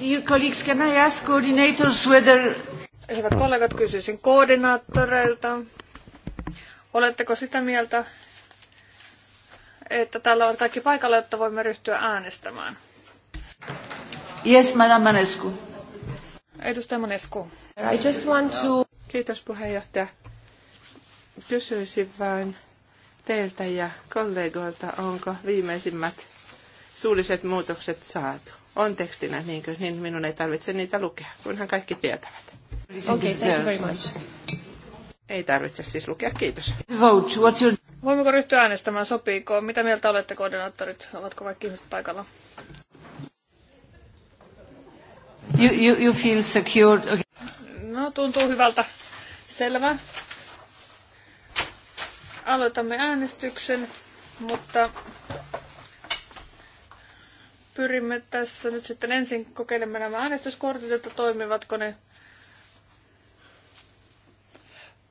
Dear colleagues, can I ask coordinators whether... Hyvät kollegat, kysyisin koordinaattoreilta. Oletteko sitä mieltä, että täällä on kaikki paikalla, jotta voimme ryhtyä äänestämään? Yes, Madame Manescu. Edustaja Manescu. I just want to... Kiitos puheenjohtaja. Kysyisin vain teiltä ja kollegoilta, onko viimeisimmät suulliset muutokset saatu? on tekstinä, niin, kuin, niin minun ei tarvitse niitä lukea, kunhan kaikki tietävät. Okay, thank you very much. Ei tarvitse siis lukea, kiitos. Vote, what's your... Voimmeko ryhtyä äänestämään, sopiiko? Mitä mieltä olette koordinaattorit? Ovatko kaikki ihmiset paikalla? You, you, you feel secured. Okay. No, tuntuu hyvältä. Selvä. Aloitamme äänestyksen, mutta pyrimme tässä nyt sitten ensin kokeilemaan nämä äänestyskortit, että toimivatko ne.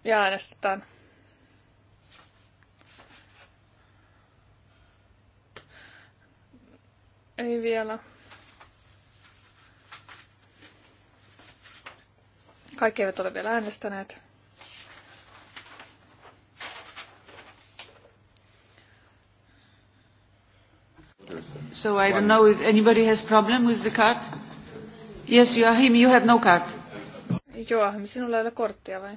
Ja äänestetään. Ei vielä. Kaikki eivät ole vielä äänestäneet. So I don't know if anybody has problem with the card. Yes, Joachim, you have no card. Joachim, sinulla ei ole korttia vai?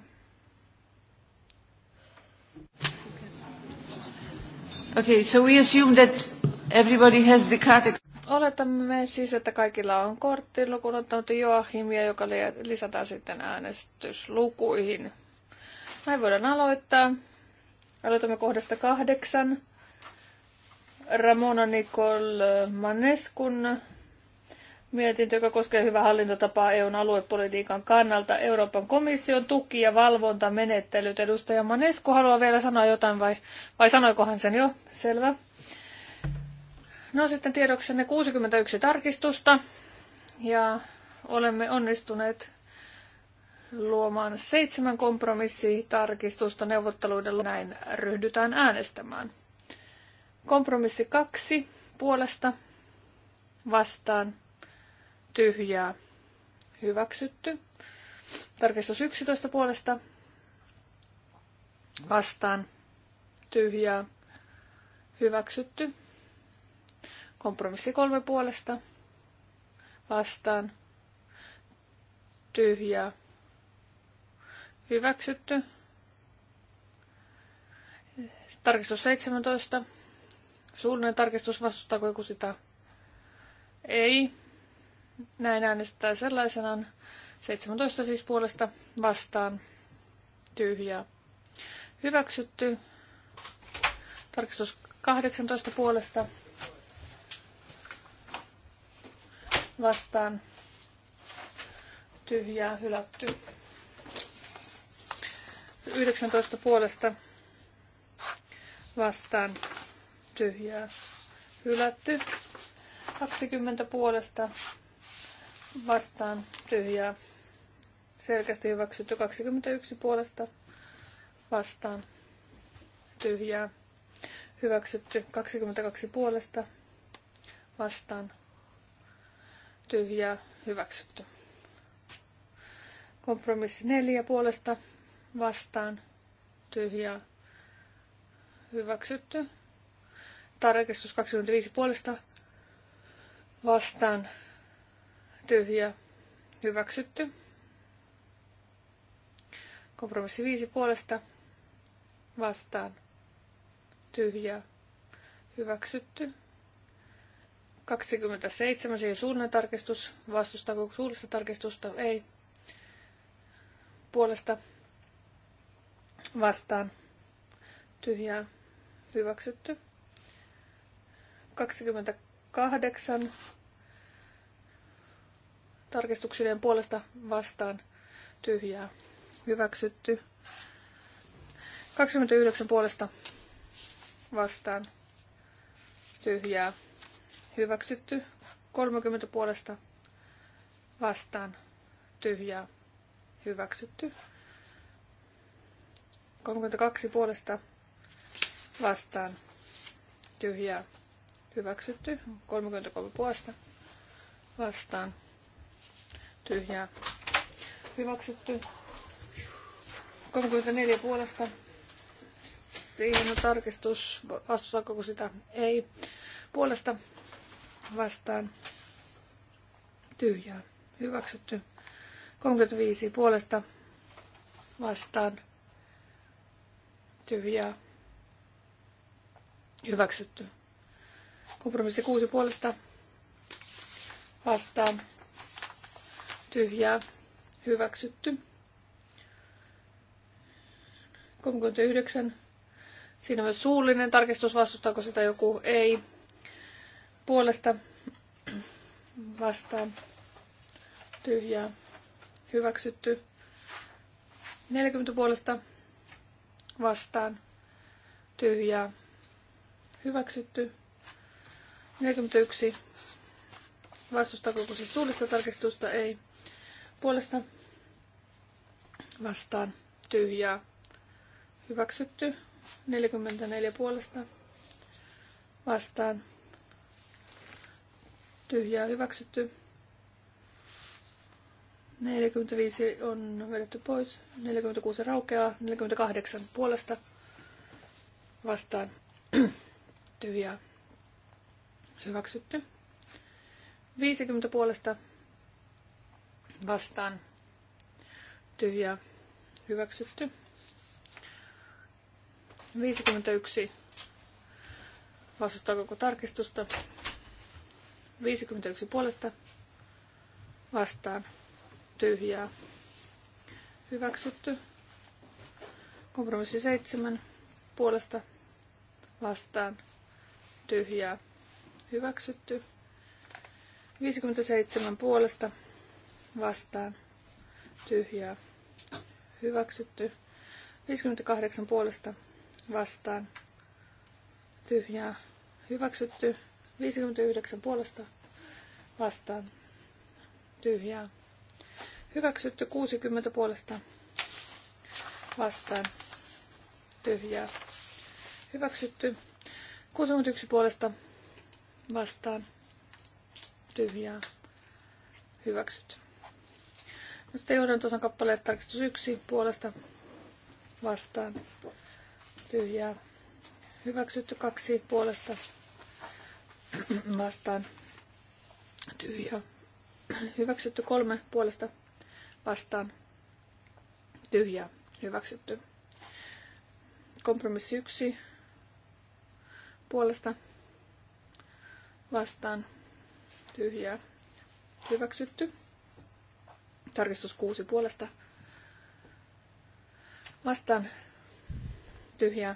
Okay, so we assume that everybody has the card. Oletamme siis, että kaikilla on kortti lukuun ottanut Joachimia, joka lisätään sitten äänestyslukuihin. Näin voidaan aloittaa. Aloitamme kohdasta kahdeksan. Ramona Nicol Maneskun mietintö, joka koskee hyvää hallintotapaa EUn aluepolitiikan kannalta, Euroopan komission tuki- ja valvontamenettelyt. Edustaja Manesku haluaa vielä sanoa jotain vai, vai sanoikohan sen jo? Selvä. No sitten tiedoksenne 61 tarkistusta ja olemme onnistuneet luomaan seitsemän kompromissitarkistusta neuvotteluiden näin ryhdytään äänestämään. Kompromissi kaksi puolesta vastaan tyhjää hyväksytty. Tarkistus 11 puolesta vastaan tyhjää hyväksytty. Kompromissi kolme puolesta vastaan tyhjää hyväksytty. Tarkistus 17 Suullinen tarkistus, vastustaako joku sitä? Ei. Näin äänestää sellaisenaan. 17 siis puolesta vastaan. Tyhjää. Hyväksytty. Tarkistus 18 puolesta vastaan. Tyhjää hylätty. 19 puolesta vastaan tyhjää hylätty. 20 puolesta vastaan tyhjää selkeästi hyväksytty. 21 puolesta vastaan tyhjää hyväksytty. 22 puolesta vastaan tyhjää hyväksytty. Kompromissi 4 puolesta vastaan tyhjää hyväksytty. Tarkistus 25 puolesta vastaan tyhjä hyväksytty. Kompromissi 5 puolesta vastaan tyhjä hyväksytty. 27, siihen suunnan tarkistus. Vastustaako suullista tarkistusta? Ei. Puolesta vastaan. Tyhjää. Hyväksytty. 28 tarkistuksien puolesta vastaan tyhjää. Hyväksytty. 29 puolesta vastaan tyhjää. Hyväksytty. 30 puolesta vastaan tyhjää. Hyväksytty. 32 puolesta vastaan tyhjää Hyväksytty. 33 puolesta. Vastaan. Tyhjää. Hyväksytty. 34 puolesta. Siihen on tarkistus. Vastutaanko kun sitä? Ei. Puolesta. Vastaan. Tyhjää. Hyväksytty. 35 puolesta. Vastaan. Tyhjää. Hyväksytty. Kompromissi kuusi puolesta vastaan. Tyhjää. Hyväksytty. 39. Siinä on myös suullinen tarkistus. Vastustaako sitä joku? Ei. Puolesta vastaan. Tyhjää. Hyväksytty. 40 puolesta vastaan. Tyhjää. Hyväksytty. 41. Vastustaako siis suullista tarkistusta? Ei. Puolesta vastaan tyhjää. Hyväksytty. 44 puolesta vastaan tyhjää hyväksytty. 45 on vedetty pois, 46 raukeaa, 48 puolesta vastaan tyhjää Hyväksytty. 50 puolesta vastaan. Tyhjää. Hyväksytty. 51 vastustaa koko tarkistusta. 51 puolesta vastaan tyhjää. Hyväksytty. Kompromissi 7 puolesta vastaan tyhjää hyväksytty. 57 puolesta vastaan tyhjää hyväksytty. 58 puolesta vastaan tyhjää hyväksytty. 59 puolesta vastaan tyhjää hyväksytty. 60 puolesta vastaan tyhjää hyväksytty. 61 puolesta vastaan tyhjää hyväksytty. No sitten joudun tuossa kappaleet tarkistus yksi puolesta vastaan tyhjää hyväksytty kaksi puolesta vastaan tyhjää hyväksytty kolme puolesta vastaan tyhjää hyväksytty kompromissi yksi puolesta vastaan tyhjää hyväksytty. Tarkistus 6 puolesta vastaan tyhjää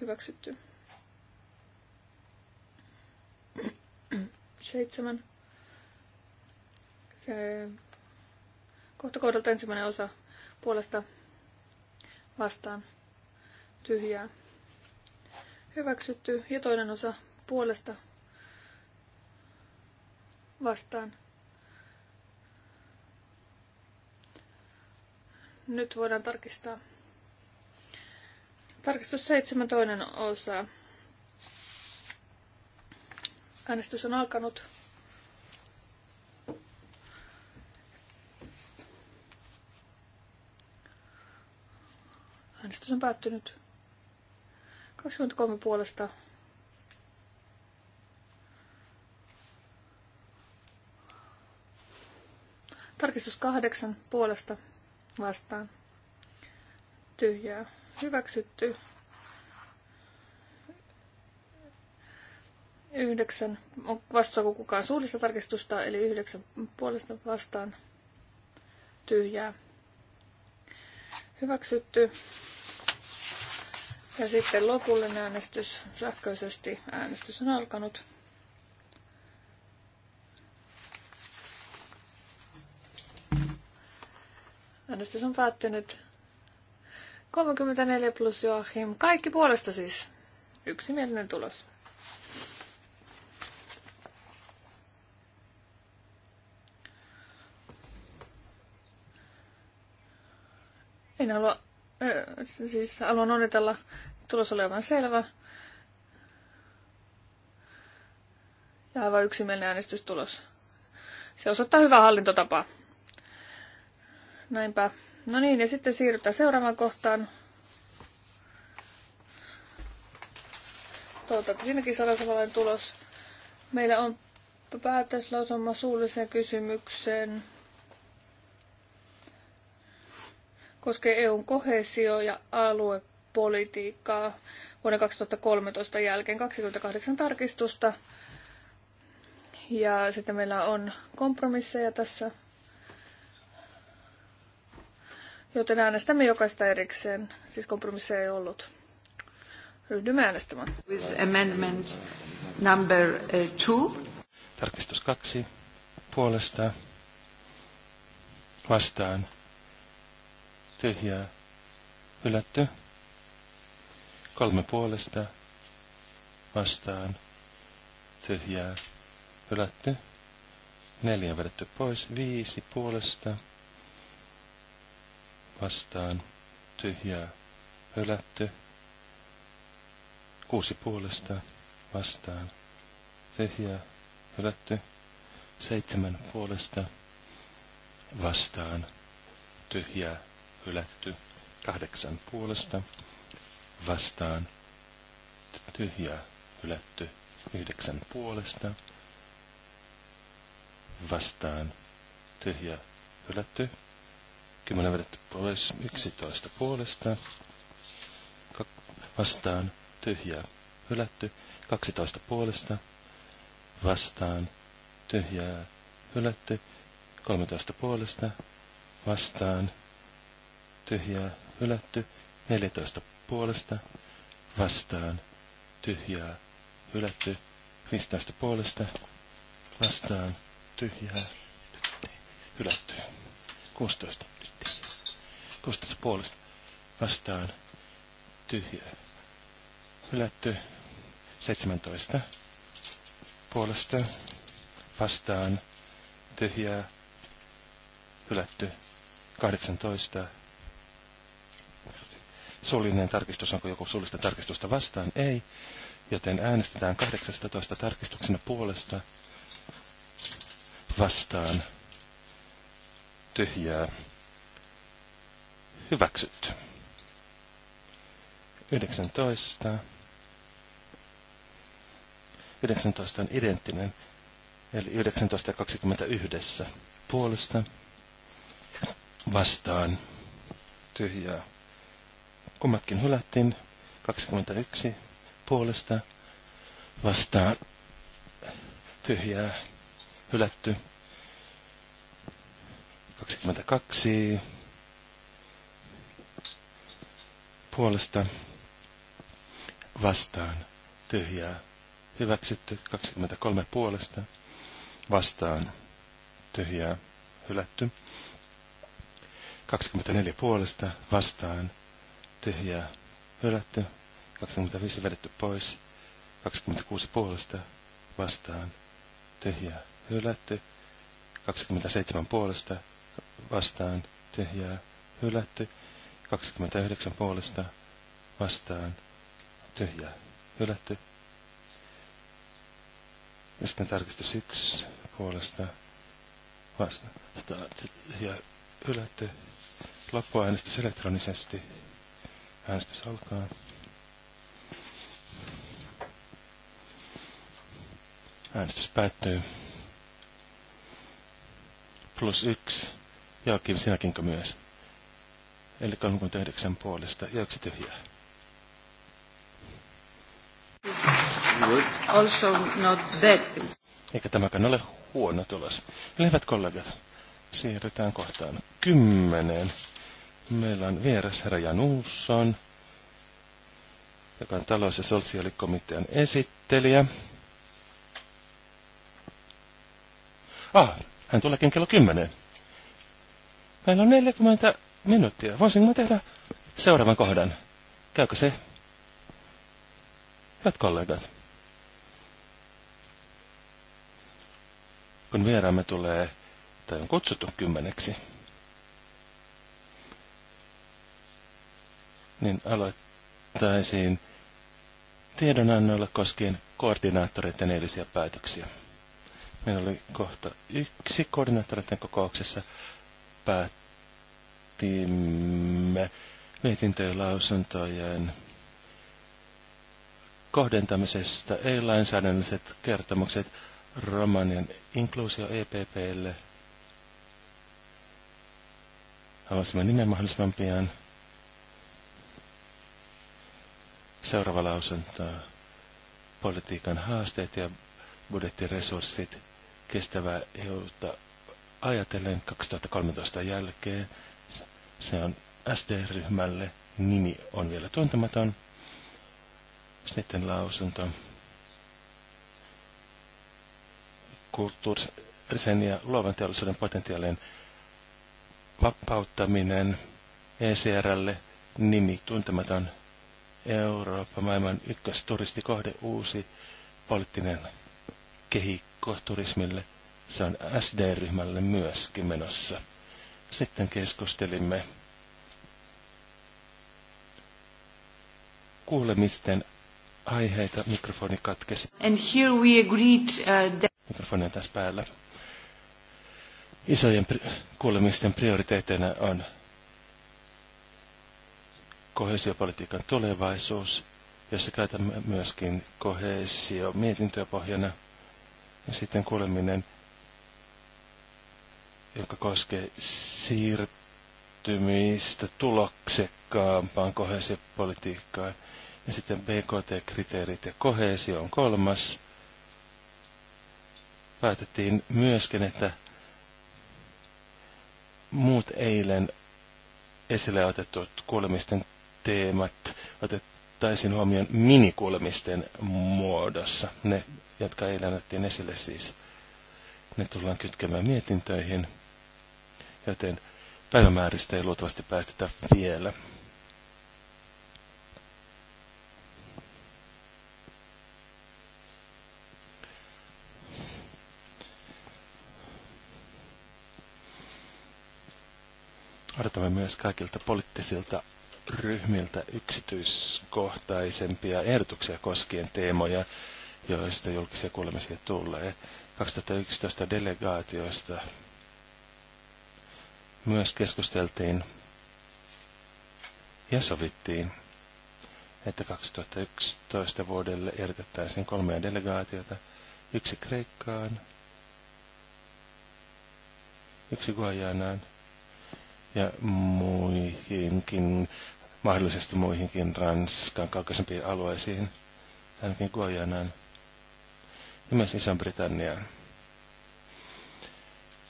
hyväksytty. Seitsemän. Se, kohta kohdalta ensimmäinen osa puolesta vastaan tyhjää Hyväksytty. Ja toinen osa puolesta vastaan. Nyt voidaan tarkistaa. Tarkistus 7 toinen osa. Äänestys on alkanut. Äänestys on päättynyt. 23 puolesta Tarkistus kahdeksan puolesta vastaan. Tyhjää. Hyväksytty. Yhdeksän. Vastaako kukaan suullista tarkistusta, eli yhdeksän puolesta vastaan. Tyhjää. Hyväksytty. Ja sitten lopullinen äänestys sähköisesti. Äänestys on alkanut. Äänestys on päättynyt. 34 plus Joachim. Kaikki puolesta siis. Yksimielinen tulos. En halua siis haluan onnitella, tulos oli aivan selvä. Ja aivan yksimielinen äänestystulos. Se osoittaa hyvää hallintotapaa. Näinpä. No niin, ja sitten siirrytään seuraavaan kohtaan. Toivottavasti siinäkin saadaan samanlainen tulos. Meillä on päätöslausuma suulliseen kysymykseen koskee EUn kohesio- ja aluepolitiikkaa vuoden 2013 jälkeen 28 tarkistusta. Ja sitten meillä on kompromisseja tässä. Joten äänestämme jokaista erikseen. Siis kompromisseja ei ollut. Ryhdymme äänestämään. With amendment number eh, two. Tarkistus kaksi. Puolesta. Vastaan tyhjää, hylätty. Kolme puolesta, vastaan, tyhjää, hylätty. Neljä vedetty pois, viisi puolesta, vastaan, tyhjää, hylätty. Kuusi puolesta, vastaan, tyhjää, hylätty. Seitsemän puolesta, vastaan, tyhjää, hylätty. Kahdeksan puolesta vastaan tyhjä hylätty. Yhdeksän puolesta vastaan tyhjä hylätty. Kymmenen vedetty pois. Yksitoista puolesta vastaan tyhjä hylätty. Kaksitoista puolesta vastaan tyhjää hylätty. kolmetoista puolesta vastaan tyhjää, hylätty. 14 puolesta, vastaan, tyhjää, hylätty. 15 puolesta, vastaan, tyhjää, hylätty. 16. 16 puolesta, vastaan, tyhjää, hylätty. 17 puolesta, vastaan, tyhjää, hylätty. 18 suullinen tarkistus, onko joku suullista tarkistusta vastaan? Ei, joten äänestetään 18 tarkistuksena puolesta vastaan tyhjää hyväksytty. 19. 19 on identtinen, eli 19 ja 21 puolesta vastaan tyhjää Kummatkin hylättiin. 21 puolesta vastaan tyhjää hylätty. 22 puolesta vastaan tyhjää hyväksytty. 23 puolesta vastaan tyhjää hylätty. 24 puolesta vastaan tyhjää hylätty, 25 vedetty pois, 26 puolesta vastaan tyhjää hylätty, 27 puolesta vastaan tyhjää hylätty, 29 puolesta vastaan tyhjää hylätty. Ja sitten tarkistus 1 puolesta vastaan tyhjää hylätty. Loppuäänestys elektronisesti. Äänestys alkaa. Äänestys päättyy. Plus yksi. Jaakki, sinäkinkö myös? Eli 39 puolesta Jaakki tyhjää. Also not Eikä tämäkään ole huono tulos. hyvät kollegat, siirrytään kohtaan kymmeneen. Meillä on vieras herra Janusson, joka on talous- ja sosiaalikomitean esittelijä. Ah, hän tuleekin kello 10. Meillä on 40 minuuttia. Voisin mä tehdä seuraavan kohdan? Käykö se? Hyvät kollegat. Kun vieraamme tulee, tai on kutsuttu kymmeneksi. niin aloittaisiin tiedonannolla koskien koordinaattoreiden eilisiä päätöksiä. Meillä oli kohta yksi koordinaattoreiden kokouksessa. Päätimme mietintöjen lausuntojen kohdentamisesta ei-lainsäädännölliset kertomukset Romanian inkluusio EPPlle. Haluaisimme nimen mahdollisimman pian. Seuraava lausunto. Politiikan haasteet ja budjettiresurssit kestävää EUta ajatellen 2013 jälkeen. Se on SD-ryhmälle. Nimi on vielä tuntematon. Sitten lausunto. Kulttuurisen ja luovan teollisuuden potentiaalien vapauttaminen ECRlle. Nimi tuntematon. Eurooppa, maailman turistikohde, uusi poliittinen kehikko turismille. Se on SD-ryhmälle myöskin menossa. Sitten keskustelimme kuulemisten aiheita. Mikrofoni katkesi. And here we agreed, uh, that... Mikrofoni on tässä päällä. Isojen pri- kuulemisten prioriteetteina on kohesiopolitiikan tulevaisuus, jossa käytämme myöskin kohesio pohjana. ja sitten kuuleminen, joka koskee siirtymistä tuloksekkaampaan kohesiopolitiikkaan. Ja sitten BKT-kriteerit ja kohesio on kolmas. Päätettiin myöskin, että muut eilen esille otetut kuulemisten teemat otettaisiin huomioon minikuulemisten muodossa. Ne, jotka eilen otettiin esille siis, ne tullaan kytkemään mietintöihin, joten päivämääristä ei luultavasti päästetä vielä. odotamme myös kaikilta poliittisilta ryhmiltä yksityiskohtaisempia ehdotuksia koskien teemoja, joista julkisia kuulemisia tulee. 2011 delegaatioista myös keskusteltiin ja sovittiin, että 2011 vuodelle järjestettäisiin kolmea delegaatiota, yksi Kreikkaan, yksi Guajanaan ja muihinkin mahdollisesti muihinkin Ranskan kaukaisempiin alueisiin, ainakin Guajanaan ja myös Iso-Britanniaan.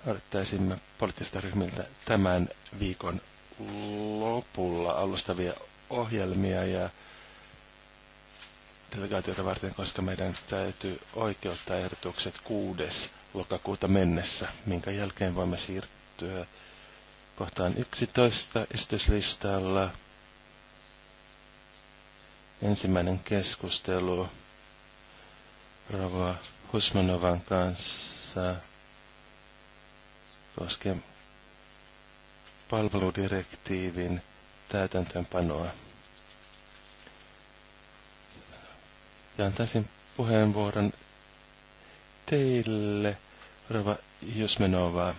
Odottaisimme poliittista ryhmiltä tämän viikon lopulla alustavia ohjelmia ja delegaatiota varten, koska meidän täytyy oikeuttaa ehdotukset 6. lokakuuta mennessä, minkä jälkeen voimme siirtyä kohtaan 11 esityslistalla ensimmäinen keskustelu Rova Husmanovan kanssa koskien palveludirektiivin täytäntöönpanoa. Ja antaisin puheenvuoron teille, Rova Jusmenova.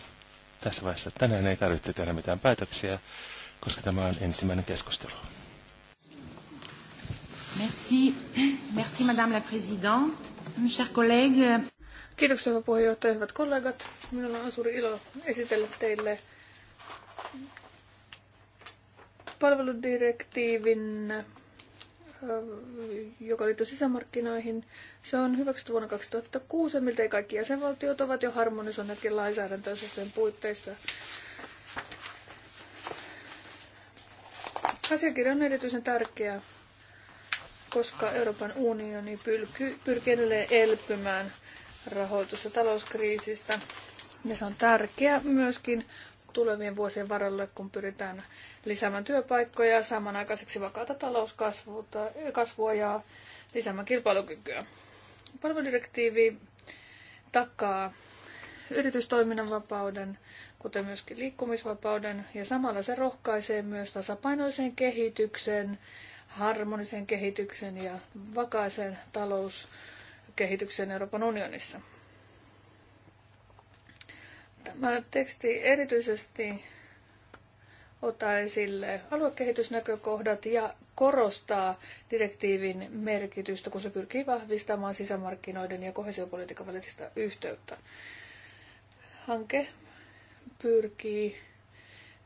Tässä vaiheessa tänään ei tarvitse tehdä mitään päätöksiä, koska tämä on ensimmäinen keskustelu. Merci. Merci, Madame la Présidente. Chers collègues. Kiitoksia, hyvä puheenjohtaja, hyvät kollegat. Minulla on suuri ilo esitellä teille palveludirektiivin, joka liittyy sisämarkkinoihin. Se on hyväksytty vuonna 2006 ja miltei kaikki jäsenvaltiot ovat jo harmonisoineetkin lainsäädäntöönsä sen puitteissa. Asiakirja on erityisen tärkeä koska Euroopan unioni pyrkii edelleen elpymään rahoitus- ja talouskriisistä. Ja se on tärkeä myöskin tulevien vuosien varalle, kun pyritään lisäämään työpaikkoja ja samanaikaiseksi vakaata talouskasvua ja lisäämään kilpailukykyä. Palveludirektiivi takaa yritystoiminnan vapauden, kuten myöskin liikkumisvapauden, ja samalla se rohkaisee myös tasapainoiseen kehitykseen harmonisen kehityksen ja vakaisen talouskehityksen Euroopan unionissa. Tämä teksti erityisesti ottaa esille aluekehitysnäkökohdat ja korostaa direktiivin merkitystä, kun se pyrkii vahvistamaan sisämarkkinoiden ja kohesiopolitiikan välistä yhteyttä. Hanke pyrkii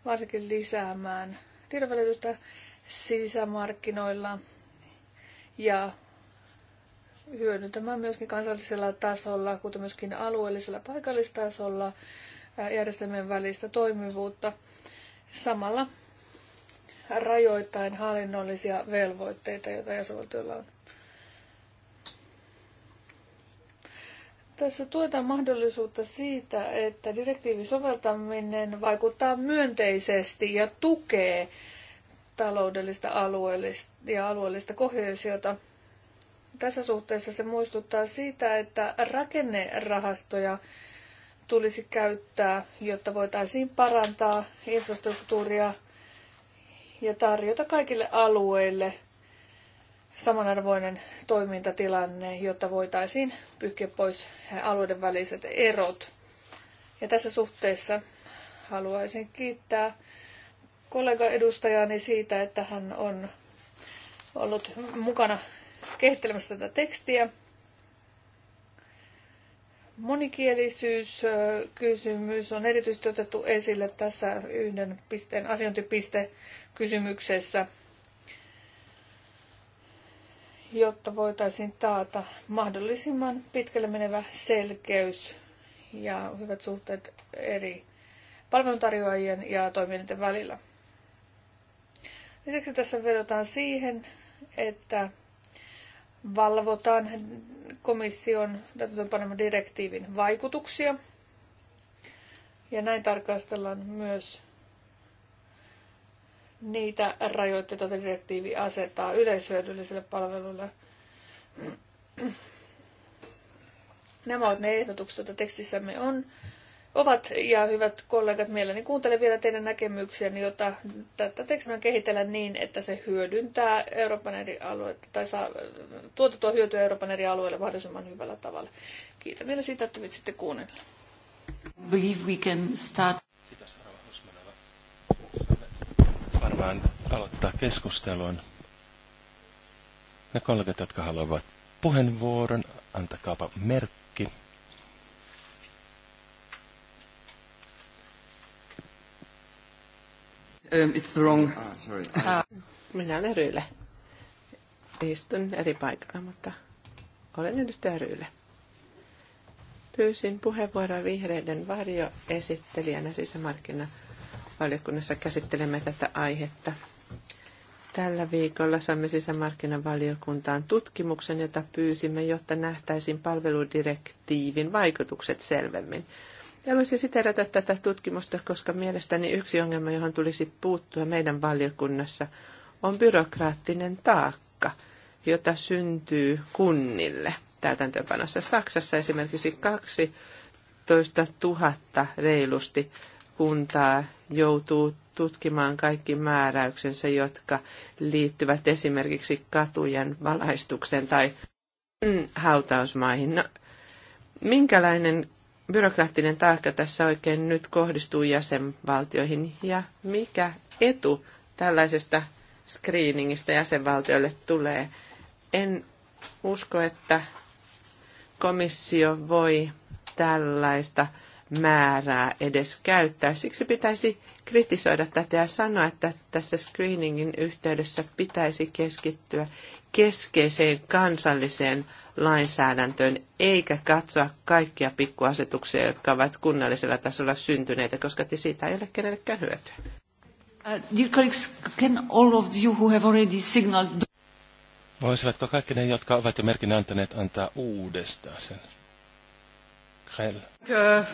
varsinkin lisäämään tiedonvälitystä sisämarkkinoilla ja hyödyntämään myöskin kansallisella tasolla, kuten myöskin alueellisella paikallistasolla järjestelmien välistä toimivuutta samalla rajoittain hallinnollisia velvoitteita, joita jäsenvaltioilla on. Tässä tuetaan mahdollisuutta siitä, että direktiivin soveltaminen vaikuttaa myönteisesti ja tukee taloudellista alueellista ja alueellista kohesiota. Tässä suhteessa se muistuttaa siitä, että rakennerahastoja tulisi käyttää, jotta voitaisiin parantaa infrastruktuuria ja tarjota kaikille alueille samanarvoinen toimintatilanne, jotta voitaisiin pyyhkiä pois alueiden väliset erot. Ja tässä suhteessa haluaisin kiittää kollega edustajani siitä, että hän on ollut mukana kehittelemässä tätä tekstiä. Monikielisyyskysymys on erityisesti otettu esille tässä yhden pisteen asiointipiste kysymyksessä, jotta voitaisiin taata mahdollisimman pitkälle menevä selkeys ja hyvät suhteet eri palveluntarjoajien ja toimijoiden välillä. Lisäksi tässä vedotaan siihen, että valvotaan komission täytäntöönpaneman direktiivin vaikutuksia. Ja näin tarkastellaan myös niitä rajoitteita, joita direktiivi asettaa yleishyödyllisille palveluille. Nämä ovat ne ehdotukset, joita tekstissämme on ovat. Ja hyvät kollegat, mielelläni kuuntelen vielä teidän näkemyksiänne, jota tätä tekstiä kehitellä niin, että se hyödyntää Euroopan eri alueita tai saa tuotettua hyötyä Euroopan eri alueille mahdollisimman hyvällä tavalla. Kiitän vielä siitä, että viitsitte kuunnella. Believe we can start. Kiitos, Varmaan aloittaa keskustelun. Ne kollegat, jotka haluavat puheenvuoron, antakaapa merkki Um, it's the wrong... Ah, sorry. Ah. Minä olen Ryyle. Istun eri paikalla, mutta olen edustaja Ryyle. Pyysin puheenvuoroa vihreiden varjoesittelijänä sisämarkkinavaliokunnassa käsittelemme tätä aihetta. Tällä viikolla saamme sisämarkkinavaliokuntaan tutkimuksen, jota pyysimme, jotta nähtäisiin palveludirektiivin vaikutukset selvemmin. Haluaisin siteerata tätä tutkimusta, koska mielestäni yksi ongelma, johon tulisi puuttua meidän valiokunnassa, on byrokraattinen taakka, jota syntyy kunnille täytäntöönpanossa. Saksassa esimerkiksi 12 000 reilusti kuntaa joutuu tutkimaan kaikki määräyksensä, jotka liittyvät esimerkiksi katujen valaistukseen tai mm, hautausmaihin. No, minkälainen byrokraattinen taakka tässä oikein nyt kohdistuu jäsenvaltioihin ja mikä etu tällaisesta screeningistä jäsenvaltioille tulee. En usko, että komissio voi tällaista määrää edes käyttää. Siksi pitäisi kritisoida tätä ja sanoa, että tässä screeningin yhteydessä pitäisi keskittyä keskeiseen kansalliseen lainsäädäntöön, eikä katsoa kaikkia pikkuasetuksia, jotka ovat kunnallisella tasolla syntyneitä, koska siitä ei ole kenellekään hyötyä. Voisivatko kaikki ne, jotka ovat jo merkin antaneet, antaa uudestaan sen? Uh,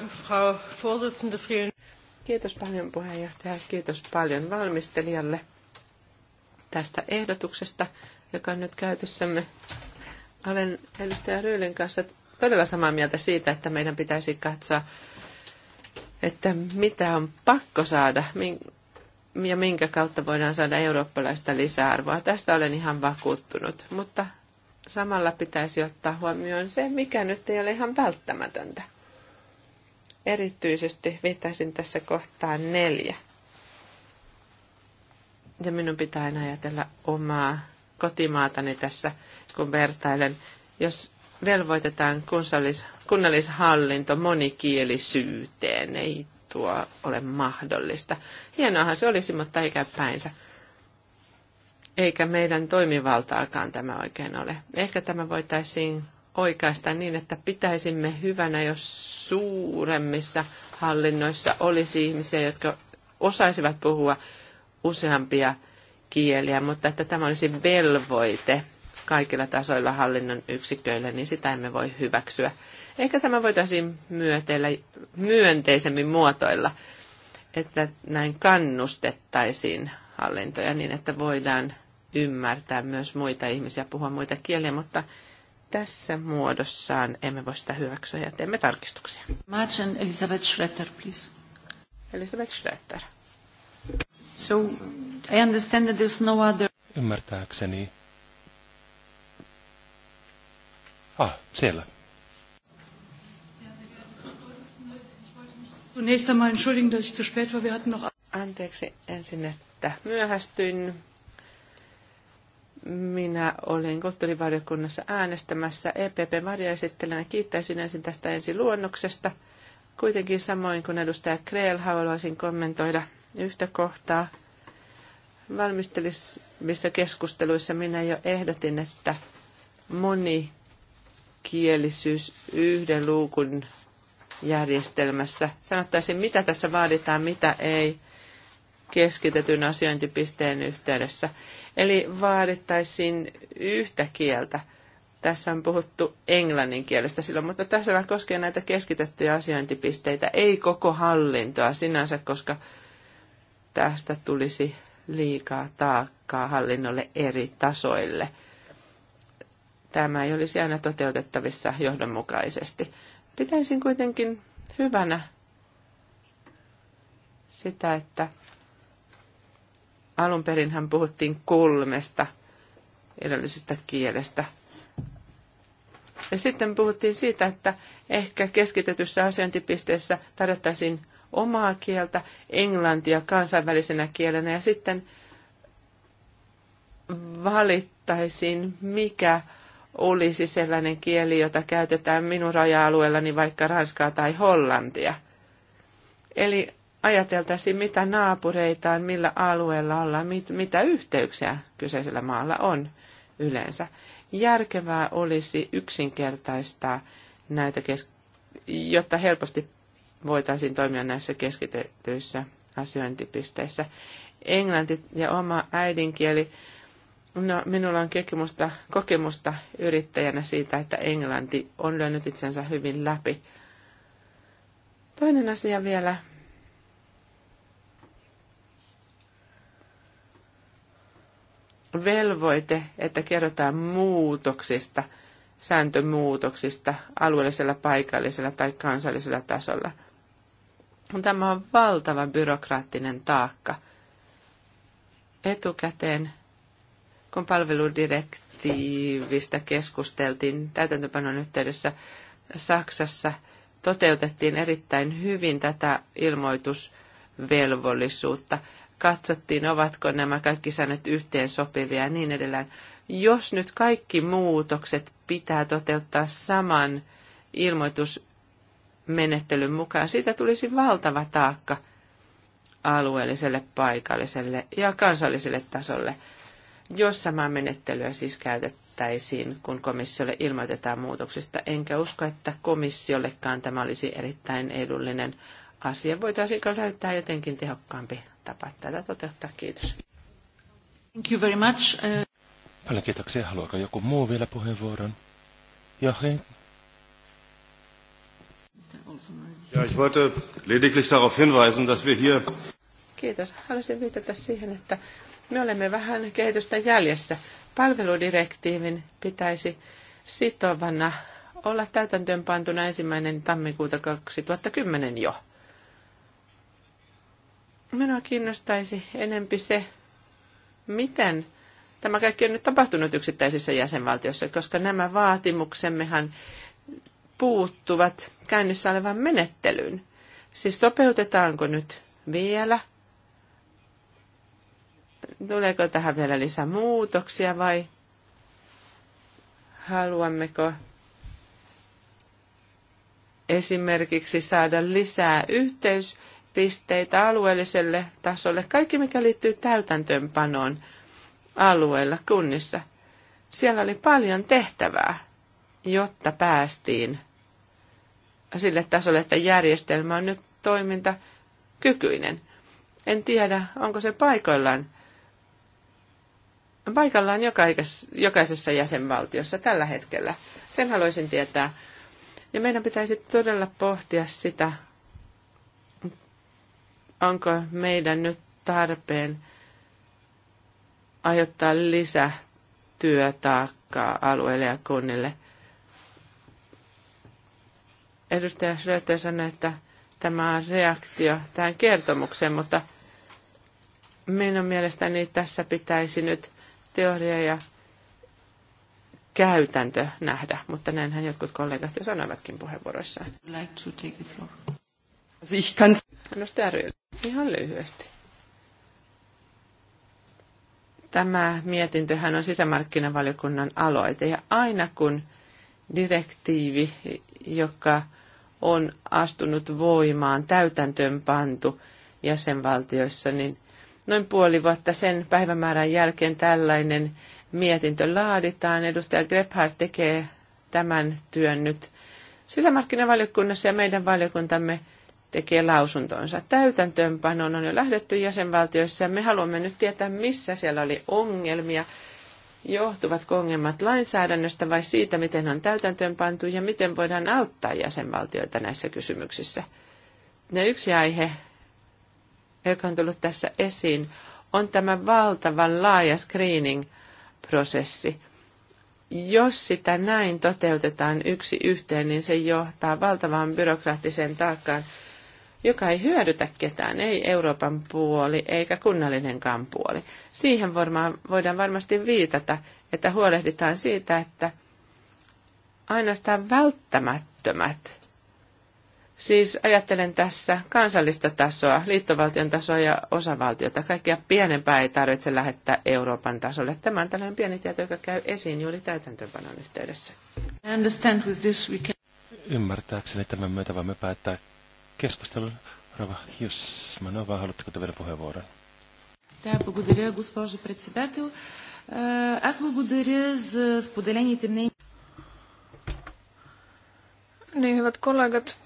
Frau Vorsitzende, vielen... Kiitos paljon puheenjohtaja, kiitos paljon valmistelijalle tästä ehdotuksesta, joka on nyt käytössämme. Olen edustaja Ryylin kanssa todella samaa mieltä siitä, että meidän pitäisi katsoa, että mitä on pakko saada ja minkä kautta voidaan saada eurooppalaista lisäarvoa. Tästä olen ihan vakuuttunut, mutta samalla pitäisi ottaa huomioon se, mikä nyt ei ole ihan välttämätöntä. Erityisesti viittaisin tässä kohtaan neljä. Ja minun pitää aina ajatella omaa kotimaatani tässä – kun vertailen, jos velvoitetaan kunnallis, kunnallishallinto monikielisyyteen, ei tuo ole mahdollista. Hienoahan se olisi, mutta päinsä. Eikä meidän toimivaltaakaan tämä oikein ole. Ehkä tämä voitaisiin oikaista niin, että pitäisimme hyvänä, jos suuremmissa hallinnoissa olisi ihmisiä, jotka osaisivat puhua useampia kieliä, mutta että tämä olisi velvoite kaikilla tasoilla hallinnon yksiköillä, niin sitä emme voi hyväksyä. Ehkä tämä voitaisiin myöteillä myönteisemmin muotoilla, että näin kannustettaisiin hallintoja niin, että voidaan ymmärtää myös muita ihmisiä, puhua muita kieliä, mutta tässä muodossaan emme voi sitä hyväksyä ja teemme tarkistuksia. Martin Elisabeth Schroeter, please. Elisabeth Schroeter. So, I understand that there's no other... Ymmärtääkseni Ah, siellä. Anteeksi ensin, että myöhästyin. Minä olin kulttuurivaliokunnassa äänestämässä epp varjaesittelijänä. Kiittäisin ensin tästä ensi luonnoksesta. Kuitenkin samoin kuin edustaja Kreel haluaisin kommentoida yhtä kohtaa. Valmistelissa keskusteluissa minä jo ehdotin, että moni kielisyys yhden luukun järjestelmässä. Sanottaisiin, mitä tässä vaaditaan, mitä ei keskitetyn asiointipisteen yhteydessä. Eli vaadittaisiin yhtä kieltä. Tässä on puhuttu englannin kielestä silloin, mutta tässä koskee näitä keskitettyjä asiointipisteitä, ei koko hallintoa sinänsä, koska tästä tulisi liikaa taakkaa hallinnolle eri tasoille – tämä ei olisi aina toteutettavissa johdonmukaisesti. Pitäisin kuitenkin hyvänä sitä, että alun perinhän puhuttiin kolmesta edellisestä kielestä. Ja sitten puhuttiin siitä, että ehkä keskitetyssä asiointipisteessä tarjottaisiin omaa kieltä, englantia kansainvälisenä kielenä ja sitten valittaisiin, mikä olisi sellainen kieli, jota käytetään minun raja-alueellani vaikka Ranskaa tai Hollantia. Eli ajateltaisiin, mitä naapureitaan, millä alueella ollaan, mit, mitä yhteyksiä kyseisellä maalla on yleensä. Järkevää olisi yksinkertaistaa näitä, jotta helposti voitaisiin toimia näissä keskitetyissä asiointipisteissä. Englanti ja oma äidinkieli No, minulla on kokemusta, kokemusta yrittäjänä siitä, että englanti on löynyt itsensä hyvin läpi. Toinen asia vielä. Velvoite, että kerrotaan muutoksista, sääntömuutoksista alueellisella, paikallisella tai kansallisella tasolla. Tämä on valtava byrokraattinen taakka. Etukäteen kun palveludirektiivistä keskusteltiin täytäntöpanon yhteydessä Saksassa, toteutettiin erittäin hyvin tätä ilmoitusvelvollisuutta. Katsottiin, ovatko nämä kaikki säännöt sopivia ja niin edelleen. Jos nyt kaikki muutokset pitää toteuttaa saman ilmoitusmenettelyn mukaan, siitä tulisi valtava taakka alueelliselle, paikalliselle ja kansalliselle tasolle – jos samaa menettelyä siis käytettäisiin, kun komissiolle ilmoitetaan muutoksista. Enkä usko, että komissiollekaan tämä olisi erittäin edullinen asia. Voitaisiinko löytää jotenkin tehokkaampi tapa tätä toteuttaa? Kiitos. Thank you very much. Uh, Paljon kiitoksia. Haluaako joku muu vielä puheenvuoron? Joachim? Ja, ich wollte lediglich darauf hinweisen, dass wir hier Kiitos. Haluaisin viitata siihen, että me olemme vähän kehitystä jäljessä. Palveludirektiivin pitäisi sitovana olla täytäntöönpantuna ensimmäinen tammikuuta 2010 jo. Minua kiinnostaisi enempi se, miten tämä kaikki on nyt tapahtunut yksittäisissä jäsenvaltioissa, koska nämä vaatimuksemmehan puuttuvat käynnissä olevan menettelyyn. Siis sopeutetaanko nyt vielä tuleeko tähän vielä lisää muutoksia vai haluammeko esimerkiksi saada lisää yhteyspisteitä alueelliselle tasolle, kaikki mikä liittyy täytäntöönpanoon alueella, kunnissa. Siellä oli paljon tehtävää, jotta päästiin sille tasolle, että järjestelmä on nyt toimintakykyinen. En tiedä, onko se paikoillaan paikallaan jokaisessa jäsenvaltiossa tällä hetkellä. Sen haluaisin tietää. Ja meidän pitäisi todella pohtia sitä, onko meidän nyt tarpeen aiheuttaa lisätyötaakkaa alueille ja kunnille. Edustaja Schröter sanoi, että tämä on reaktio tähän kertomukseen, mutta minun mielestäni tässä pitäisi nyt teoria ja käytäntö nähdä, mutta näinhän jotkut kollegat jo sanoivatkin puheenvuoroissaan. Like to take the floor. Ich kann... No ihan lyhyesti. Tämä mietintöhän on sisämarkkinavaliokunnan aloite ja aina kun direktiivi, joka on astunut voimaan, täytäntöön pantu jäsenvaltioissa, niin – Noin puoli vuotta sen päivämäärän jälkeen tällainen mietintö laaditaan. Edustaja Grebhardt tekee tämän työn nyt sisämarkkinavaliokunnassa ja meidän valiokuntamme tekee lausuntonsa. Täytäntöönpanoon on jo lähdetty jäsenvaltioissa ja me haluamme nyt tietää, missä siellä oli ongelmia, johtuvatko ongelmat lainsäädännöstä vai siitä, miten on täytäntöönpantu ja miten voidaan auttaa jäsenvaltioita näissä kysymyksissä. Ja yksi aihe, joka on tullut tässä esiin, on tämä valtavan laaja screening-prosessi. Jos sitä näin toteutetaan yksi yhteen, niin se johtaa valtavaan byrokraattiseen taakkaan, joka ei hyödytä ketään, ei Euroopan puoli eikä kunnallinenkaan puoli. Siihen varmaan, voidaan varmasti viitata, että huolehditaan siitä, että ainoastaan välttämättömät Siis ajattelen tässä kansallista tasoa, liittovaltion tasoa ja osavaltiota. Kaikkia pienempää ei tarvitse lähettää Euroopan tasolle. Tämä on tällainen pieni tieto, joka käy esiin juuri täytäntöönpanon yhteydessä. Ymmärtääkseni tämän myötä voimme päättää keskustelun. Rova Jusmanova, haluatteko te vielä puheenvuoron? Niin, hyvät kollegat,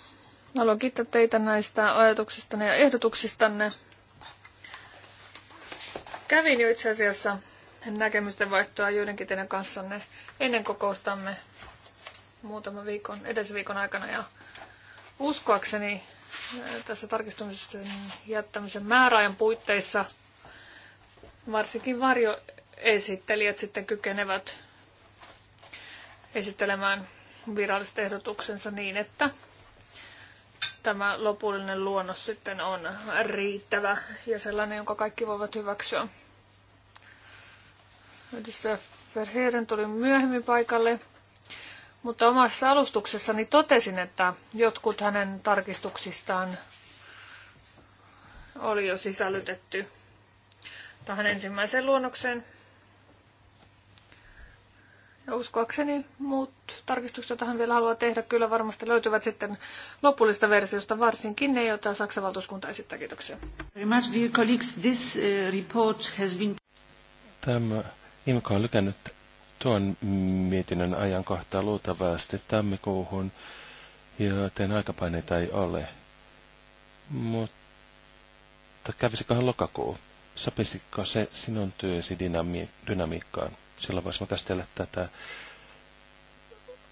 Haluan kiittää teitä näistä ajatuksistanne ja ehdotuksistanne. Kävin jo itse asiassa näkemysten vaihtoa joidenkin teidän kanssanne ennen kokoustamme muutama viikon, edes viikon aikana. Ja uskoakseni äh, tässä tarkistumisen jättämisen määräajan puitteissa varsinkin varjoesittelijät sitten kykenevät esittelemään viralliset ehdotuksensa niin, että tämä lopullinen luonnos sitten on riittävä ja sellainen, jonka kaikki voivat hyväksyä. Edustaja Verheeren tuli myöhemmin paikalle, mutta omassa alustuksessani totesin, että jotkut hänen tarkistuksistaan oli jo sisällytetty tähän ensimmäiseen luonnokseen. Ja uskoakseni muut tarkistukset, joita hän vielä haluaa tehdä, kyllä varmasti löytyvät sitten lopullista versiosta, varsinkin ne, joita Saksan valtuuskunta esittää. Kiitoksia. Uh, Tämä IMCO on lykännyt tuon mietinnön ajankohtaa luultavasti tammikuuhun, joten aikapaineita ei ole. Mutta kävisiköhän lokakuu? Sopisiko se sinun työsi dynamiikkaan? Silloin mä käsitellä tätä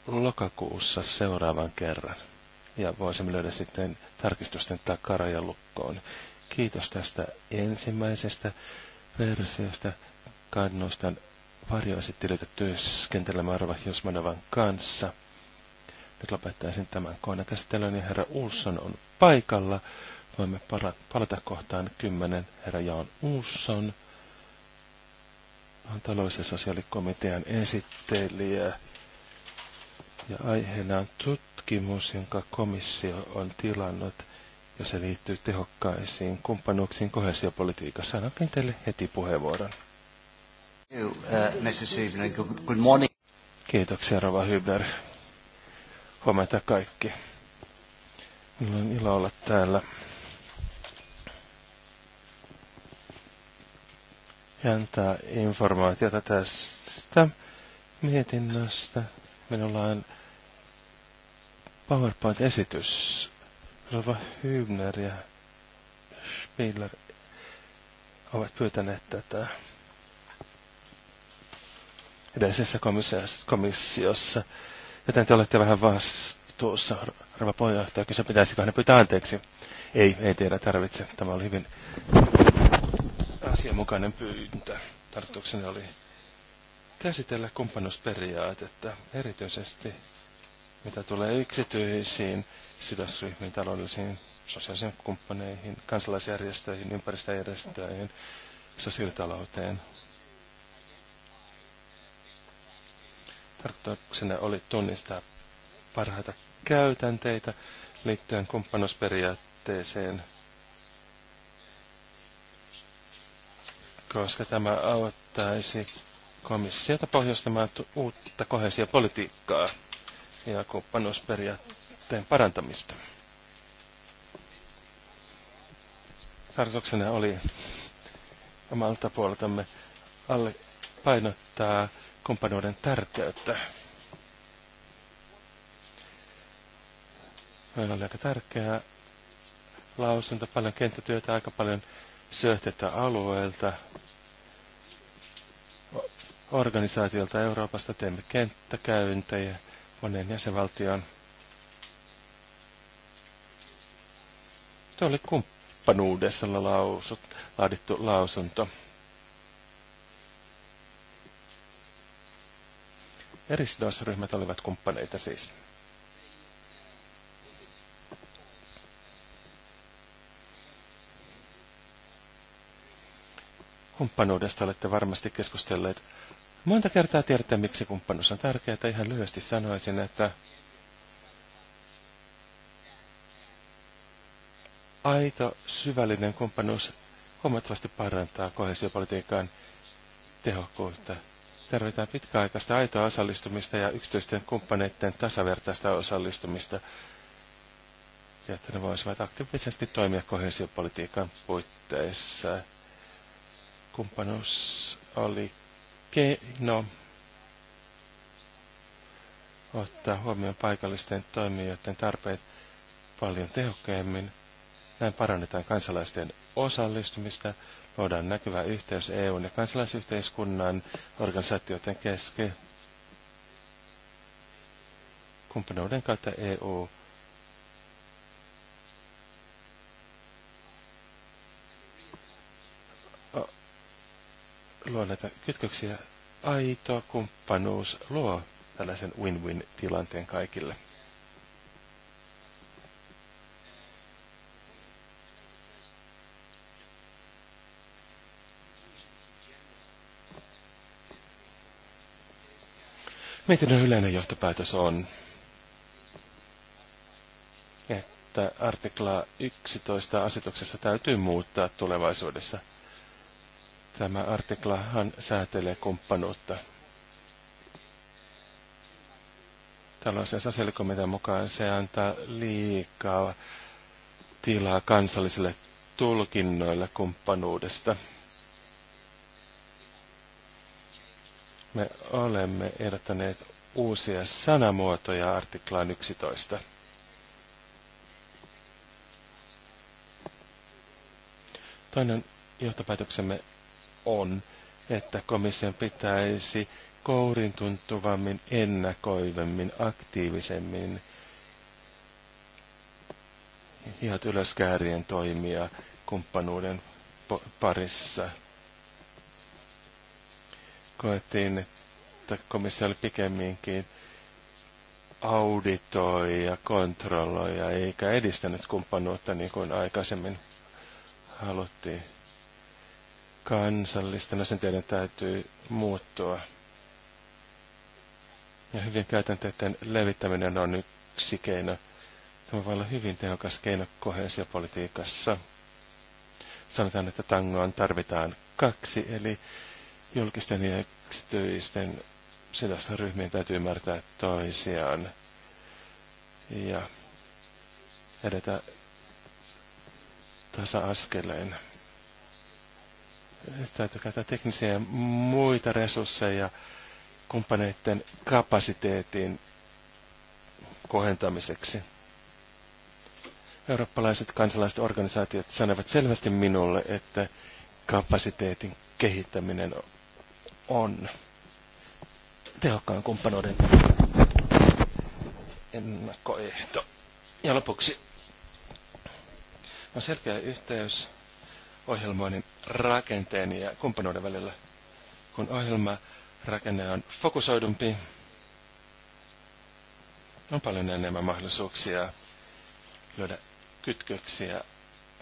lokakuussa seuraavan kerran. Ja voisimme löydä sitten tarkistusten karajalukkoon. Kiitos tästä ensimmäisestä versiosta. Kannustan varjoesittelijöitä työskentelemään Arva Josmanovan kanssa. Nyt lopettaisin tämän koonakäsittelyn ja herra Uusson on paikalla. Voimme palata kohtaan kymmenen herra Jaan Uusson talous- ja sosiaalikomitean esittelijä. Ja aiheena on tutkimus, jonka komissio on tilannut, ja se liittyy tehokkaisiin kumppanuuksiin kohesiopolitiikassa. Annan teille heti puheenvuoron. Uh, Kiitoksia, Rova Hybner. Huomenta kaikki. Minulla on ilo olla täällä. ja antaa informaatiota tästä mietinnöstä. Minulla on PowerPoint-esitys. Rova Hübner ja Spiller ovat pyytäneet tätä edellisessä komissiossa, joten te olette vähän vastuussa, rouva puheenjohtaja, kyse pitäisikö ne pyytää anteeksi. Ei, ei tiedä tarvitse. Tämä oli hyvin asianmukainen pyyntö. Tarkoitukseni oli käsitellä kumppanuusperiaatetta, erityisesti mitä tulee yksityisiin sidosryhmiin, taloudellisiin, sosiaalisiin kumppaneihin, kansalaisjärjestöihin, ympäristöjärjestöihin, sosiaalitalouteen. Tarkoituksena oli tunnistaa parhaita käytänteitä liittyen kumppanuusperiaatteeseen koska tämä auttaisi komissiota pohjoistamaan uutta kohesiopolitiikkaa ja kumppanuusperiaatteen parantamista. Tarkoituksena oli omalta puoleltamme alle painottaa kumppanuuden tärkeyttä. Meillä oli aika tärkeä lausunto, paljon kenttätyötä, aika paljon syötteitä alueelta, organisaatiolta Euroopasta. Teemme kenttäkäyntejä monen jäsenvaltioon. Tuo oli kumppanuudessa lausut, laadittu lausunto. Eri sidosryhmät olivat kumppaneita siis. Kumppanuudesta olette varmasti keskustelleet Monta kertaa tiedätte, miksi kumppanuus on tärkeää. Ihan lyhyesti sanoisin, että aito syvällinen kumppanuus huomattavasti parantaa kohesiopolitiikan tehokkuutta. Tarvitaan pitkäaikaista aitoa osallistumista ja yksityisten kumppaneiden tasavertaista osallistumista, jotta ne voisivat aktiivisesti toimia kohesiopolitiikan puitteissa. Kumppanuus oli keino ottaa huomioon paikallisten toimijoiden tarpeet paljon tehokkaammin. Näin parannetaan kansalaisten osallistumista, luodaan näkyvä yhteys EUn ja kansalaisyhteiskunnan organisaatioiden kesken. Kumppanuuden kautta EU luo näitä kytköksiä. Aito kumppanuus luo tällaisen win-win-tilanteen kaikille. Mietinnön yleinen johtopäätös on, että artikla 11 asetuksessa täytyy muuttaa tulevaisuudessa – Tämä artiklahan säätelee kumppanuutta. Tällaisen sosiaalikomitean mukaan se antaa liikaa tilaa kansallisille tulkinnoille kumppanuudesta. Me olemme ehdottaneet uusia sanamuotoja artiklaan 11. Toinen johtopäätöksemme on, että komission pitäisi kourin tuntuvammin, ennakoivemmin, aktiivisemmin hihat ylöskäärien toimia kumppanuuden parissa. Koettiin, että komissio oli pikemminkin auditoi ja kontrolloi eikä edistänyt kumppanuutta niin kuin aikaisemmin haluttiin kansallisten asenteiden täytyy muuttua. Ja hyvien käytänteiden levittäminen on yksi keino. Tämä voi olla hyvin tehokas keino kohesiopolitiikassa. Sanotaan, että tangoon tarvitaan kaksi, eli julkisten ja yksityisten sidosryhmien täytyy ymmärtää toisiaan ja edetä tasa-askeleen täytyy käyttää teknisiä ja muita resursseja kumppaneiden kapasiteetin kohentamiseksi. Eurooppalaiset kansalaiset organisaatiot sanovat selvästi minulle, että kapasiteetin kehittäminen on tehokkaan kumppanuuden ennakkoehto. Ja lopuksi on selkeä yhteys ohjelmoinnin rakenteen ja kumppanuuden välillä. Kun ohjelma rakenne on fokusoidumpi, on paljon enemmän mahdollisuuksia löydä kytköksiä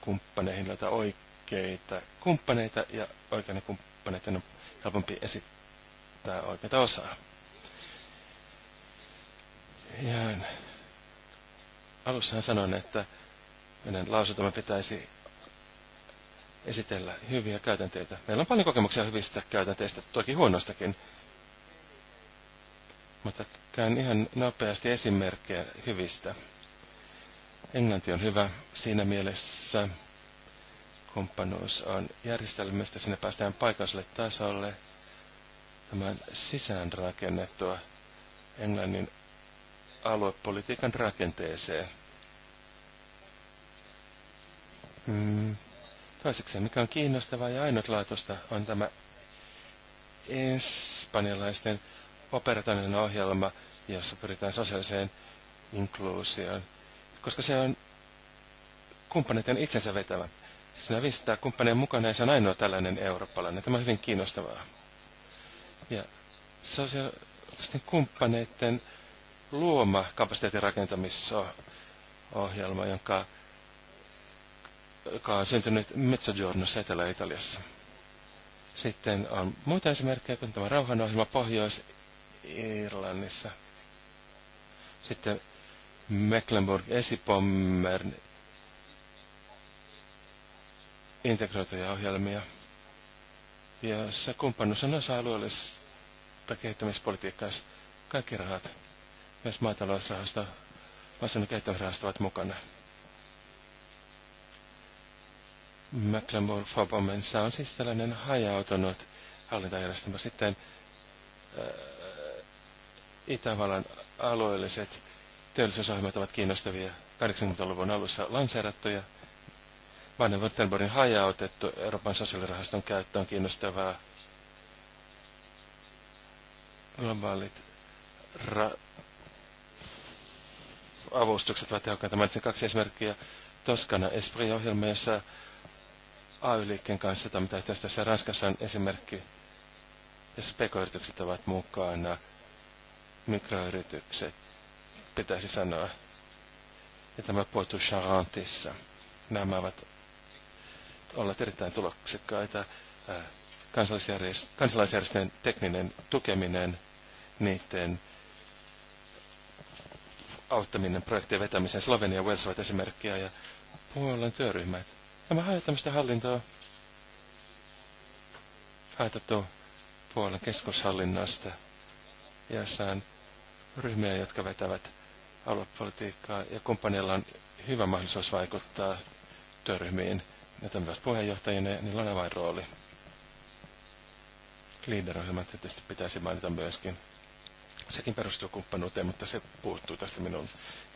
kumppaneihin, löytää oikeita kumppaneita ja oikeina kumppaneita on helpompi esittää oikeita osaa. Ja alussahan sanoin, että meidän lausutamme pitäisi esitellä hyviä käytänteitä. Meillä on paljon kokemuksia hyvistä käytänteistä, toki huonostakin. Mutta käyn ihan nopeasti esimerkkejä hyvistä. Englanti on hyvä siinä mielessä, kumppanuus on järjestelmästä, sinne päästään paikalliselle tasolle. Tämän sisäänrakennettua Englannin aluepolitiikan rakenteeseen. Mm, Toiseksi, mikä on kiinnostavaa ja ainutlaatuista, on tämä espanjalaisten operatoinen ohjelma, jossa pyritään sosiaaliseen inkluusioon, koska se on kumppaneiden itsensä vetävä. Siinä 500 kumppaneen mukana ja se on ainoa tällainen eurooppalainen. Tämä on hyvin kiinnostavaa. Ja sosiaalisten kumppaneiden luoma kapasiteetin rakentamisohjelma, jonka joka on syntynyt Mezzogiornossa Etelä-Italiassa. Sitten on muita esimerkkejä kuin tämä rauhanohjelma Pohjois-Irlannissa. Sitten Mecklenburg-Esipommer integroituja ohjelmia, joissa kumppanuus on osa alueellista kehittämispolitiikkaa. Kaikki rahat, myös maatalousrahasto, maaseudun kehittämisrahasto ovat mukana. McLemore fabomen on siis tällainen hajautunut hallintajärjestelmä. Sitten äh, Itävallan alueelliset teollisuusohjelmat ovat kiinnostavia 80-luvun alussa lanseerattuja. Baden-Württembergin hajautettu Euroopan sosiaalirahaston käyttö on kiinnostavaa. Globaalit ra- avustukset ovat tehokkaita. Mainitsin kaksi esimerkkiä. Toskana Esprit-ohjelma, jossa AY-liikkeen kanssa, tai mitä tässä Ranskassa on esimerkki, jossa pk-yritykset ovat mukana, mikroyritykset, pitäisi sanoa. Ja tämä puhuttu Charantissa. Nämä ovat olleet erittäin tuloksekkaita. Kansalaisjärjestöjen tekninen tukeminen, niiden auttaminen projektien vetämiseen. Slovenia ja Wales ovat esimerkkiä ja puolueen työryhmät Tämä tämmöistä hallintoa haitattu puolen keskushallinnasta, ja saan ryhmiä, jotka vetävät aluepolitiikkaa ja kumppanilla on hyvä mahdollisuus vaikuttaa työryhmiin. Ja myös puheenjohtajina niillä on avainrooli. Leader-ohjelma tietysti pitäisi mainita myöskin. Sekin perustuu kumppanuuteen, mutta se puuttuu tästä minun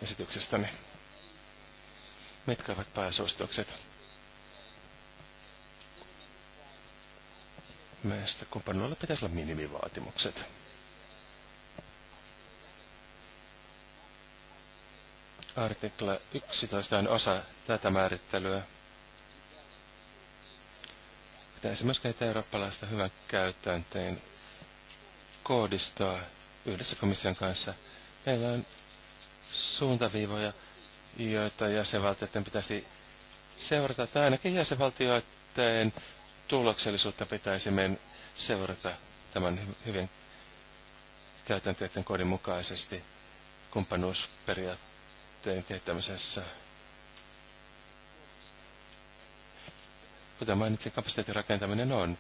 esityksestäni. Mitkä ovat pääsuositukset? Meistä kumppanuilla pitäisi olla minimivaatimukset. Artikla 11 on osa tätä määrittelyä. Pitäisi myös käyttää eurooppalaista hyvän käytänteen koodistoa yhdessä komission kanssa. Meillä on suuntaviivoja, joita jäsenvaltioiden pitäisi seurata, tai ainakin jäsenvaltioiden tuloksellisuutta pitäisi meidän seurata tämän hyvin käytänteiden kodin mukaisesti kumppanuusperiaatteen kehittämisessä. Kuten mainitsin, kapasiteetin rakentaminen on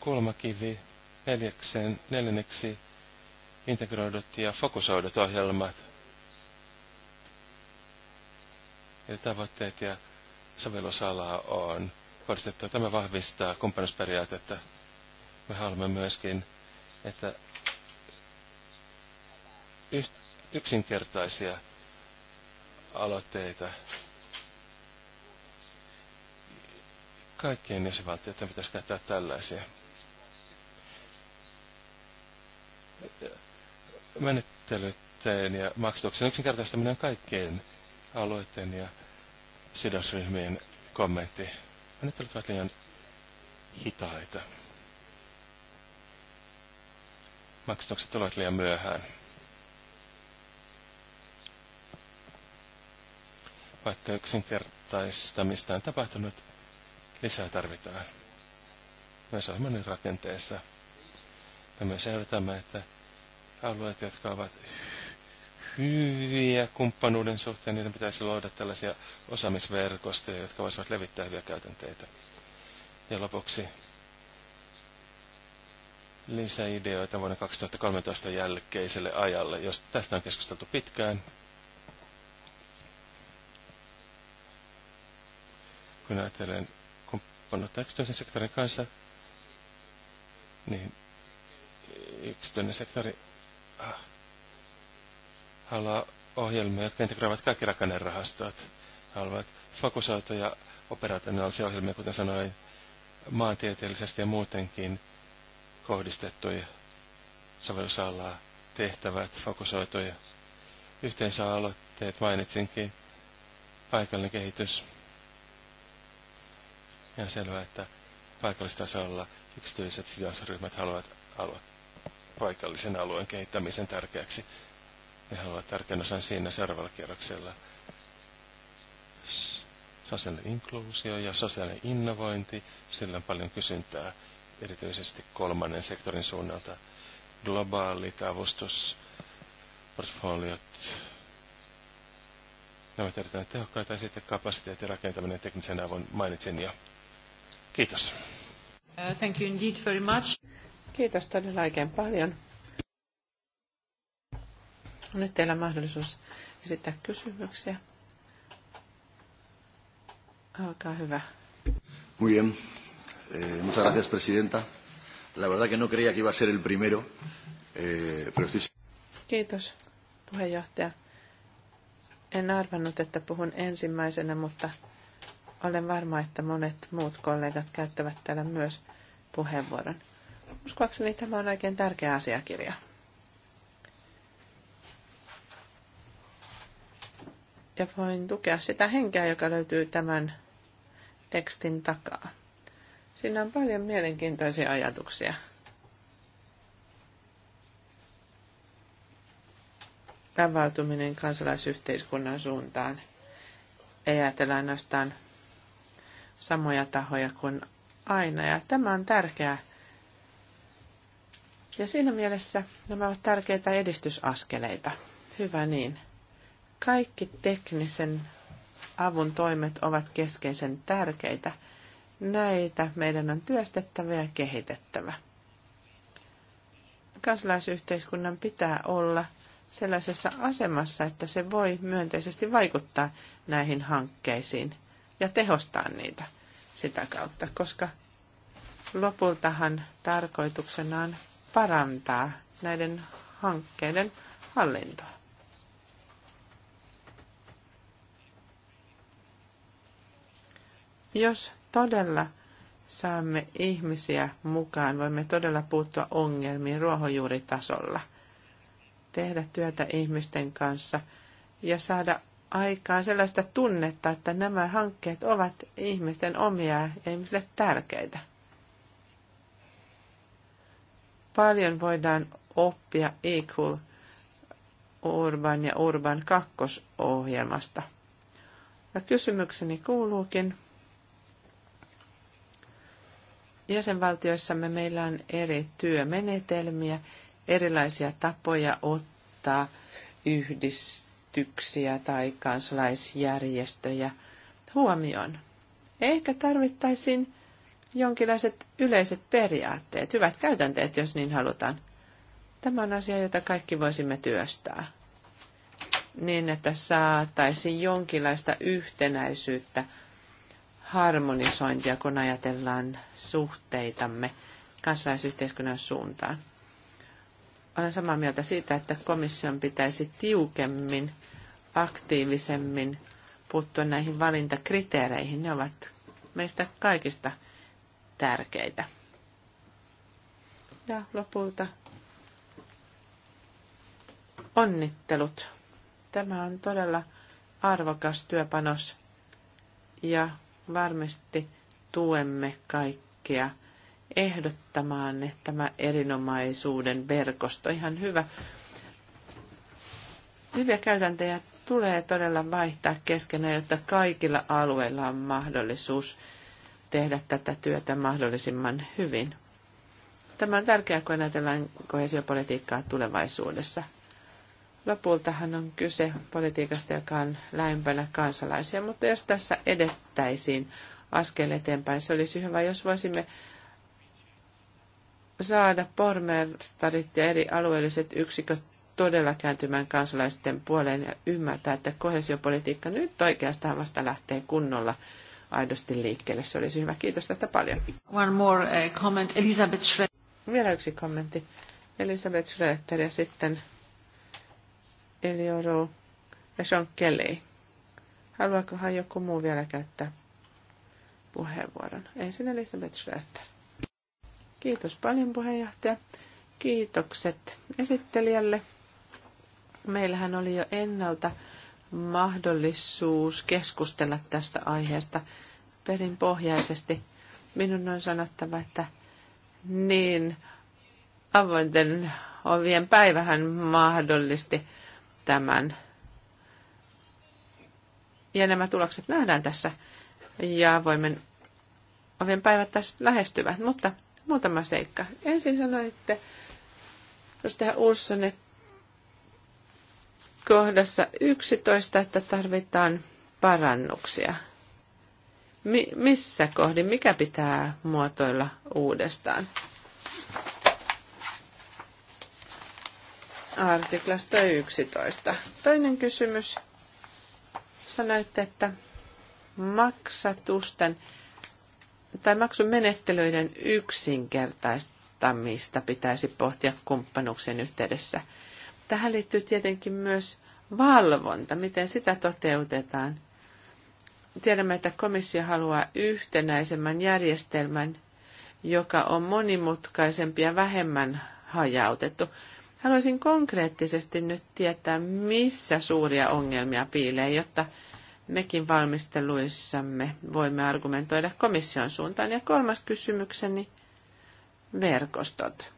kulmakivi neljäkseen, neljänneksi integroidut ja fokusoidut ohjelmat. Eli tavoitteet ja sovellusala on kohdistettua. Tämä vahvistaa kumppanusperiaatetta. Me haluamme myöskin, että yksinkertaisia aloitteita kaikkien jäsenvaltioiden pitäisi käyttää tällaisia. Menettelyiden ja maksatuksen yksinkertaistaminen kaikkien aloitteen ja sidosryhmien kommentti olivat vähän liian hitaita. Maksatukset olivat liian myöhään. Vaikka yksinkertaistamista on tapahtunut, lisää tarvitaan. Myös ohjelman rakenteessa. Me myös selvitämme, että alueet, jotka ovat hyviä kumppanuuden suhteen, niiden pitäisi luoda tällaisia osaamisverkostoja, jotka voisivat levittää hyviä käytänteitä. Ja lopuksi lisäideoita vuonna 2013 jälkeiselle ajalle, jos tästä on keskusteltu pitkään. Kun ajattelen kumppanuutta yksityisen sektorin kanssa, niin yksityinen sektori ah, haluaa ohjelmia, jotka integroivat kaikki rakennerahastot. Haluavat fokusoituja operationaalisia ohjelmia, kuten sanoin, maantieteellisesti ja muutenkin kohdistettuja sovellusalaa, tehtävät, fokusoituja. Yhteensä aloitteet mainitsinkin, paikallinen kehitys. Ja selvää, että paikallistasolla yksityiset sidosryhmät haluavat alue, paikallisen alueen kehittämisen tärkeäksi ja he ovat tärkeän osan siinä seuraavalla kierroksella. Sosiaalinen inkluusio ja sosiaalinen innovointi, sillä on paljon kysyntää erityisesti kolmannen sektorin suunnalta. Globaalit avustusportfoliot, ne ovat erittäin tehokkaita ja sitten kapasiteetin rakentaminen teknisen avun mainitsin jo. Kiitos. Uh, thank you indeed very much. Kiitos todella oikein paljon. No nyt teillä on mahdollisuus esittää kysymyksiä. Olkaa hyvä. Muy bien. Eh, muchas gracias, presidenta. La verdad que no creía que iba a ser el primero, eh, pero estoy... Kiitos, puheenjohtaja. En arvannut, että puhun ensimmäisenä, mutta olen varma, että monet muut kollegat käyttävät täällä myös puheenvuoron. Uskoakseni tämä on oikein tärkeä asiakirja. ja voin tukea sitä henkeä, joka löytyy tämän tekstin takaa. Siinä on paljon mielenkiintoisia ajatuksia. Avautuminen kansalaisyhteiskunnan suuntaan. Ei ajatella ainoastaan samoja tahoja kuin aina. Ja tämä on tärkeää. Ja siinä mielessä nämä ovat tärkeitä edistysaskeleita. Hyvä niin. Kaikki teknisen avun toimet ovat keskeisen tärkeitä. Näitä meidän on työstettävä ja kehitettävä. Kansalaisyhteiskunnan pitää olla sellaisessa asemassa, että se voi myönteisesti vaikuttaa näihin hankkeisiin ja tehostaa niitä sitä kautta, koska lopultahan tarkoituksena on parantaa näiden hankkeiden hallintoa. Jos todella saamme ihmisiä mukaan, voimme todella puuttua ongelmiin ruohonjuuritasolla, tehdä työtä ihmisten kanssa ja saada aikaan sellaista tunnetta, että nämä hankkeet ovat ihmisten omia ja ihmisille tärkeitä. Paljon voidaan oppia Equal Urban ja Urban kakkosohjelmasta. Ja kysymykseni kuuluukin, Jäsenvaltioissamme meillä on eri työmenetelmiä, erilaisia tapoja ottaa yhdistyksiä tai kansalaisjärjestöjä huomioon. Ehkä tarvittaisiin jonkinlaiset yleiset periaatteet, hyvät käytänteet, jos niin halutaan. Tämä on asia, jota kaikki voisimme työstää. Niin, että saataisiin jonkinlaista yhtenäisyyttä harmonisointia, kun ajatellaan suhteitamme kansalaisyhteiskunnan suuntaan. Olen samaa mieltä siitä, että komission pitäisi tiukemmin, aktiivisemmin puuttua näihin valintakriteereihin. Ne ovat meistä kaikista tärkeitä. Ja lopulta onnittelut. Tämä on todella arvokas työpanos ja varmasti tuemme kaikkia ehdottamaan tämä erinomaisuuden verkosto. Ihan hyvä. Hyviä käytäntöjä tulee todella vaihtaa keskenään, jotta kaikilla alueilla on mahdollisuus tehdä tätä työtä mahdollisimman hyvin. Tämä on tärkeää, kun ajatellaan kohesiopolitiikkaa tulevaisuudessa – Lopultahan on kyse politiikasta, joka on lähempänä kansalaisia, mutta jos tässä edettäisiin askel eteenpäin, se olisi hyvä, jos voisimme saada pormestarit ja eri alueelliset yksiköt todella kääntymään kansalaisten puoleen ja ymmärtää, että kohesiopolitiikka nyt oikeastaan vasta lähtee kunnolla aidosti liikkeelle. Se olisi hyvä. Kiitos tästä paljon. One more eh, comment. Elizabeth Schre- Vielä yksi kommentti. Elisabeth Schroeder ja sitten Elioro ja Sean Kelly. Haluaakohan joku muu vielä käyttää puheenvuoron? Ensin Elisabeth Schröter. Kiitos paljon puheenjohtaja. Kiitokset esittelijälle. Meillähän oli jo ennalta mahdollisuus keskustella tästä aiheesta perinpohjaisesti. Minun on sanottava, että niin avointen ovien päivähän mahdollisti tämän. Ja nämä tulokset nähdään tässä ja voimme oven päivät tässä lähestyvät, mutta muutama seikka. Ensin sanoitte, jos tehdään Ulsson, että kohdassa 11, että tarvitaan parannuksia. Mi- missä kohdin, mikä pitää muotoilla uudestaan? artiklasta 11. Toinen kysymys. Sanoitte, että maksatusten tai maksumenettelyiden yksinkertaistamista pitäisi pohtia kumppanuksen yhteydessä. Tähän liittyy tietenkin myös valvonta, miten sitä toteutetaan. Tiedämme, että komissio haluaa yhtenäisemmän järjestelmän, joka on monimutkaisempi ja vähemmän hajautettu. Haluaisin konkreettisesti nyt tietää, missä suuria ongelmia piilee, jotta mekin valmisteluissamme voimme argumentoida komission suuntaan. Ja kolmas kysymykseni, verkostot.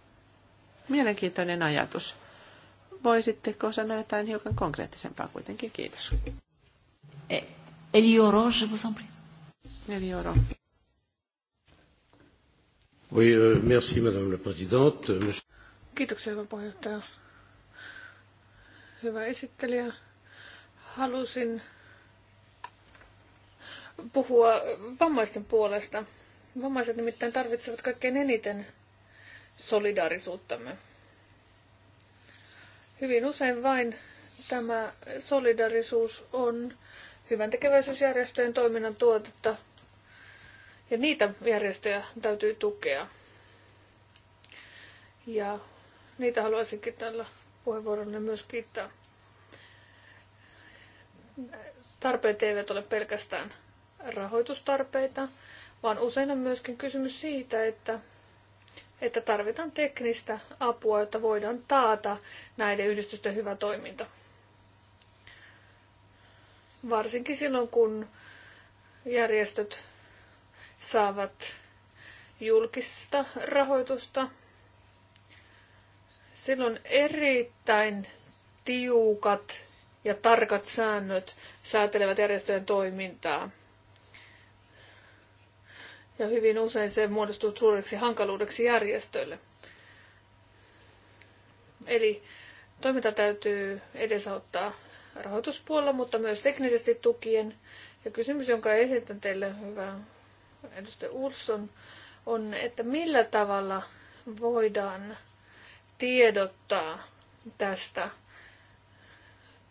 Mielenkiintoinen ajatus. Voisitteko sanoa jotain hiukan konkreettisempaa kuitenkin? Kiitos. E, Elioro, je vous en prie. Elioro. Oui, euh, merci, madame la présidente. Kiitoksia, hyvä puheenjohtaja. Hyvä esittelijä. Halusin puhua vammaisten puolesta. Vammaiset nimittäin tarvitsevat kaikkein eniten solidaarisuuttamme. Hyvin usein vain tämä solidarisuus on hyvän tekeväisyysjärjestöjen toiminnan tuotetta, ja niitä järjestöjä täytyy tukea. Ja Niitä haluaisinkin tällä puheenvuorolla myös kiittää. Tarpeet eivät ole pelkästään rahoitustarpeita, vaan usein on myöskin kysymys siitä, että, että tarvitaan teknistä apua, jotta voidaan taata näiden yhdistysten hyvä toiminta. Varsinkin silloin, kun järjestöt saavat julkista rahoitusta Silloin erittäin tiukat ja tarkat säännöt säätelevät järjestöjen toimintaa. Ja hyvin usein se muodostuu suureksi hankaluudeksi järjestöille. Eli toiminta täytyy edesauttaa rahoituspuolella, mutta myös teknisesti tukien. Ja kysymys, jonka esitän teille, hyvä edustaja Ursson, on, että millä tavalla voidaan tiedottaa tästä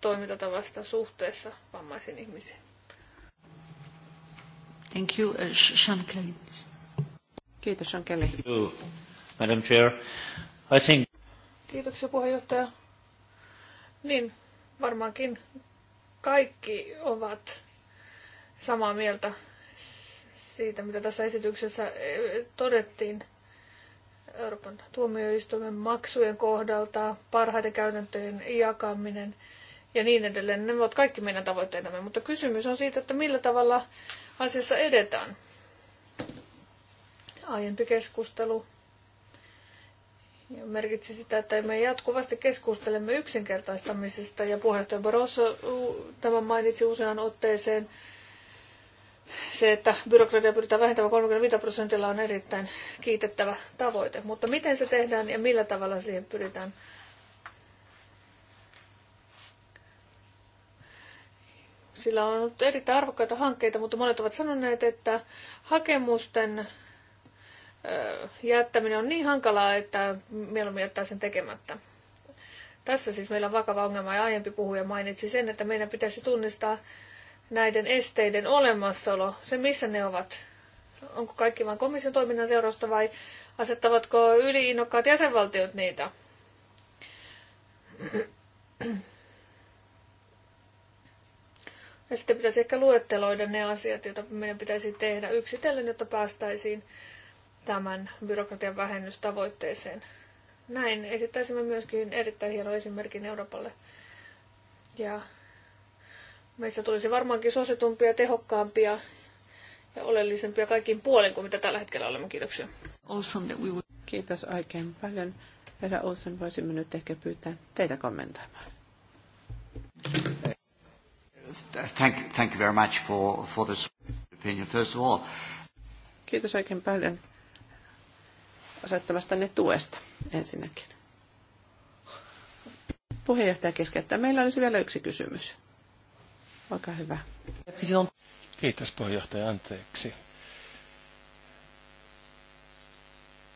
toimintatavasta suhteessa vammaisiin ihmisiin. Thank you, uh, Sean Kelly. Kiitos, Sean Kelly. Madam Chair. I think... Kiitoksia, puheenjohtaja. Niin, varmaankin kaikki ovat samaa mieltä siitä, mitä tässä esityksessä e, todettiin. Euroopan tuomioistuimen maksujen kohdalta, parhaiden käytäntöjen jakaminen ja niin edelleen. Ne ovat kaikki meidän tavoitteenamme, mutta kysymys on siitä, että millä tavalla asiassa edetään. Aiempi keskustelu merkitsi sitä, että me jatkuvasti keskustelemme yksinkertaistamisesta ja puheenjohtaja Barroso tämän mainitsi useaan otteeseen – se, että byrokratia pyritään vähentämään 35 prosentilla on erittäin kiitettävä tavoite. Mutta miten se tehdään ja millä tavalla siihen pyritään? Sillä on ollut erittäin arvokkaita hankkeita, mutta monet ovat sanoneet, että hakemusten jättäminen on niin hankalaa, että mieluummin jättää sen tekemättä. Tässä siis meillä on vakava ongelma ja aiempi puhuja mainitsi sen, että meidän pitäisi tunnistaa näiden esteiden olemassaolo, se missä ne ovat. Onko kaikki vain komission toiminnan seurausta vai asettavatko yliinnokkaat jäsenvaltiot niitä? Ja sitten pitäisi ehkä luetteloida ne asiat, joita meidän pitäisi tehdä yksitellen, jotta päästäisiin tämän byrokratian vähennystavoitteeseen. Näin esittäisimme myöskin erittäin hienon esimerkin Euroopalle. Ja Meistä tulisi varmaankin suositumpia, tehokkaampia ja oleellisempia kaikin puolin kuin mitä tällä hetkellä olemme. Kiitoksia. Kiitos oikein paljon. Herra Olsen, voisimme nyt ehkä pyytää teitä kommentoimaan. Thank, thank you very much for, for this opinion, first of all. Kiitos oikein paljon osoittamastanne tuesta ensinnäkin. Puheenjohtaja keskeyttää. Meillä olisi vielä yksi kysymys. Olkaa hyvä. Kiitos puheenjohtaja, anteeksi.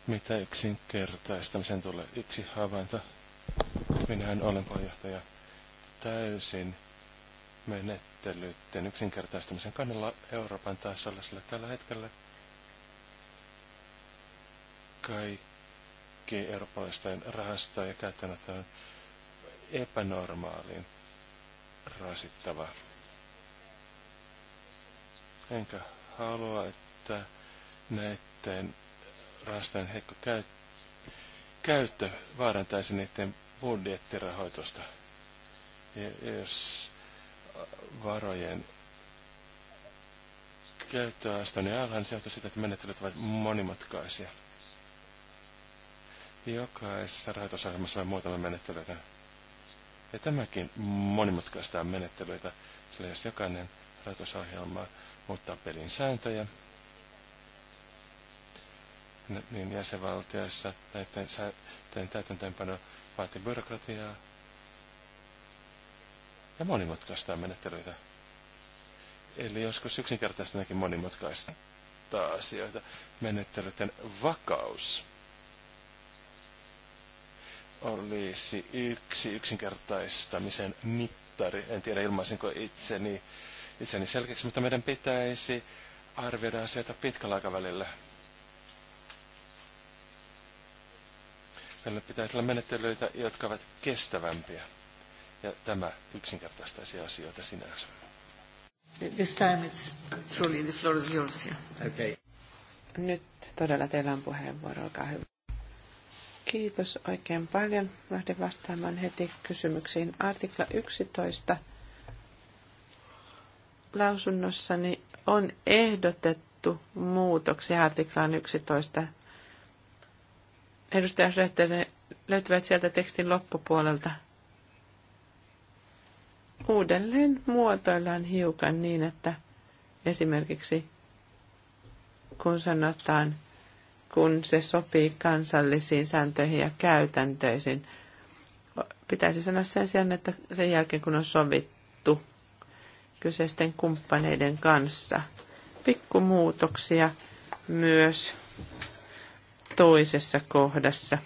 Mitä yksinkertaistamisen tulee? Yksi havainto. Minähän olen puheenjohtaja täysin menettelyiden yksinkertaistamisen kannalla Euroopan tasolla, sillä tällä hetkellä kaikki eurooppalaisten rahastojen käyttöönotto on epänormaaliin rasittava Enkä halua, että näiden rahastojen heikko käy, käyttö vaarantaisi niiden budjettirahoitusta. Ja jos varojen käyttöaste on niin alhainen, se johtuu siitä, että menettelyt ovat monimutkaisia. Jokaisessa rahoitusasemassa on muutama menettelytä. Ja tämäkin monimutkaistaa menettelyitä, sillä jos jokainen rahoitusohjelma muuttaa pelin sääntöjä, niin jäsenvaltioissa näiden täytäntöönpano vaati byrokratiaa ja monimutkaistaa menettelyitä. Eli joskus yksinkertaisestikin monimutkaista asioita. Menettelyiden vakaus olisi yksi yksinkertaistamisen mittari. En tiedä ilmaisinko itseni itseni selkeäksi, mutta meidän pitäisi arvioida asioita pitkällä aikavälillä. Meillä pitäisi olla menettelyitä, jotka ovat kestävämpiä. Ja tämä yksinkertaistaisi asioita sinänsä. This time it's truly the floor is yours. Yeah. Okay. Nyt todella teillä on puheenvuoro, olkaa hyvä. Kiitos oikein paljon. Lähden vastaamaan heti kysymyksiin. Artikla 11 lausunnossani on ehdotettu muutoksia artiklaan 11. Edustaja Schröter, ne löytyvät sieltä tekstin loppupuolelta. Uudelleen muotoillaan hiukan niin, että esimerkiksi kun sanotaan, kun se sopii kansallisiin sääntöihin ja käytäntöisiin, pitäisi sanoa sen sijaan, että sen jälkeen kun on sovittu kyseisten kumppaneiden kanssa. Pikkumuutoksia myös toisessa kohdassa.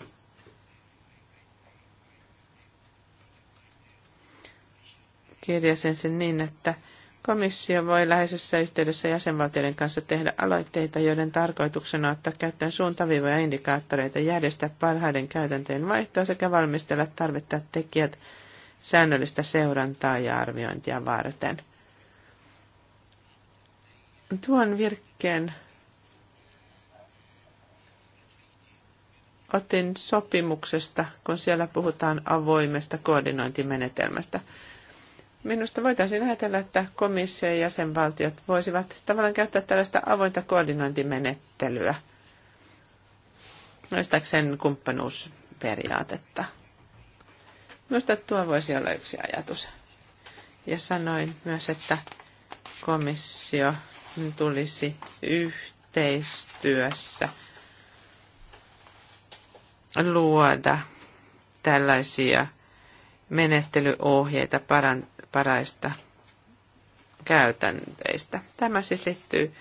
Kirjasin sen niin, että komissio voi läheisessä yhteydessä jäsenvaltioiden kanssa tehdä aloitteita, joiden tarkoituksena on ottaa käyttöön suuntaviivoja indikaattoreita, järjestää parhaiden käytäntöjen vaihtoa sekä valmistella tarvittavat tekijät säännöllistä seurantaa ja arviointia varten – Tuon virkkeen otin sopimuksesta, kun siellä puhutaan avoimesta koordinointimenetelmästä. Minusta voitaisiin ajatella, että komissio ja jäsenvaltiot voisivat tavallaan käyttää tällaista avointa koordinointimenettelyä sen kumppanuusperiaatetta. Minusta tuo voisi olla yksi ajatus. Ja sanoin myös, että komissio tulisi yhteistyössä luoda tällaisia menettelyohjeita paraista käytänteistä. Tämä siis liittyy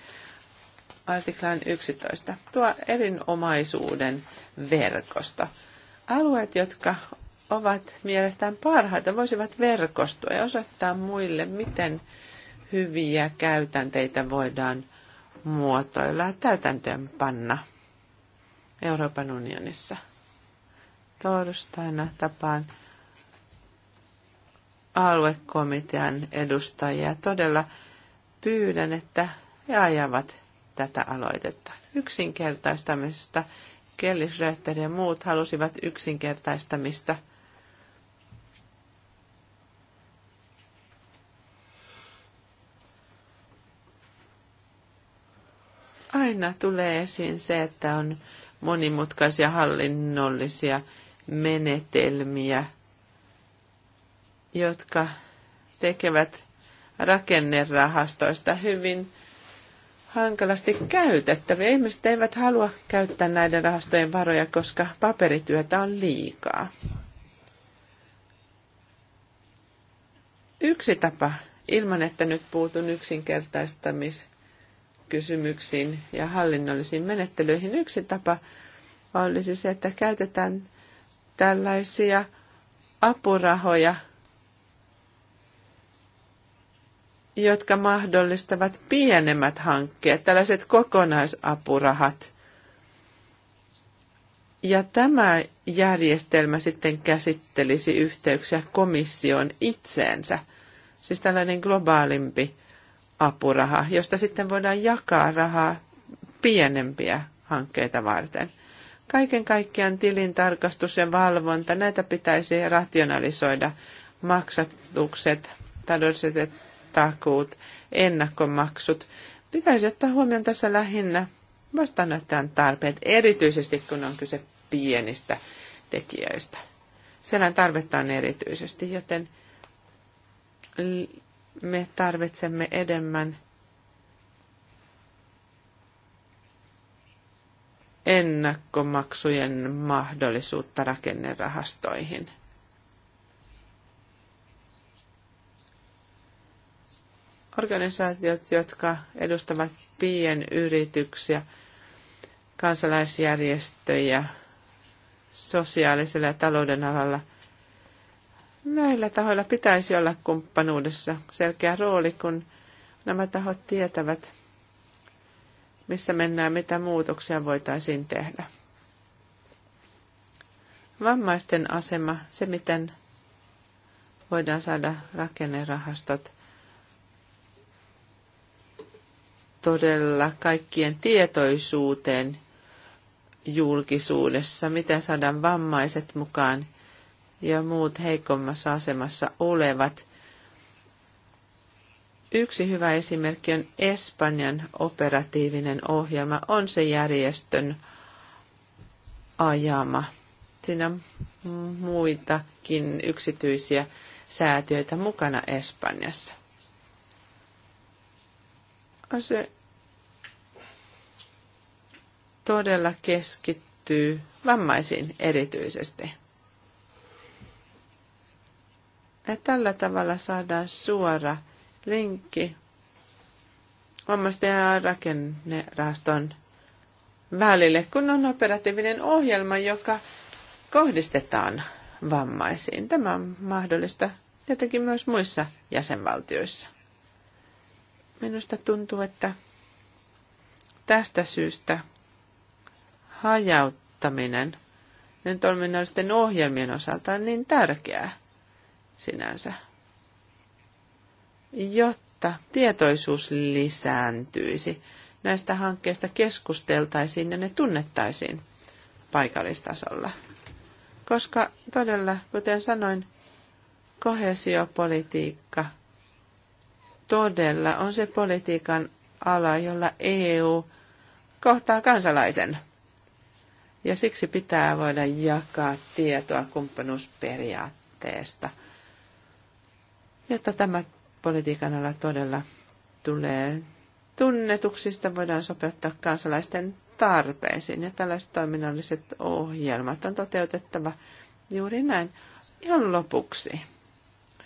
artiklaan 11. Tuo erinomaisuuden verkosto. Alueet, jotka ovat mielestään parhaita, voisivat verkostua ja osoittaa muille, miten hyviä käytänteitä voidaan muotoilla täytäntöön panna Euroopan unionissa. Torstaina tapaan aluekomitean edustajia. Todella pyydän, että he ajavat tätä aloitetta. Yksinkertaistamista. Kelly ja muut halusivat yksinkertaistamista – aina tulee esiin se, että on monimutkaisia hallinnollisia menetelmiä, jotka tekevät rakennerahastoista hyvin hankalasti käytettäviä. Ihmiset eivät halua käyttää näiden rahastojen varoja, koska paperityötä on liikaa. Yksi tapa, ilman että nyt puutun yksinkertaistamis kysymyksiin ja hallinnollisiin menettelyihin. Yksi tapa olisi se, että käytetään tällaisia apurahoja, jotka mahdollistavat pienemmät hankkeet, tällaiset kokonaisapurahat. Ja tämä järjestelmä sitten käsittelisi yhteyksiä komission itseensä, siis tällainen globaalimpi apuraha, josta sitten voidaan jakaa rahaa pienempiä hankkeita varten. Kaiken kaikkiaan tilintarkastus ja valvonta, näitä pitäisi rationalisoida. Maksatukset, taloudelliset takuut, ennakkomaksut. Pitäisi ottaa huomioon tässä lähinnä vastaanottajan tarpeet, erityisesti kun on kyse pienistä tekijöistä. Selän tarvetta on erityisesti, joten me tarvitsemme enemmän ennakkomaksujen mahdollisuutta rakennerahastoihin. Organisaatiot, jotka edustavat pienyrityksiä, kansalaisjärjestöjä sosiaalisella ja talouden alalla – Näillä tahoilla pitäisi olla kumppanuudessa selkeä rooli, kun nämä tahot tietävät, missä mennään, mitä muutoksia voitaisiin tehdä. Vammaisten asema, se miten voidaan saada rakennerahastot todella kaikkien tietoisuuteen julkisuudessa, miten saadaan vammaiset mukaan ja muut heikommassa asemassa olevat. Yksi hyvä esimerkki on Espanjan operatiivinen ohjelma, on se järjestön ajama. Siinä on muitakin yksityisiä säätiöitä mukana Espanjassa. Se todella keskittyy vammaisiin erityisesti. Ja tällä tavalla saadaan suora linkki omasta ja rakennerahaston välille, kun on operatiivinen ohjelma, joka kohdistetaan vammaisiin. Tämä on mahdollista tietenkin myös muissa jäsenvaltioissa. Minusta tuntuu, että tästä syystä hajauttaminen niin toiminnallisten ohjelmien osalta on niin tärkeää sinänsä. Jotta tietoisuus lisääntyisi, näistä hankkeista keskusteltaisiin ja ne tunnettaisiin paikallistasolla. Koska todella, kuten sanoin, kohesiopolitiikka todella on se politiikan ala, jolla EU kohtaa kansalaisen. Ja siksi pitää voida jakaa tietoa kumppanuusperiaatteesta – jotta tämä politiikan ala todella tulee tunnetuksista, voidaan sopeuttaa kansalaisten tarpeisiin. Ja tällaiset toiminnalliset ohjelmat on toteutettava juuri näin. Ihan lopuksi.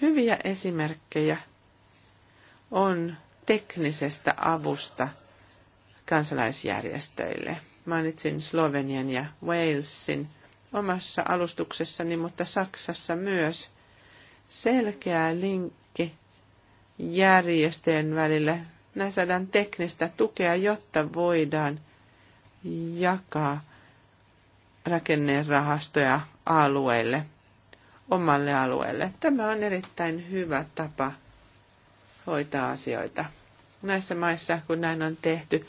Hyviä esimerkkejä on teknisestä avusta kansalaisjärjestöille. Mainitsin Slovenian ja Walesin omassa alustuksessani, mutta Saksassa myös – selkeä linkki järjestöjen välillä. Näin saadaan teknistä tukea, jotta voidaan jakaa rakennerahastoja alueelle, omalle alueelle. Tämä on erittäin hyvä tapa hoitaa asioita. Näissä maissa, kun näin on tehty,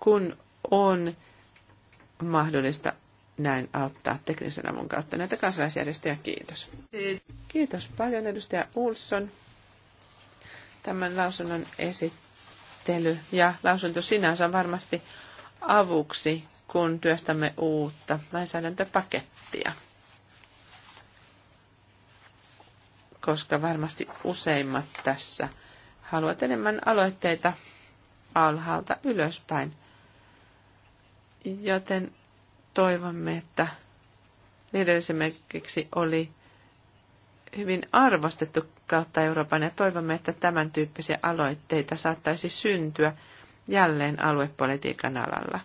kun on mahdollista näin auttaa teknisen avun kautta näitä kansalaisjärjestöjä. Kiitos. Kiitos paljon edustaja Ulsson. Tämän lausunnon esittely ja lausunto sinänsä on varmasti avuksi, kun työstämme uutta lainsäädäntöpakettia. Koska varmasti useimmat tässä haluat enemmän aloitteita alhaalta ylöspäin. Joten toivomme, että niiden esimerkiksi oli hyvin arvostettu kautta Euroopan ja toivomme, että tämän tyyppisiä aloitteita saattaisi syntyä jälleen aluepolitiikan alalla.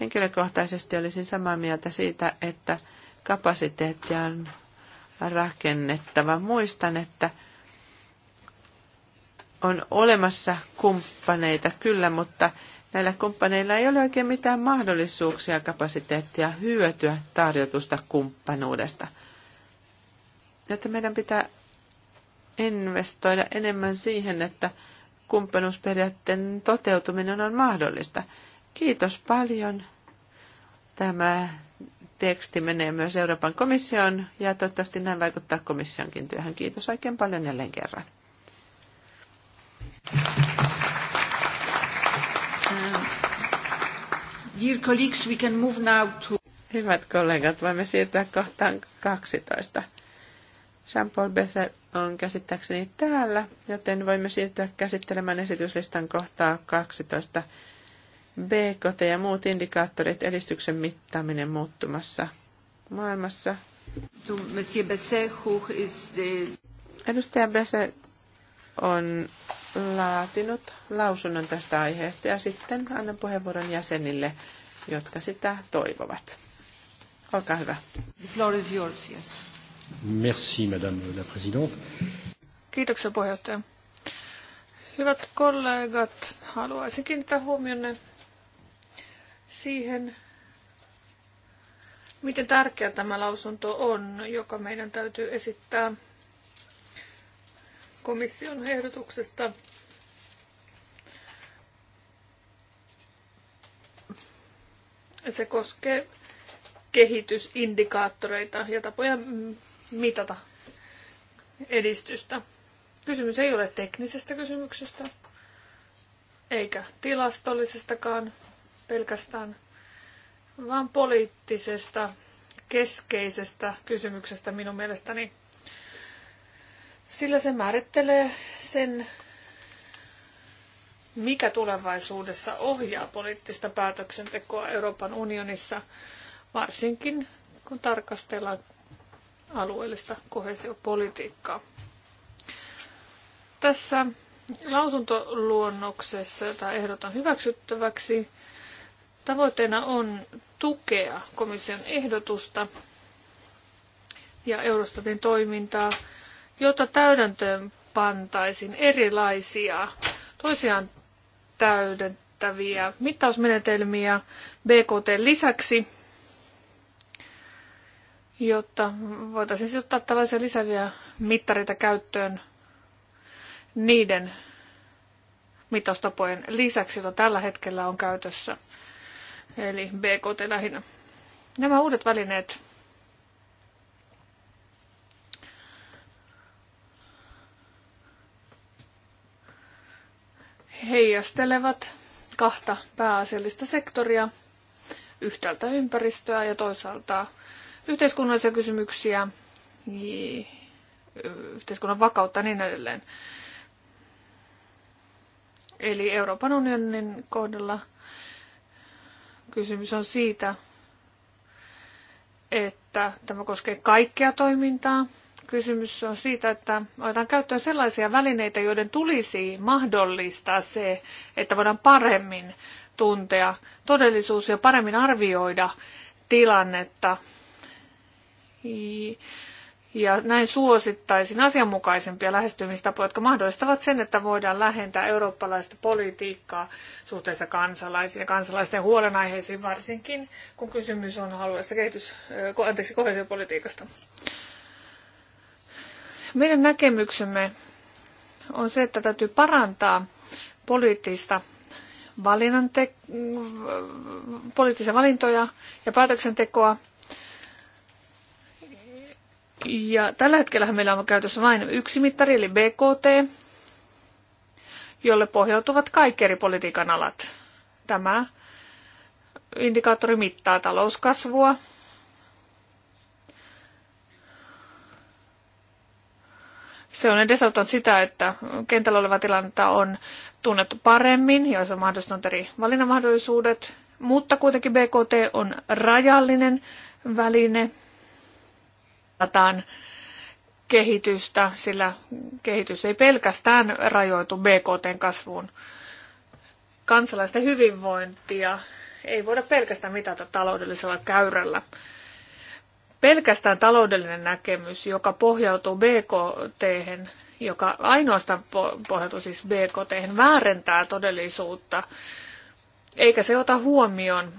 Henkilökohtaisesti olisin samaa mieltä siitä, että kapasiteettia on rakennettava. Muistan, että on olemassa kumppaneita kyllä, mutta näillä kumppaneilla ei ole oikein mitään mahdollisuuksia, kapasiteettia hyötyä tarjotusta kumppanuudesta. jotta meidän pitää investoida enemmän siihen, että kumppanuusperiaatteen toteutuminen on mahdollista. Kiitos paljon. Tämä teksti menee myös Euroopan komission ja toivottavasti näin vaikuttaa komissionkin työhön. Kiitos oikein paljon jälleen kerran. Dear colleagues, we can move now to... Hyvät kollegat, voimme siirtyä kohtaan 12. Jean-Paul Besset on käsittääkseni täällä, joten voimme siirtyä käsittelemään esityslistan kohtaa 12. BKT ja muut indikaattorit edistyksen mittaaminen muuttumassa maailmassa. To Monsieur who is the... Edustaja Besset on laatinut lausunnon tästä aiheesta ja sitten annan puheenvuoron jäsenille, jotka sitä toivovat. Olkaa hyvä. The floor is yours, yes. Merci, madame la présidente. Kiitoksia puheenjohtaja. Hyvät kollegat, haluaisin kiinnittää huomionne siihen, miten tärkeä tämä lausunto on, joka meidän täytyy esittää komission ehdotuksesta. Se koskee kehitysindikaattoreita ja tapoja mitata edistystä. Kysymys ei ole teknisestä kysymyksestä, eikä tilastollisestakaan pelkästään, vaan poliittisesta keskeisestä kysymyksestä minun mielestäni. Sillä se määrittelee sen, mikä tulevaisuudessa ohjaa poliittista päätöksentekoa Euroopan unionissa, varsinkin kun tarkastellaan alueellista kohesiopolitiikkaa. Tässä lausuntoluonnoksessa, jota ehdotan hyväksyttäväksi, tavoitteena on tukea komission ehdotusta ja Eurostatin toimintaa – jota täydentöön pantaisiin erilaisia toisiaan täydentäviä mittausmenetelmiä BKT lisäksi, jotta voitaisiin ottaa tällaisia lisäviä mittareita käyttöön niiden mittaustapojen lisäksi, joita tällä hetkellä on käytössä, eli BKT lähinnä. Nämä uudet välineet heijastelevat kahta pääasiallista sektoria, yhtäältä ympäristöä ja toisaalta yhteiskunnallisia kysymyksiä, yhteiskunnan vakautta ja niin edelleen. Eli Euroopan unionin kohdalla kysymys on siitä, että tämä koskee kaikkea toimintaa, Kysymys on siitä, että otetaan käyttöön sellaisia välineitä, joiden tulisi mahdollistaa se, että voidaan paremmin tuntea todellisuus ja paremmin arvioida tilannetta. Ja näin suosittaisin asianmukaisempia lähestymistapoja, jotka mahdollistavat sen, että voidaan lähentää eurooppalaista politiikkaa suhteessa kansalaisiin ja kansalaisten huolenaiheisiin, varsinkin kun kysymys on alueesta kehitys, anteeksi, meidän näkemyksemme on se, että täytyy parantaa poliittista poliittisia valintoja ja päätöksentekoa. Ja tällä hetkellä meillä on käytössä vain yksi mittari, eli BKT, jolle pohjautuvat kaikki eri politiikan alat. Tämä indikaattori mittaa talouskasvua, Se on edesauttanut sitä, että kentällä oleva tilannetta on tunnettu paremmin, se on mahdollistanut eri valinnanmahdollisuudet, mutta kuitenkin BKT on rajallinen väline. Lataan kehitystä, sillä kehitys ei pelkästään rajoitu BKTn kasvuun. Kansalaisten hyvinvointia ei voida pelkästään mitata taloudellisella käyrällä pelkästään taloudellinen näkemys, joka pohjautuu BKT, joka ainoastaan pohjautuu siis BKT, väärentää todellisuutta, eikä se ota huomioon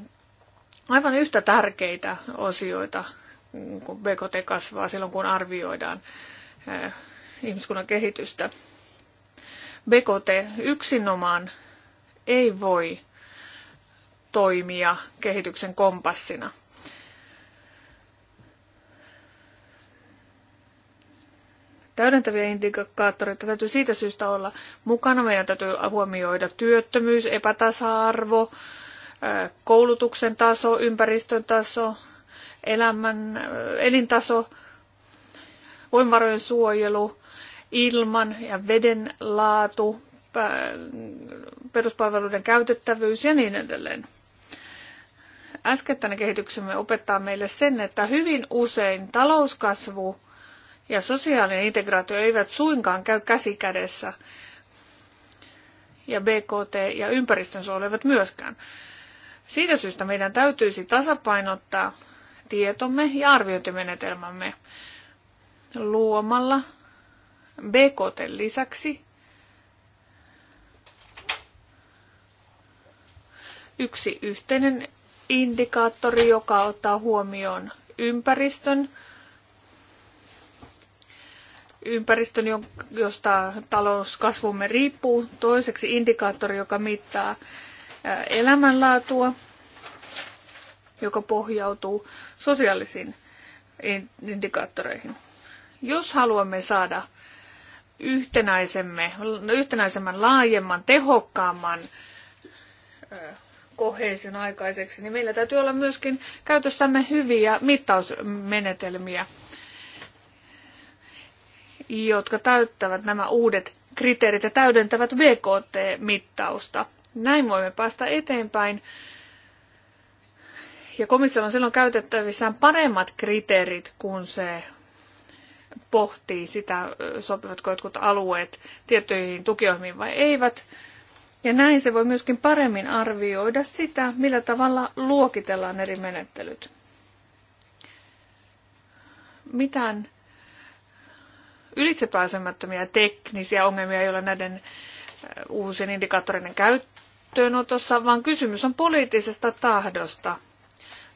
aivan yhtä tärkeitä osioita, kun BKT kasvaa silloin, kun arvioidaan eh, ihmiskunnan kehitystä. BKT yksinomaan ei voi toimia kehityksen kompassina – täydentäviä indikaattoreita täytyy siitä syystä olla mukana. Meidän täytyy huomioida työttömyys, epätasa-arvo, koulutuksen taso, ympäristön taso, elämän, elintaso, voimavarojen suojelu, ilman ja veden laatu, peruspalveluiden käytettävyys ja niin edelleen. Äskettäinen kehityksemme opettaa meille sen, että hyvin usein talouskasvu ja sosiaalinen integraatio eivät suinkaan käy käsi kädessä. Ja BKT ja ympäristönsuojelu eivät myöskään. Siitä syystä meidän täytyisi tasapainottaa tietomme ja arviointimenetelmämme luomalla BKT lisäksi yksi yhteinen indikaattori, joka ottaa huomioon ympäristön, ympäristön, josta talouskasvumme riippuu. Toiseksi indikaattori, joka mittaa elämänlaatua, joka pohjautuu sosiaalisiin indikaattoreihin. Jos haluamme saada yhtenäisemme, yhtenäisemmän, laajemman, tehokkaamman koheesin aikaiseksi, niin meillä täytyy olla myöskin käytössämme hyviä mittausmenetelmiä jotka täyttävät nämä uudet kriteerit ja täydentävät BKT-mittausta. Näin voimme päästä eteenpäin. Ja komissio on silloin käytettävissään paremmat kriteerit, kun se pohtii sitä, sopivatko jotkut alueet tiettyihin tukiohjelmiin vai eivät. Ja näin se voi myöskin paremmin arvioida sitä, millä tavalla luokitellaan eri menettelyt. Mitään ylitsepääsemättömiä teknisiä ongelmia ei ole näiden äh, uusien indikaattoreiden käyttöönotossa, vaan kysymys on poliittisesta tahdosta.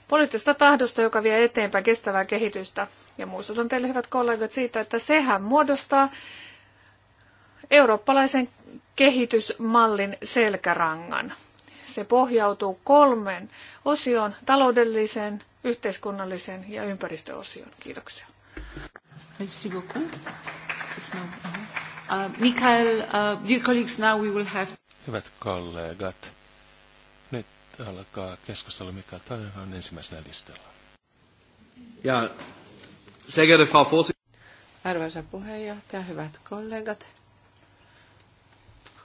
Poliittisesta tahdosta, joka vie eteenpäin kestävää kehitystä. Ja muistutan teille, hyvät kollegat, siitä, että sehän muodostaa eurooppalaisen kehitysmallin selkärangan. Se pohjautuu kolmeen osioon, taloudelliseen, yhteiskunnalliseen ja ympäristöosioon. Kiitoksia. Merci beaucoup. Uh-huh. Uh, Mikael, uh, dear colleagues, now we will have... Hyvät kollegat, nyt alkaa keskustelu Mikael Toivonen ensimmäisenä listalla. Ja, sehr geehrte Frau Vorsitzende. Arvoisa puheenjohtaja, hyvät kollegat.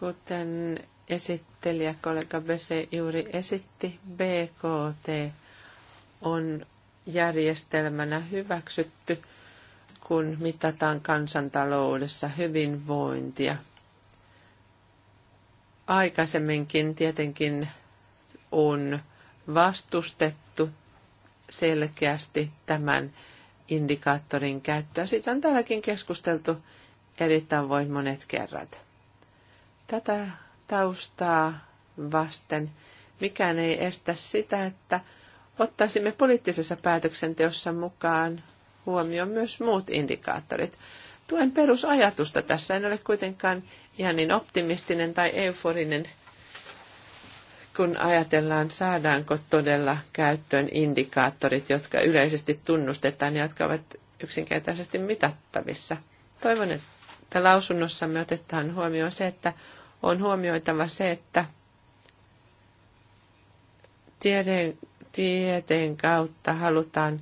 Kuten esittelijä kollega Bese juuri esitti, BKT on järjestelmänä hyväksytty – kun mitataan kansantaloudessa hyvinvointia. Aikaisemminkin tietenkin on vastustettu selkeästi tämän indikaattorin käyttöä. Siitä on täälläkin keskusteltu eri tavoin monet kerrat. Tätä taustaa vasten mikään ei estä sitä, että ottaisimme poliittisessa päätöksenteossa mukaan huomioon myös muut indikaattorit. Tuen perusajatusta tässä en ole kuitenkaan ihan niin optimistinen tai euforinen, kun ajatellaan, saadaanko todella käyttöön indikaattorit, jotka yleisesti tunnustetaan ja jotka ovat yksinkertaisesti mitattavissa. Toivon, että lausunnossamme otetaan huomioon se, että on huomioitava se, että tieteen kautta halutaan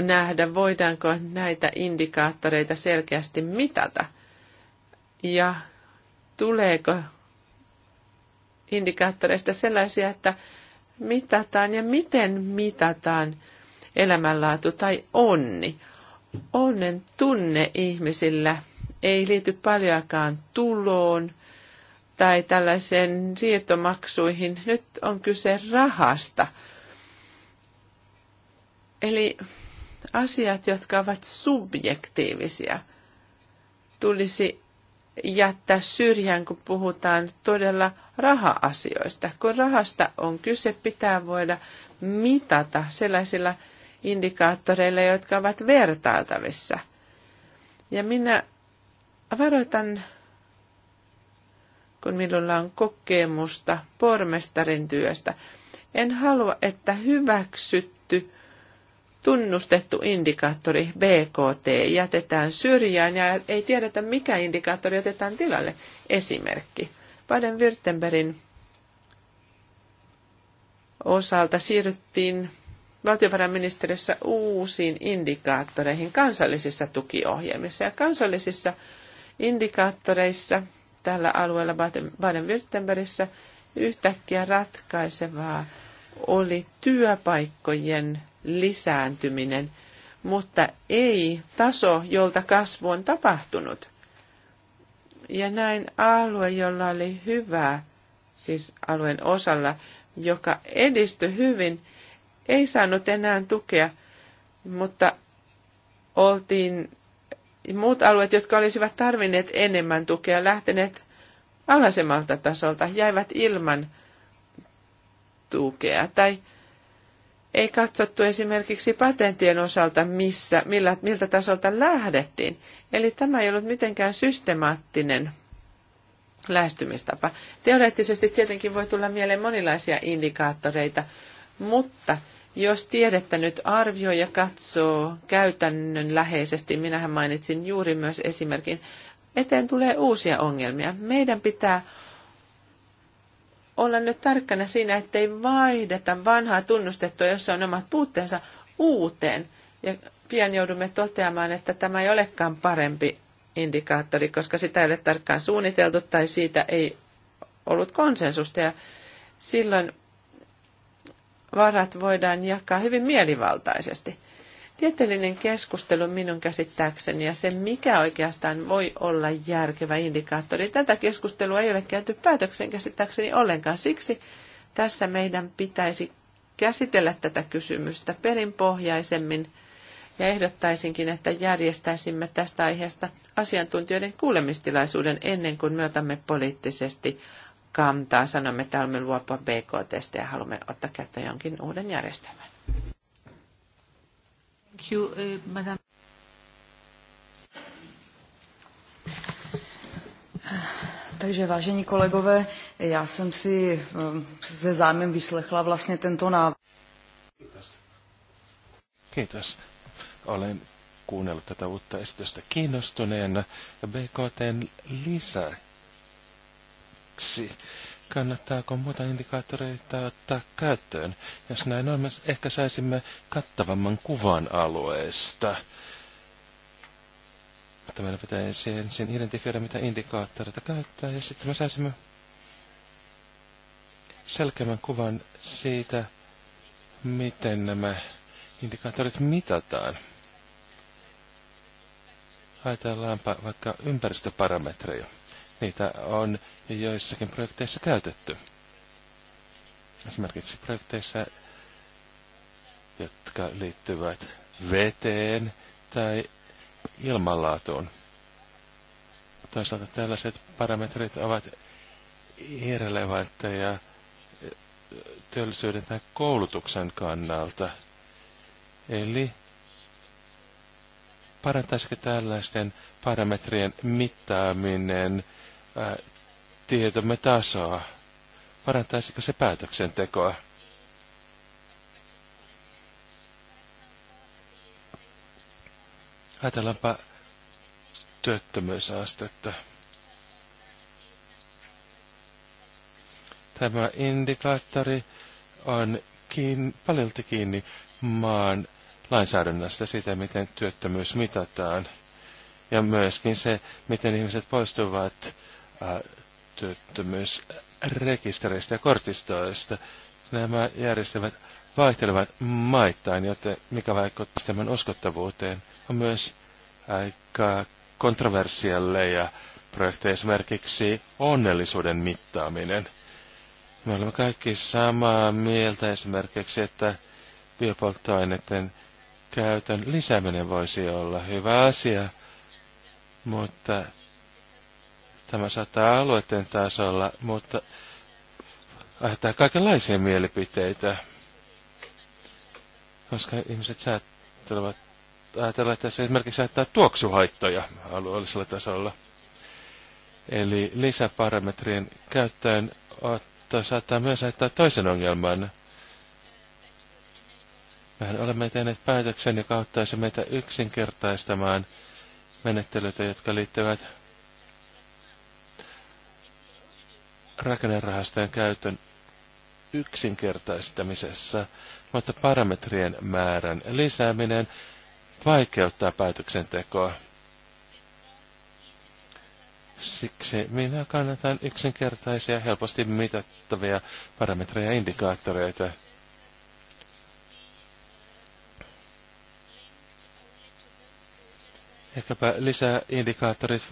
nähdä, voidaanko näitä indikaattoreita selkeästi mitata ja tuleeko indikaattoreista sellaisia, että mitataan ja miten mitataan elämänlaatu tai onni. Onnen tunne ihmisillä ei liity paljonkaan tuloon tai tällaiseen siirtomaksuihin. Nyt on kyse rahasta. Eli asiat, jotka ovat subjektiivisia, tulisi jättää syrjään, kun puhutaan todella raha-asioista. Kun rahasta on kyse, pitää voida mitata sellaisilla indikaattoreilla, jotka ovat vertailtavissa. Ja minä varoitan, kun minulla on kokemusta pormestarin työstä, en halua, että hyväksytty tunnustettu indikaattori BKT jätetään syrjään ja ei tiedetä, mikä indikaattori otetaan tilalle. Esimerkki. Baden-Württembergin osalta siirryttiin valtiovarainministeriössä uusiin indikaattoreihin kansallisissa tukiohjelmissa. Ja kansallisissa indikaattoreissa tällä alueella Baden-Württembergissä yhtäkkiä ratkaisevaa oli työpaikkojen lisääntyminen, mutta ei taso, jolta kasvu on tapahtunut. Ja näin alue, jolla oli hyvää, siis alueen osalla, joka edistyi hyvin, ei saanut enää tukea, mutta oltiin muut alueet, jotka olisivat tarvinneet enemmän tukea, lähteneet alasemmalta tasolta, jäivät ilman tukea. Tai ei katsottu esimerkiksi patenttien osalta, missä, millä, miltä tasolta lähdettiin. Eli tämä ei ollut mitenkään systemaattinen lähestymistapa. Teoreettisesti tietenkin voi tulla mieleen monilaisia indikaattoreita, mutta jos tiedettä nyt arvioi ja katsoo käytännön läheisesti, minähän mainitsin juuri myös esimerkin, eteen tulee uusia ongelmia. Meidän pitää olla nyt tarkkana siinä, ettei vaihdeta vanhaa tunnustettua, jossa on omat puutteensa, uuteen. Ja pian joudumme toteamaan, että tämä ei olekaan parempi indikaattori, koska sitä ei ole tarkkaan suunniteltu tai siitä ei ollut konsensusta. Ja silloin varat voidaan jakaa hyvin mielivaltaisesti. Tieteellinen keskustelu minun käsittääkseni ja se, mikä oikeastaan voi olla järkevä indikaattori, tätä keskustelua ei ole käyty päätöksen käsittääkseni ollenkaan. Siksi tässä meidän pitäisi käsitellä tätä kysymystä perinpohjaisemmin ja ehdottaisinkin, että järjestäisimme tästä aiheesta asiantuntijoiden kuulemistilaisuuden ennen kuin me otamme poliittisesti kantaa, sanomme, että haluamme luopua BKT ja haluamme ottaa käyttöön jonkin uuden järjestelmän. Thank you, uh, Madam. Takže vážení kolegové, já jsem si um, se zájmem vyslechla vlastně tento návrh. Kiitos. Kiitos. Olen kuunnellut tätä uutta esitystä kiinnostuneena BKTn lisäksi kannattaako muita indikaattoreita ottaa käyttöön. Jos näin on, me ehkä saisimme kattavamman kuvan alueesta. Mutta meidän pitäisi ensin identifioida, mitä indikaattoreita käyttää, ja sitten me saisimme selkeämmän kuvan siitä, miten nämä indikaattorit mitataan. Ajatellaanpa vaikka ympäristöparametreja. Niitä on joissakin projekteissa käytetty. Esimerkiksi projekteissa, jotka liittyvät veteen tai ilmanlaatuun. Toisaalta tällaiset parametrit ovat irrelevantteja työllisyyden tai koulutuksen kannalta. Eli parantaisiko tällaisten parametrien mittaaminen tietämme tasoa? Parantaisiko se päätöksentekoa? Ajatellaanpa työttömyysastetta. Tämä indikaattori on kiinni, paljolti kiinni maan lainsäädännöstä sitä, miten työttömyys mitataan. Ja myöskin se, miten ihmiset poistuvat äh, työttömyysrekistereistä ja kortistoista. Nämä järjestelmät vaihtelevat maittain, joten mikä vaikuttaa tämän uskottavuuteen on myös aika kontroversialle ja projekteja esimerkiksi onnellisuuden mittaaminen. Me olemme kaikki samaa mieltä esimerkiksi, että biopolttoaineiden käytön lisääminen voisi olla hyvä asia, mutta Tämä saattaa alueiden tasolla, mutta aiheuttaa kaikenlaisia mielipiteitä, koska ihmiset saattavat ajatella, että se esimerkiksi saattaa tuoksuhaittoja alueellisella tasolla. Eli lisäparametrien käyttöön saattaa myös saattaa toisen ongelman. Mehän olemme tehneet päätöksen, joka auttaisi meitä yksinkertaistamaan menettelyitä, jotka liittyvät rakennerahastojen käytön yksinkertaistamisessa, mutta parametrien määrän lisääminen vaikeuttaa päätöksentekoa. Siksi minä kannatan yksinkertaisia, helposti mitattavia parametreja ja indikaattoreita – Ehkäpä lisää indikaattorit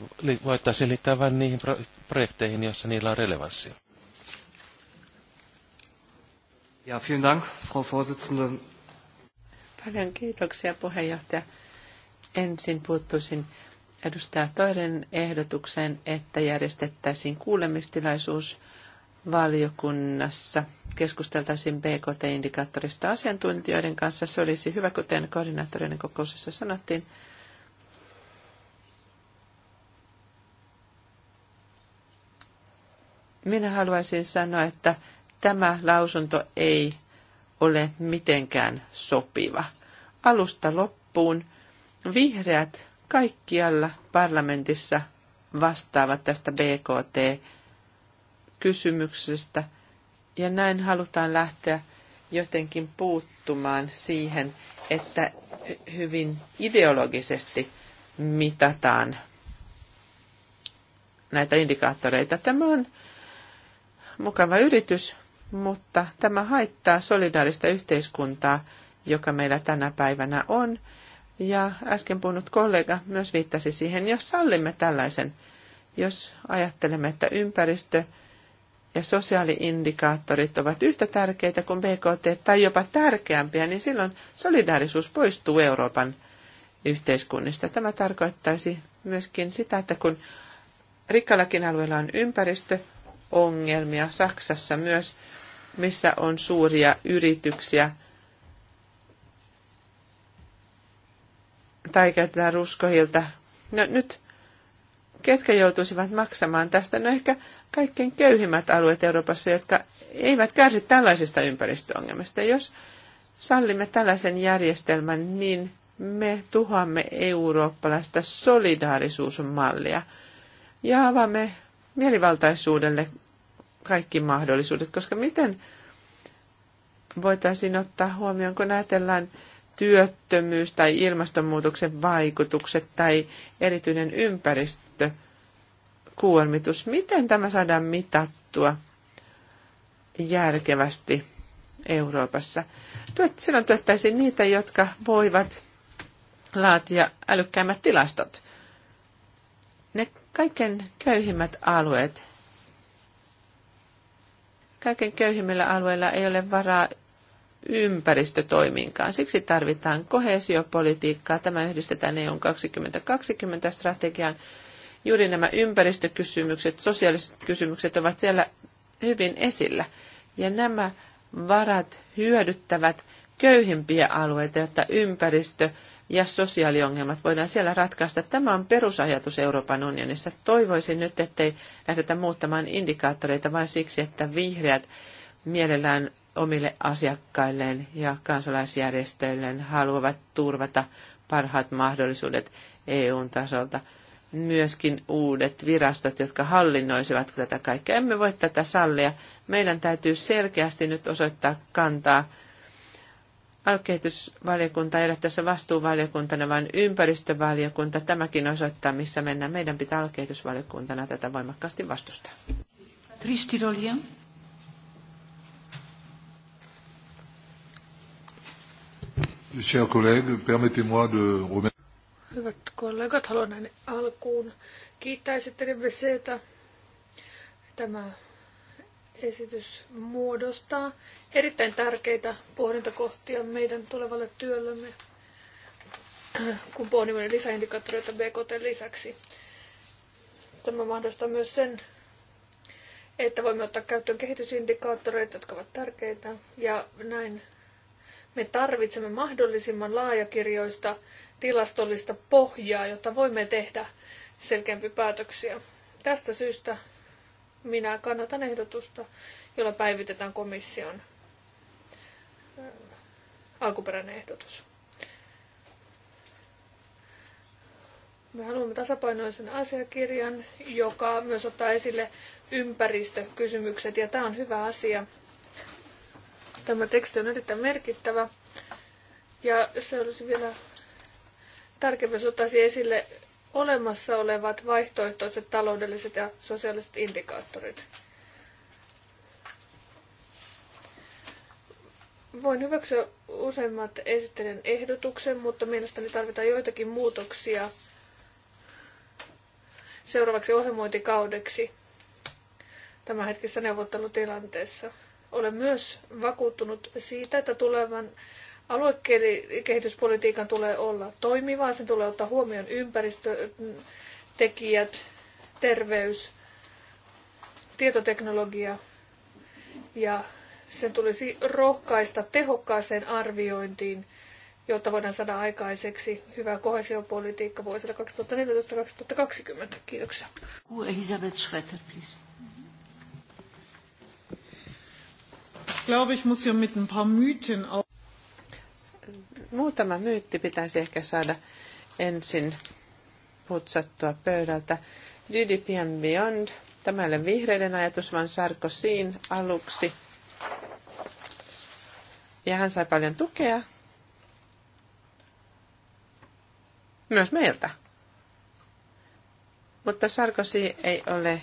voitaisiin liittää vain niihin pro projekteihin, joissa niillä on relevanssia. Ja, vielen Dank, Frau Vorsitzende. Paljon kiitoksia, puheenjohtaja. Ensin puuttuisin edustaja toinen ehdotukseen, että järjestettäisiin kuulemistilaisuus valiokunnassa. Keskusteltaisiin BKT-indikaattorista asiantuntijoiden kanssa. Se olisi hyvä, kuten koordinaattorien kokousessa sanottiin. minä haluaisin sanoa, että tämä lausunto ei ole mitenkään sopiva. Alusta loppuun vihreät kaikkialla parlamentissa vastaavat tästä BKT-kysymyksestä, ja näin halutaan lähteä jotenkin puuttumaan siihen, että hyvin ideologisesti mitataan näitä indikaattoreita. Tämä on mukava yritys, mutta tämä haittaa solidaarista yhteiskuntaa, joka meillä tänä päivänä on. Ja äsken puhunut kollega myös viittasi siihen, jos sallimme tällaisen, jos ajattelemme, että ympäristö ja sosiaaliindikaattorit ovat yhtä tärkeitä kuin BKT tai jopa tärkeämpiä, niin silloin solidaarisuus poistuu Euroopan yhteiskunnista. Tämä tarkoittaisi myöskin sitä, että kun rikkallakin alueella on ympäristö, ongelmia Saksassa myös, missä on suuria yrityksiä tai käytetään ruskohilta. No nyt, ketkä joutuisivat maksamaan tästä? No ehkä kaikkein köyhimmät alueet Euroopassa, jotka eivät kärsi tällaisista ympäristöongelmista. Jos sallimme tällaisen järjestelmän, niin me tuhoamme eurooppalaista solidaarisuusmallia ja avaamme mielivaltaisuudelle kaikki mahdollisuudet, koska miten voitaisiin ottaa huomioon, kun ajatellaan työttömyys tai ilmastonmuutoksen vaikutukset tai erityinen ympäristökuormitus. Miten tämä saadaan mitattua järkevästi Euroopassa? Silloin tuettaisiin niitä, jotka voivat laatia älykkäimmät tilastot. Ne kaiken köyhimmät alueet Kaiken köyhimmillä alueilla ei ole varaa ympäristötoimiinkaan. Siksi tarvitaan kohesiopolitiikkaa. Tämä yhdistetään EU 2020-strategiaan. Juuri nämä ympäristökysymykset, sosiaaliset kysymykset ovat siellä hyvin esillä. Ja nämä varat hyödyttävät köyhimpiä alueita, jotta ympäristö- ja sosiaaliongelmat voidaan siellä ratkaista. Tämä on perusajatus Euroopan unionissa. Toivoisin nyt, ettei lähdetä muuttamaan indikaattoreita vain siksi, että vihreät mielellään omille asiakkailleen ja kansalaisjärjestöilleen haluavat turvata parhaat mahdollisuudet EUn tasolta. Myöskin uudet virastot, jotka hallinnoisivat tätä kaikkea. Emme voi tätä sallia. Meidän täytyy selkeästi nyt osoittaa kantaa Alkehitysvaliokunta ei ole tässä vastuuvaliokuntana, vaan ympäristövaliokunta. Tämäkin osoittaa, missä mennään. Meidän pitää alkehitysvaliokuntana tätä voimakkaasti vastustaa. Tristi Rolien. Hyvät kollegat, haluan näin alkuun kiittää esittelijä että Tämä esitys muodostaa erittäin tärkeitä pohdintakohtia meidän tulevalle työllemme, kun pohdimme lisäindikaattoreita BKT lisäksi. Tämä mahdollistaa myös sen, että voimme ottaa käyttöön kehitysindikaattoreita, jotka ovat tärkeitä, ja näin me tarvitsemme mahdollisimman laajakirjoista tilastollista pohjaa, jotta voimme tehdä selkeämpiä päätöksiä. Tästä syystä minä kannatan ehdotusta, jolla päivitetään komission alkuperäinen ehdotus. Me haluamme tasapainoisen asiakirjan, joka myös ottaa esille ympäristökysymykset, ja tämä on hyvä asia. Tämä teksti on erittäin merkittävä, ja se olisi vielä tärkeää, jos ottaisi esille olemassa olevat vaihtoehtoiset taloudelliset ja sosiaaliset indikaattorit. Voin hyväksyä useimmat esittelen ehdotuksen, mutta mielestäni tarvitaan joitakin muutoksia seuraavaksi ohjelmointikaudeksi tämänhetkisessä neuvottelutilanteessa. Olen myös vakuuttunut siitä, että tulevan Aluekehityspolitiikan tulee olla toimivaa, sen tulee ottaa huomioon ympäristötekijät, terveys, tietoteknologia ja sen tulisi rohkaista tehokkaaseen arviointiin, jotta voidaan saada aikaiseksi hyvää kohesiopolitiikka vuosille 2014-2020. Kiitoksia. Elisabeth Schroeter, please. Ich glaube, ich muss hier mit ein paar Mythen auf muutama myytti pitäisi ehkä saada ensin putsattua pöydältä. GDP and Beyond, tämä ei ole vihreiden ajatus, vaan Siin aluksi. Ja hän sai paljon tukea. Myös meiltä. Mutta Sarkosi ei ole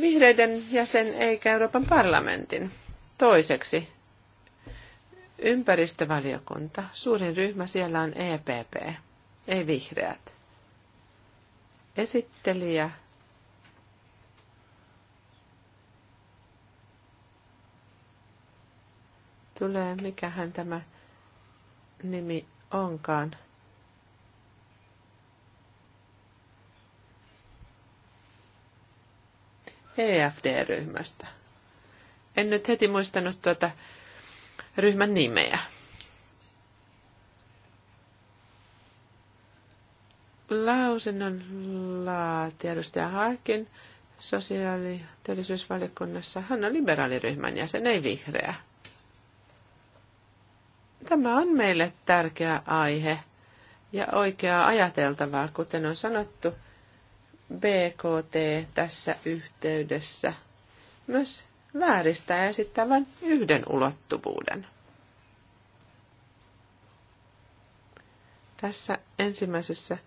vihreiden jäsen eikä Euroopan parlamentin. Toiseksi Ympäristövaliokunta. Suurin ryhmä siellä on EPP, ei vihreät. Esittelijä tulee, mikähän tämä nimi onkaan. EFD-ryhmästä. En nyt heti muistanut tuota ryhmän nimeä. Lausunnon laati edustaja Harkin sosiaali- ja työllisyysvaliokunnassa. Hän on liberaaliryhmän jäsen, ei vihreä. Tämä on meille tärkeä aihe ja oikeaa ajateltavaa, kuten on sanottu, BKT tässä yhteydessä. Myös vääristää ja vain yhden ulottuvuuden. Tässä ensimmäisessä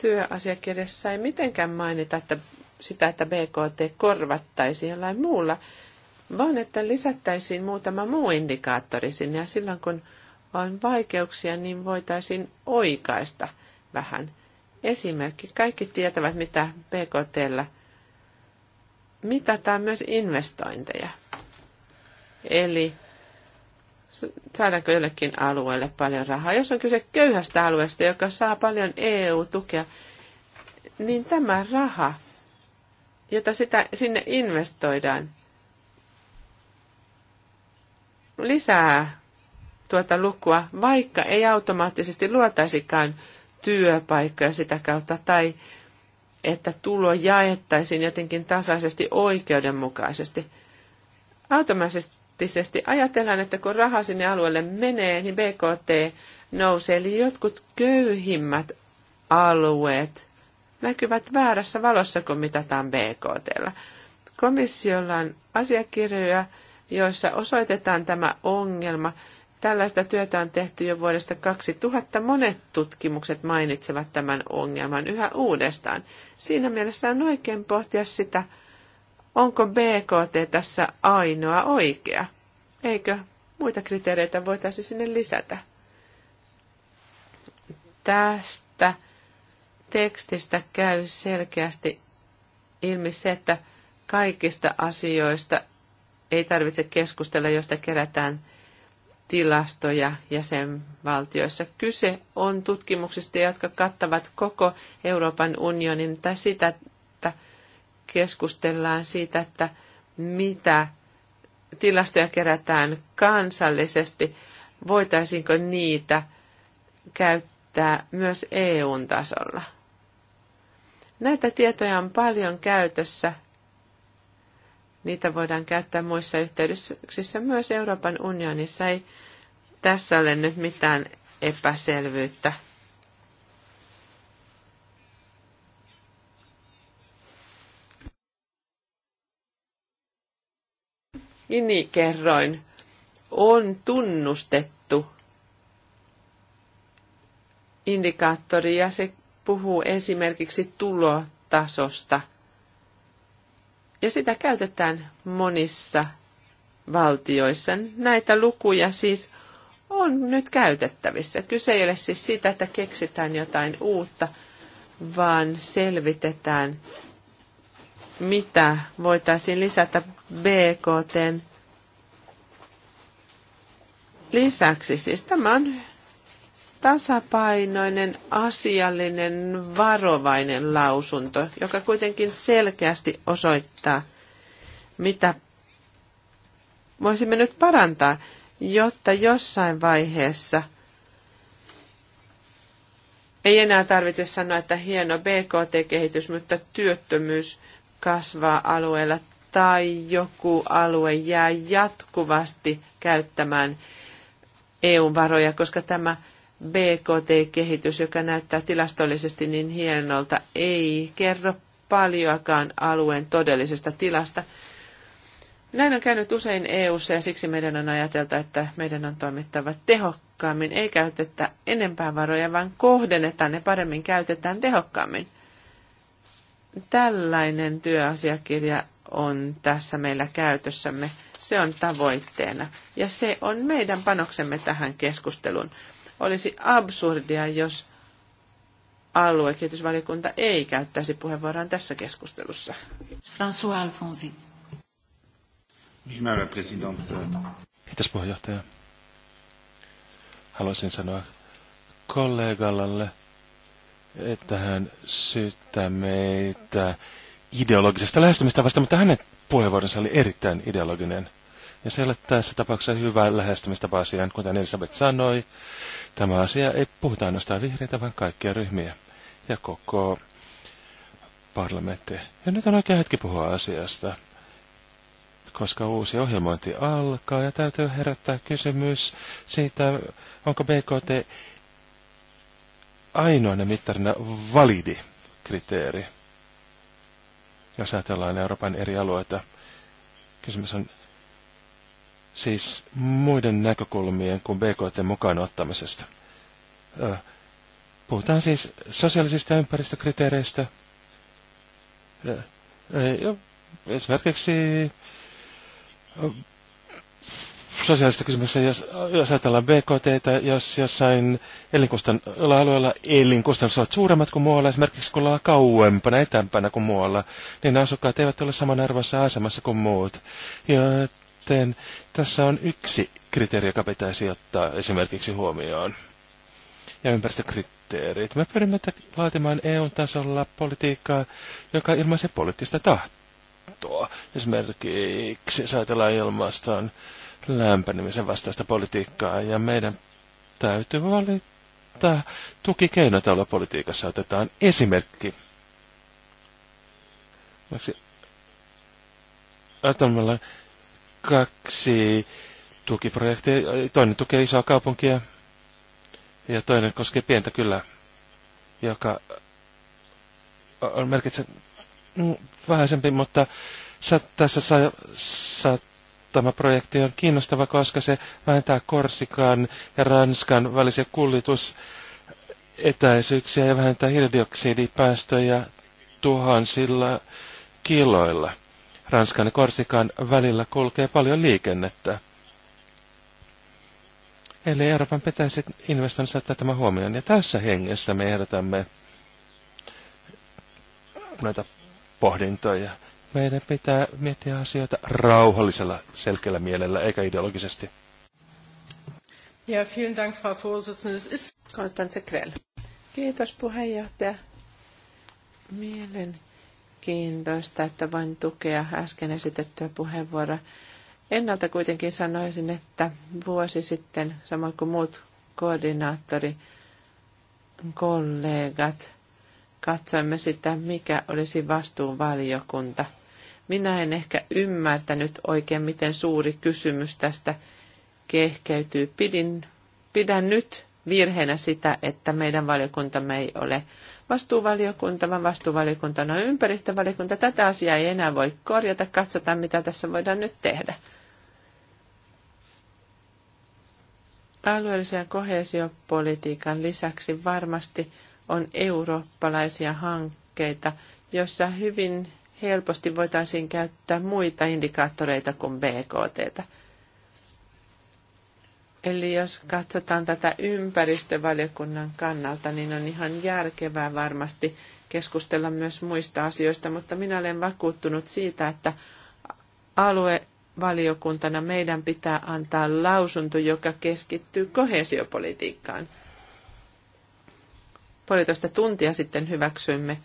työasiakirjassa ei mitenkään mainita että sitä, että BKT korvattaisiin jollain muulla, vaan että lisättäisiin muutama muu indikaattori sinne ja silloin kun on vaikeuksia, niin voitaisiin oikaista vähän. Esimerkki, kaikki tietävät mitä BKTllä – mitataan myös investointeja. Eli saadaanko jollekin alueelle paljon rahaa. Jos on kyse köyhästä alueesta, joka saa paljon EU-tukea, niin tämä raha, jota sitä, sinne investoidaan, lisää tuota lukua, vaikka ei automaattisesti luotaisikaan työpaikkoja sitä kautta tai että tulo jaettaisiin jotenkin tasaisesti oikeudenmukaisesti. Automaattisesti ajatellaan, että kun raha sinne alueelle menee, niin BKT nousee. Eli jotkut köyhimmät alueet näkyvät väärässä valossa, kun mitataan BKT: Komissiolla on asiakirjoja, joissa osoitetaan tämä ongelma – Tällaista työtä on tehty jo vuodesta 2000. Monet tutkimukset mainitsevat tämän ongelman yhä uudestaan. Siinä mielessä on oikein pohtia sitä, onko BKT tässä ainoa oikea. Eikö muita kriteereitä voitaisiin sinne lisätä? Tästä tekstistä käy selkeästi ilmi se, että kaikista asioista ei tarvitse keskustella, josta kerätään – tilastoja jäsenvaltioissa. Kyse on tutkimuksista, jotka kattavat koko Euroopan unionin tai sitä, että keskustellaan siitä, että mitä tilastoja kerätään kansallisesti, voitaisiinko niitä käyttää myös EUn tasolla. Näitä tietoja on paljon käytössä. Niitä voidaan käyttää muissa yhteyksissä myös Euroopan unionissa. Ei tässä ole nyt mitään epäselvyyttä. Gini kerroin on tunnustettu indikaattori ja se puhuu esimerkiksi tulotasosta. Ja sitä käytetään monissa valtioissa. Näitä lukuja siis on nyt käytettävissä. Kyse ei ole siis sitä, että keksitään jotain uutta, vaan selvitetään, mitä voitaisiin lisätä BKTn lisäksi. Siis tämä on tasapainoinen, asiallinen, varovainen lausunto, joka kuitenkin selkeästi osoittaa, mitä voisimme nyt parantaa jotta jossain vaiheessa ei enää tarvitse sanoa, että hieno BKT-kehitys, mutta työttömyys kasvaa alueella tai joku alue jää jatkuvasti käyttämään EU-varoja, koska tämä BKT-kehitys, joka näyttää tilastollisesti niin hienolta, ei kerro paljoakaan alueen todellisesta tilasta. Näin on käynyt usein EU:ssa ja siksi meidän on ajateltu, että meidän on toimittava tehokkaammin. Ei käytetä enempää varoja, vaan kohdennetaan ne paremmin, käytetään tehokkaammin. Tällainen työasiakirja on tässä meillä käytössämme. Se on tavoitteena ja se on meidän panoksemme tähän keskusteluun. Olisi absurdia, jos aluekehitysvaliokunta ei käyttäisi puheenvuoroa tässä keskustelussa. François Alfonsi. Kiitos puheenjohtaja. Haluaisin sanoa kollegalle, että hän syyttää meitä ideologisesta lähestymistavasta, mutta hänen puheenvuoronsa oli erittäin ideologinen. Ja se ei ole tässä tapauksessa hyvä lähestymistapa asiaan, kuten Elisabeth sanoi. Tämä asia ei puhuta ainoastaan vihreitä, vaan kaikkia ryhmiä ja koko parlamentti. Ja nyt on oikea hetki puhua asiasta koska uusi ohjelmointi alkaa ja täytyy herättää kysymys siitä, onko BKT ainoana mittarina validi kriteeri. Jos ajatellaan Euroopan eri alueita, kysymys on siis muiden näkökulmien kuin BKT mukaan ottamisesta. Puhutaan siis sosiaalisista ympäristökriteereistä. Esimerkiksi sosiaalista kysymystä, jos, jos ajatellaan BKT, jos jossain elinkustannus, alueella elinkustannukset ovat suuremmat kuin muualla, esimerkiksi kun ollaan kauempana, etämpänä kuin muualla, niin asukkaat eivät ole samanarvoisessa asemassa kuin muut. Joten tässä on yksi kriteeri, joka pitäisi ottaa esimerkiksi huomioon. Ja ympäristökriteerit. Me pyrimme laatimaan EU-tasolla politiikkaa, joka ilmaisee poliittista tahtoa kattoa. Esimerkiksi jos ajatellaan ilmaston lämpenemisen vastaista politiikkaa ja meidän täytyy valita tukikeino joilla politiikassa otetaan esimerkki. Ajatellaan kaksi tukiprojektia. Toinen tukee isoa kaupunkia ja toinen koskee pientä kylää, joka on merkitse Mm, vähäisempi, mutta tässä tämä projekti on kiinnostava, koska se vähentää Korsikan ja Ranskan välisiä kuljetusetäisyyksiä ja vähentää hiilidioksidipäästöjä tuhansilla kiloilla. Ranskan ja Korsikan välillä kulkee paljon liikennettä. Eli Euroopan pitäisi investoinnissa ottaa tämä huomioon. Ja tässä hengessä me ehdotamme näitä pohdintoja. Meidän pitää miettiä asioita rauhallisella, selkeällä mielellä, eikä ideologisesti. Ja, vielen Dank, Frau Vorsitzende. Es ist Konstanze Krell. Kiitos puheenjohtaja. Mielenkiintoista, että voin tukea äsken esitettyä puheenvuoroa. Ennalta kuitenkin sanoisin, että vuosi sitten, samoin kuin muut koordinaattori, kollegat, katsoimme sitä, mikä olisi vastuuvaliokunta. Minä en ehkä ymmärtänyt oikein, miten suuri kysymys tästä kehkeytyy. Pidin, pidän nyt virheenä sitä, että meidän valiokuntamme ei ole vastuuvaliokunta, vaan vastuuvaliokunta on ympäristövaliokunta. Tätä asiaa ei enää voi korjata. Katsotaan, mitä tässä voidaan nyt tehdä. Alueellisen kohesiopolitiikan lisäksi varmasti on eurooppalaisia hankkeita, joissa hyvin helposti voitaisiin käyttää muita indikaattoreita kuin BKT. Eli jos katsotaan tätä ympäristövaliokunnan kannalta, niin on ihan järkevää varmasti keskustella myös muista asioista, mutta minä olen vakuuttunut siitä, että aluevaliokuntana meidän pitää antaa lausunto, joka keskittyy kohesiopolitiikkaan – puolitoista tuntia sitten hyväksyimme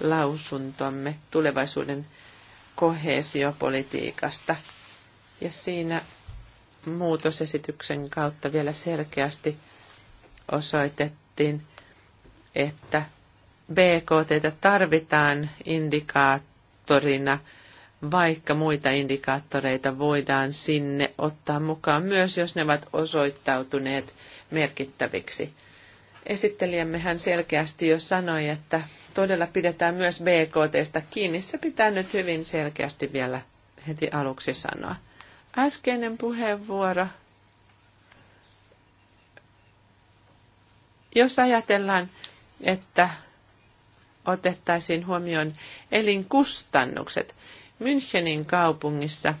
lausuntomme tulevaisuuden kohesiopolitiikasta. Ja siinä muutosesityksen kautta vielä selkeästi osoitettiin, että BKT tarvitaan indikaattorina, vaikka muita indikaattoreita voidaan sinne ottaa mukaan myös, jos ne ovat osoittautuneet merkittäviksi. Esittelijämme hän selkeästi jo sanoi, että todella pidetään myös BKTstä kiinni. Se pitää nyt hyvin selkeästi vielä heti aluksi sanoa. Äskeinen puheenvuoro. Jos ajatellaan, että otettaisiin huomioon elinkustannukset, Münchenin kaupungissa –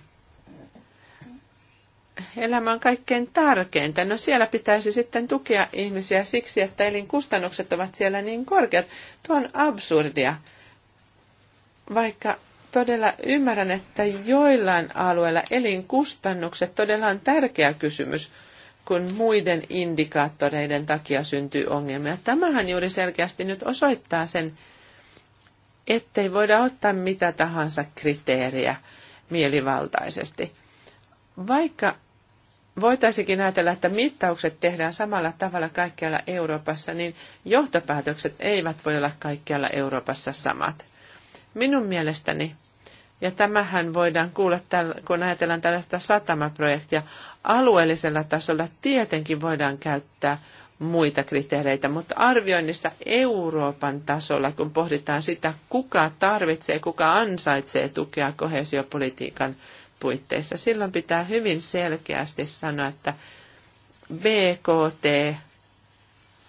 elämä on kaikkein tärkeintä. No siellä pitäisi sitten tukea ihmisiä siksi, että elinkustannukset ovat siellä niin korkeat. Tuo on absurdia. Vaikka todella ymmärrän, että joillain alueilla elinkustannukset todella on tärkeä kysymys, kun muiden indikaattoreiden takia syntyy ongelmia. Tämähän juuri selkeästi nyt osoittaa sen, ettei voida ottaa mitä tahansa kriteeriä mielivaltaisesti. Vaikka voitaisikin ajatella, että mittaukset tehdään samalla tavalla kaikkialla Euroopassa, niin johtopäätökset eivät voi olla kaikkialla Euroopassa samat. Minun mielestäni, ja tämähän voidaan kuulla, kun ajatellaan tällaista satamaprojektia, alueellisella tasolla tietenkin voidaan käyttää muita kriteereitä, mutta arvioinnissa Euroopan tasolla, kun pohditaan sitä, kuka tarvitsee, kuka ansaitsee tukea kohesiopolitiikan puitteissa. Silloin pitää hyvin selkeästi sanoa, että BKT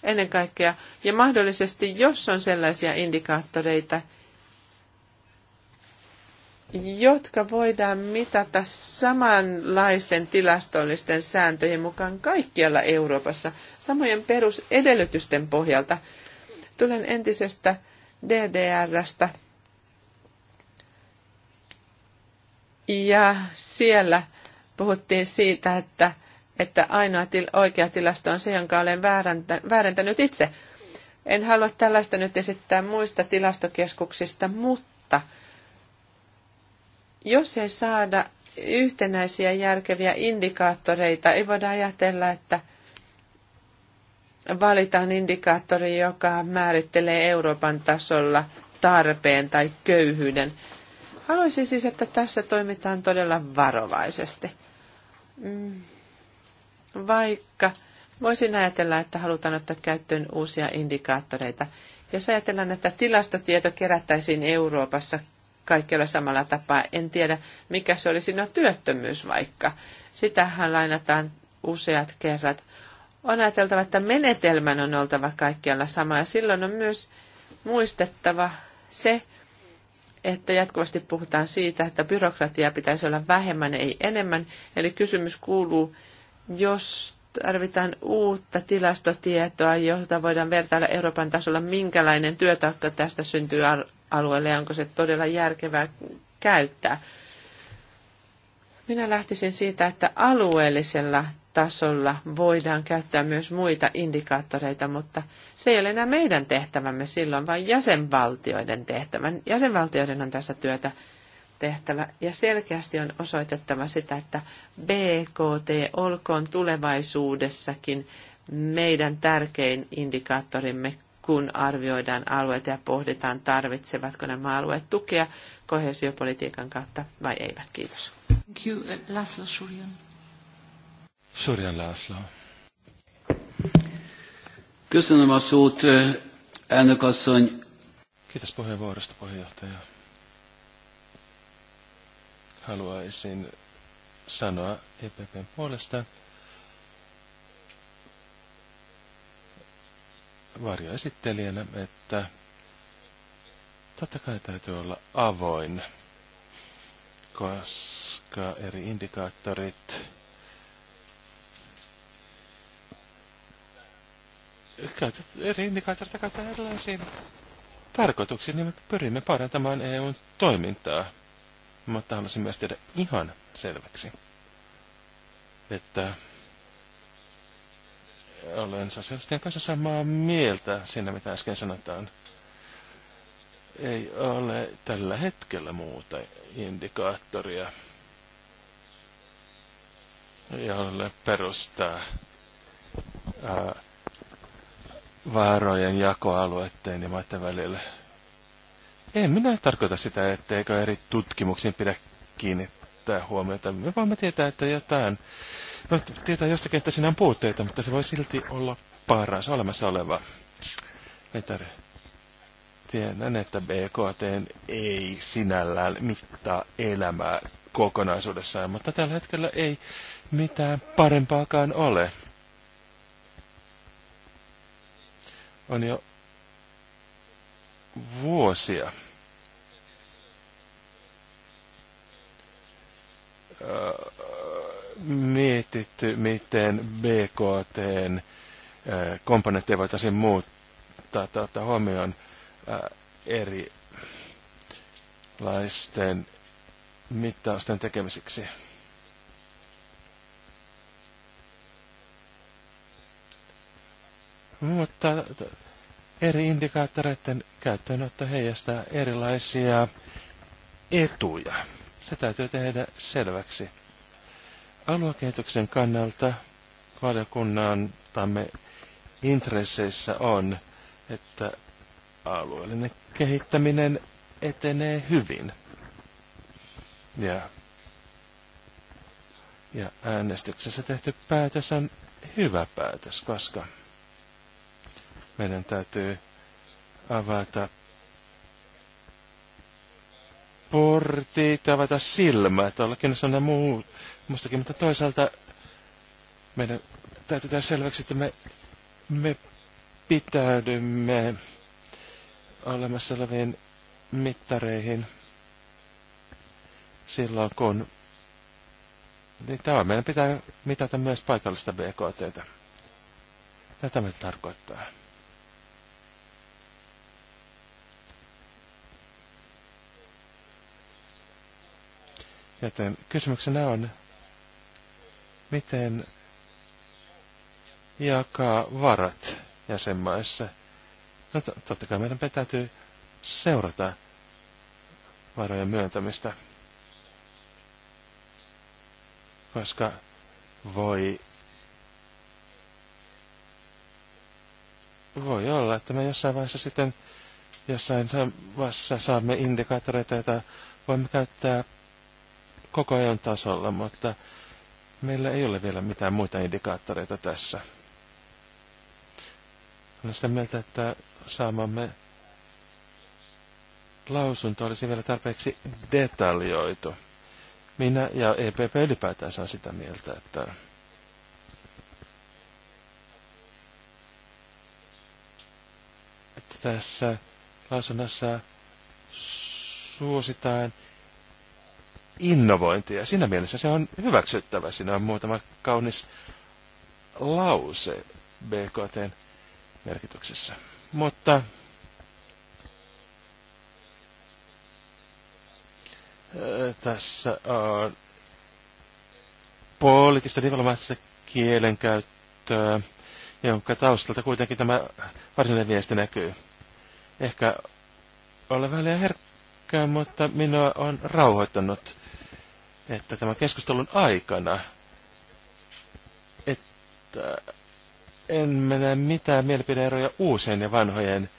ennen kaikkea, ja mahdollisesti jos on sellaisia indikaattoreita, jotka voidaan mitata samanlaisten tilastollisten sääntöjen mukaan kaikkialla Euroopassa samojen perusedellytysten pohjalta. Tulen entisestä DDRstä, Ja siellä puhuttiin siitä, että, että ainoa til, oikea tilasto on se, jonka olen väärentänyt itse. En halua tällaista nyt esittää muista tilastokeskuksista, mutta jos ei saada yhtenäisiä järkeviä indikaattoreita, ei voida ajatella, että valitaan indikaattori, joka määrittelee Euroopan tasolla tarpeen tai köyhyyden. Haluaisin siis, että tässä toimitaan todella varovaisesti. Mm. Vaikka voisin ajatella, että halutaan ottaa käyttöön uusia indikaattoreita. Jos ajatellaan, että tilastotieto kerättäisiin Euroopassa kaikkialla samalla tapaa, en tiedä mikä se olisi, no työttömyys vaikka. Sitähän lainataan useat kerrat. On ajateltava, että menetelmän on oltava kaikkialla sama ja silloin on myös muistettava se, että jatkuvasti puhutaan siitä, että byrokratiaa pitäisi olla vähemmän, ei enemmän. Eli kysymys kuuluu, jos tarvitaan uutta tilastotietoa, jota voidaan vertailla Euroopan tasolla, minkälainen työtaakka tästä syntyy alueelle ja onko se todella järkevää käyttää. Minä lähtisin siitä, että alueellisella tasolla voidaan käyttää myös muita indikaattoreita, mutta se ei ole enää meidän tehtävämme silloin, vaan jäsenvaltioiden tehtävän. Jäsenvaltioiden on tässä työtä tehtävä ja selkeästi on osoitettava sitä, että BKT olkoon tulevaisuudessakin meidän tärkein indikaattorimme, kun arvioidaan alueita ja pohditaan, tarvitsevatko nämä alueet tukea kohesiopolitiikan kautta vai eivät. Kiitos. Thank you. Sorjan László. Köszönöm a szót, elnök asszony. Kiitos puheenvuorosta, puheenjohtaja. Haluaisin sanoa EPPn puolesta varjoesittelijänä, että totta kai täytyy olla avoin, koska eri indikaattorit käytät eri indikaattorita käytetään erilaisiin tarkoituksiin, niin me pyrimme parantamaan EUn toimintaa. Mutta haluaisin myös tehdä ihan selväksi, että olen sosialistien kanssa samaa mieltä siinä, mitä äsken sanotaan. Ei ole tällä hetkellä muuta indikaattoria, jolle perustaa ää, varojen jakoalueiden ja maiden välillä. En minä tarkoita sitä, etteikö eri tutkimuksiin pidä kiinnittää huomiota. Me me tietää, että jotain, no tietää jostakin, että siinä on puutteita, mutta se voi silti olla paras olemassa oleva. Vetari. Tiedän, että BKT ei sinällään mittaa elämää kokonaisuudessaan, mutta tällä hetkellä ei mitään parempaakaan ole. on jo vuosia öö, mietitty, miten BKTn öö, komponentteja voitaisiin muuttaa tai ottaa huomioon öö, erilaisten mittausten tekemiseksi. Mutta eri indikaattoreiden käyttöönotto heijastaa erilaisia etuja. Se täytyy tehdä selväksi. Aluekehityksen kannalta valiokunnan tamme intresseissä on, että alueellinen kehittäminen etenee hyvin. Ja, ja äänestyksessä tehty päätös on hyvä päätös, koska meidän täytyy avata portit, avata silmät, olla on muu, mustakin, mutta toisaalta meidän täytyy tehdä selväksi, että me, me pitäydymme olemassa oleviin mittareihin silloin, kun niin tämä meidän pitää mitata myös paikallista BKTtä. Tätä me tarkoittaa. Joten kysymyksenä on, miten jakaa varat jäsenmaissa. No to, totta kai meidän täytyy seurata varojen myöntämistä, koska voi, voi olla, että me jossain vaiheessa sitten jossain vaiheessa saamme indikaattoreita, joita voimme käyttää koko ajan tasolla, mutta meillä ei ole vielä mitään muita indikaattoreita tässä. Olen sitä mieltä, että saamamme lausunto olisi vielä tarpeeksi detaljoitu. Minä ja EPP ylipäätään on sitä mieltä, että tässä lausunnassa suositaan innovointia. Siinä mielessä se on hyväksyttävä. Siinä on muutama kaunis lause BKTn merkityksessä. Mutta tässä on poliittista diplomaattista kielenkäyttöä, jonka taustalta kuitenkin tämä varsinainen viesti näkyy. Ehkä ole vähän herkkä pitkään, mutta minua on rauhoittanut, että tämän keskustelun aikana, että en mene mitään mielipideeroja uusien ja vanhojen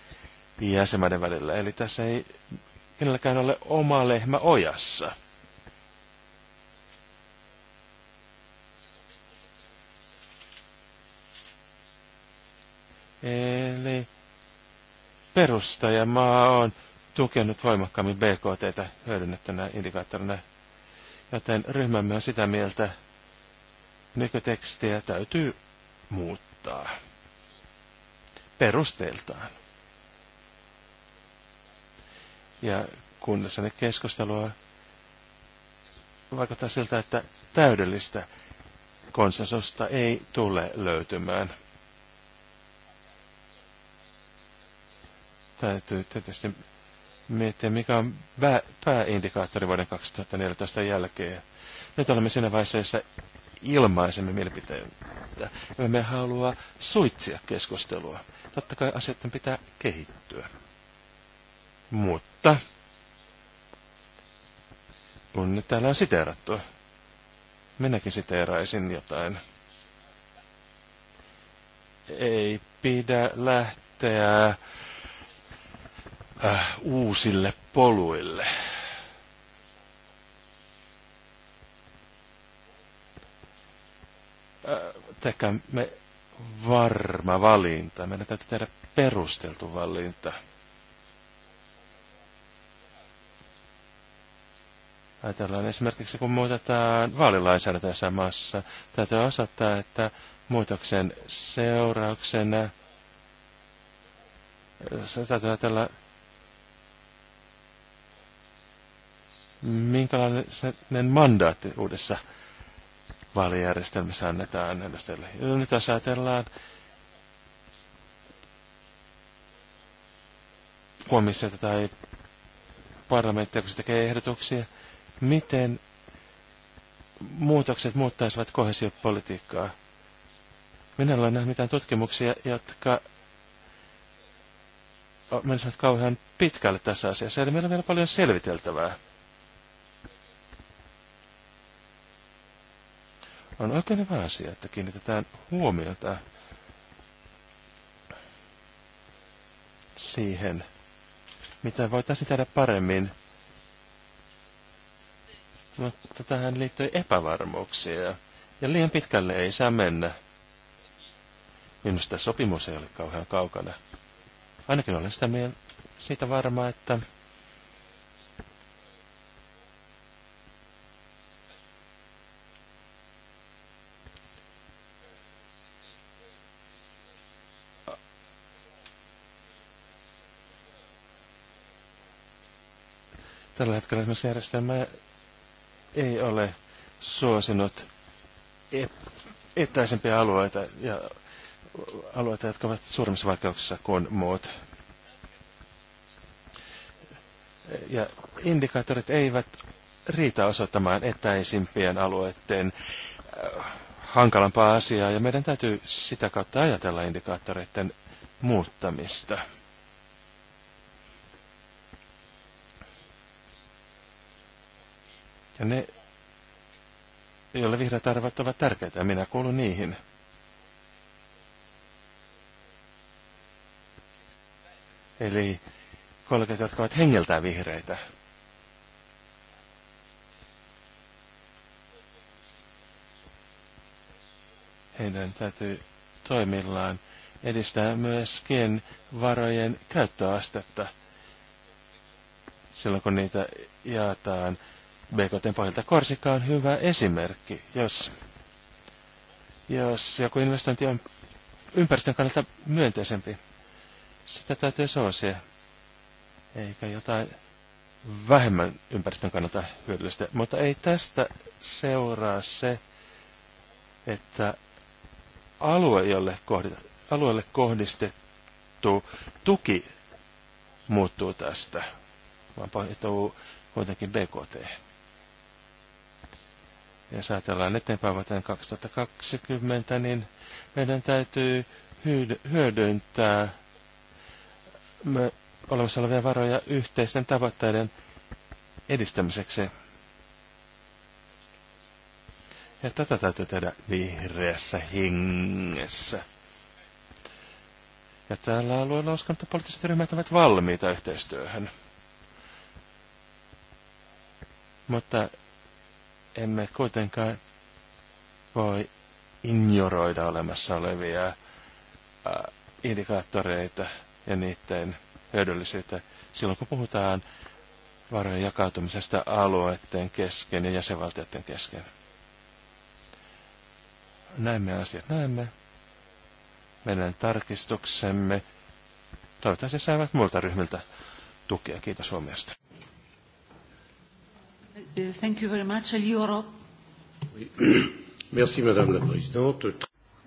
jäsenmaiden välillä. Eli tässä ei kenelläkään ole oma lehmä ojassa. Eli perustajamaa on tukenut voimakkaammin BKTtä hyödynnettynä indikaattorina, joten ryhmämme on sitä mieltä, nykytekstiä täytyy muuttaa perusteeltaan. Ja kuunnellessani keskustelua vaikuttaa siltä, että täydellistä konsensusta ei tule löytymään. Täytyy tietysti miten, mikä on pääindikaattori vuoden 2014 jälkeen. Nyt olemme siinä vaiheessa, jossa ilmaisemme mielipiteitä. Emme halua suitsia keskustelua. Totta kai asioiden pitää kehittyä. Mutta, kun nyt täällä on siteerattu, minäkin siteeraisin jotain. Ei pidä lähteä äh, uusille poluille. Äh, me varma valinta. Meidän täytyy tehdä perusteltu valinta. Ajatellaan esimerkiksi, kun muutetaan vaalilainsäädäntöä tässä maassa, täytyy osoittaa, että muutoksen seurauksena, täytyy ajatella minkälainen mandaatti uudessa vaalijärjestelmässä annetaan äänestäjille. Nyt jos ajatellaan komissiota tai parlamenttia, kun se tekee ehdotuksia, miten muutokset muuttaisivat kohesiopolitiikkaa. Minä en ole nähnyt mitään tutkimuksia, jotka menisivät kauhean pitkälle tässä asiassa, eli meillä on vielä paljon selviteltävää. On oikein hyvä asia, että kiinnitetään huomiota siihen, mitä voitaisiin tehdä paremmin. Mutta tähän liittyy epävarmuuksia ja liian pitkälle ei saa mennä. Minusta sopimus ei ole kauhean kaukana. Ainakin olen sitä mieltä, siitä varma, että hetkellä ei ole suosinut etäisempiä alueita ja alueita, jotka ovat suurimmissa vaikeuksissa kuin muut. Ja indikaattorit eivät riitä osoittamaan etäisimpien alueiden äh, hankalampaa asiaa, ja meidän täytyy sitä kautta ajatella indikaattoreiden muuttamista. Ja ne, joille vihreät arvot ovat tärkeitä, ja minä kuulun niihin. Eli kollegat, jotka ovat hengeltään vihreitä. Heidän täytyy toimillaan edistää myöskin varojen käyttöastetta silloin, kun niitä jaetaan BKTn pohjalta. Korsika on hyvä esimerkki, jos, jos joku investointi on ympäristön kannalta myönteisempi. Sitä täytyy suosia, eikä jotain vähemmän ympäristön kannalta hyödyllistä. Mutta ei tästä seuraa se, että alue, jolle kohdita, alueelle kohdistettu tuki muuttuu tästä, vaan pohjautuu kuitenkin BKT. Ja jos ajatellaan eteenpäin vuoteen 2020, niin meidän täytyy hyödyntää me olemassa olevia varoja yhteisten tavoitteiden edistämiseksi. Ja tätä täytyy tehdä vihreässä hengessä. Ja tällä alueella uskon, että poliittiset ryhmät ovat valmiita yhteistyöhön. Mutta emme kuitenkaan voi ignoroida olemassa olevia äh, indikaattoreita ja niiden hyödyllisyyttä silloin, kun puhutaan varojen jakautumisesta alueiden kesken ja jäsenvaltioiden kesken. Näemme asiat, näemme. Meidän tarkistuksemme toivottavasti saavat muilta ryhmiltä tukea. Kiitos huomiosta. Uh, thank you very much. Eli Merci, Madame la Présidente.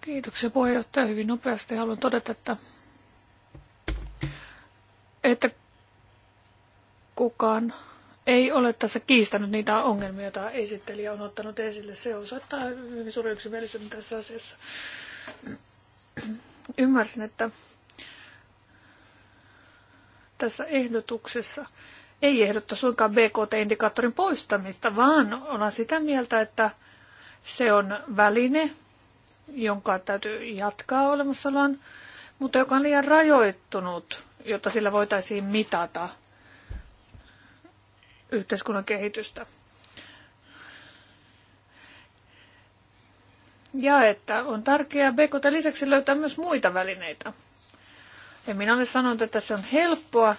Kiitoksia puheenjohtaja. Hyvin nopeasti haluan todeta, että, että kukaan ei ole tässä kiistänyt niitä ongelmia, joita esittelijä on ottanut esille. Se osoittaa hyvin suuri yksimielisyyden tässä asiassa. Ymmärsin, että tässä ehdotuksessa ei ehdotta suinkaan BKT-indikaattorin poistamista, vaan ollaan sitä mieltä, että se on väline, jonka täytyy jatkaa olemassaolon, mutta joka on liian rajoittunut, jotta sillä voitaisiin mitata yhteiskunnan kehitystä. Ja että on tärkeää BKT lisäksi löytää myös muita välineitä. En minä ole sanonut, että se on helppoa,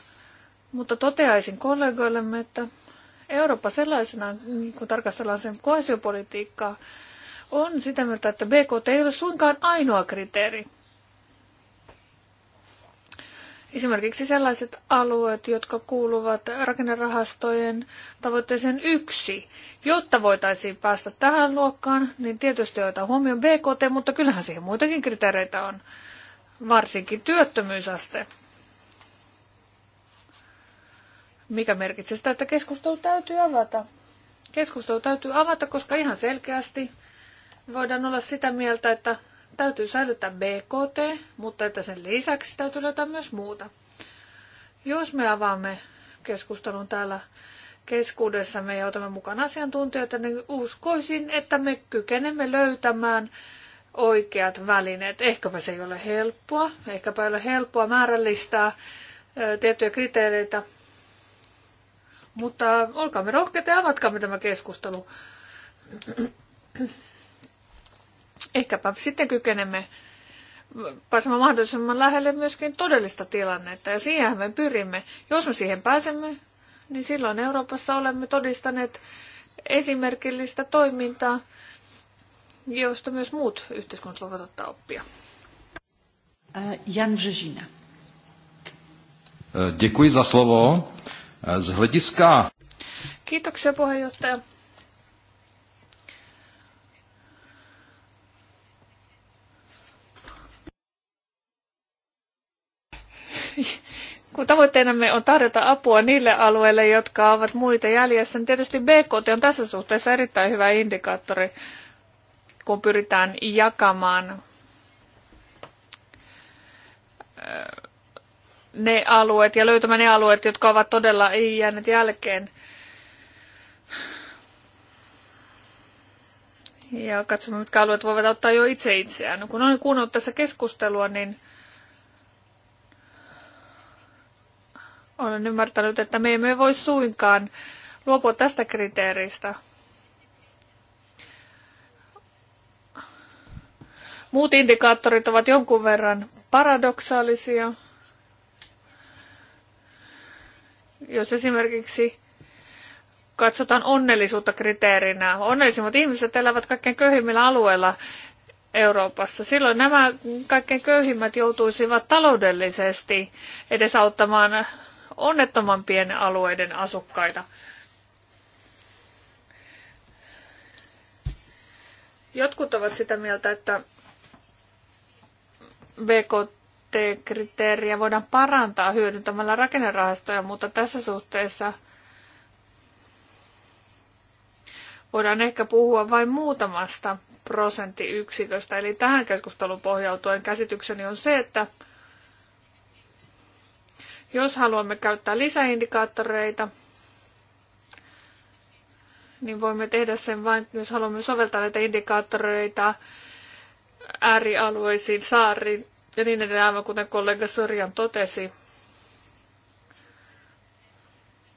mutta toteaisin kollegoillemme, että Eurooppa sellaisena, niin kun tarkastellaan sen koesiopolitiikkaa, on sitä mieltä, että BKT ei ole suinkaan ainoa kriteeri. Esimerkiksi sellaiset alueet, jotka kuuluvat rakennerahastojen tavoitteeseen yksi, jotta voitaisiin päästä tähän luokkaan, niin tietysti joita huomioon BKT, mutta kyllähän siihen muitakin kriteereitä on, varsinkin työttömyysaste mikä merkitsee sitä, että keskustelu täytyy avata. Keskustelu täytyy avata, koska ihan selkeästi voidaan olla sitä mieltä, että täytyy säilyttää BKT, mutta että sen lisäksi täytyy löytää myös muuta. Jos me avaamme keskustelun täällä keskuudessamme ja otamme mukaan asiantuntijoita, niin uskoisin, että me kykenemme löytämään oikeat välineet. Ehkäpä se ei ole helppoa, ehkäpä ei ole helppoa määrällistää tiettyjä kriteereitä, mutta olkaamme rohkeita ja avatkaamme tämä keskustelu. Ehkäpä sitten kykenemme pääsemään mahdollisimman lähelle myöskin todellista tilannetta, ja siihen me pyrimme. Jos me siihen pääsemme, niin silloin Euroopassa olemme todistaneet esimerkillistä toimintaa, josta myös muut yhteiskunnat voivat ottaa oppia. Jan Žežina. Děkuji za slovo. Z hlediska... Kiitoksia puheenjohtaja. Kun tavoitteenamme on tarjota apua niille alueille, jotka ovat muita jäljessä, niin tietysti BKT on tässä suhteessa erittäin hyvä indikaattori, kun pyritään jakamaan ne alueet ja löytämään ne alueet, jotka ovat todella jääneet jälkeen. Ja katsomme, mitkä alueet voivat auttaa jo itse itseään. No, kun olen kuunnellut tässä keskustelua, niin olen ymmärtänyt, että me emme voi suinkaan luopua tästä kriteeristä. Muut indikaattorit ovat jonkun verran paradoksaalisia – jos esimerkiksi katsotaan onnellisuutta kriteerinä, onnellisimmat ihmiset elävät kaikkein köyhimmillä alueilla Euroopassa. Silloin nämä kaikkein köyhimmät joutuisivat taloudellisesti edesauttamaan onnettomampien alueiden asukkaita. Jotkut ovat sitä mieltä, että BKT kriteeriä voidaan parantaa hyödyntämällä rakennerahastoja, mutta tässä suhteessa voidaan ehkä puhua vain muutamasta prosenttiyksiköstä. Eli tähän keskustelun pohjautuen käsitykseni on se, että jos haluamme käyttää lisäindikaattoreita, niin voimme tehdä sen vain, jos haluamme soveltaa näitä indikaattoreita äärialueisiin, saariin, ja niin edelleen, aivan kuten kollega Sorjan totesi.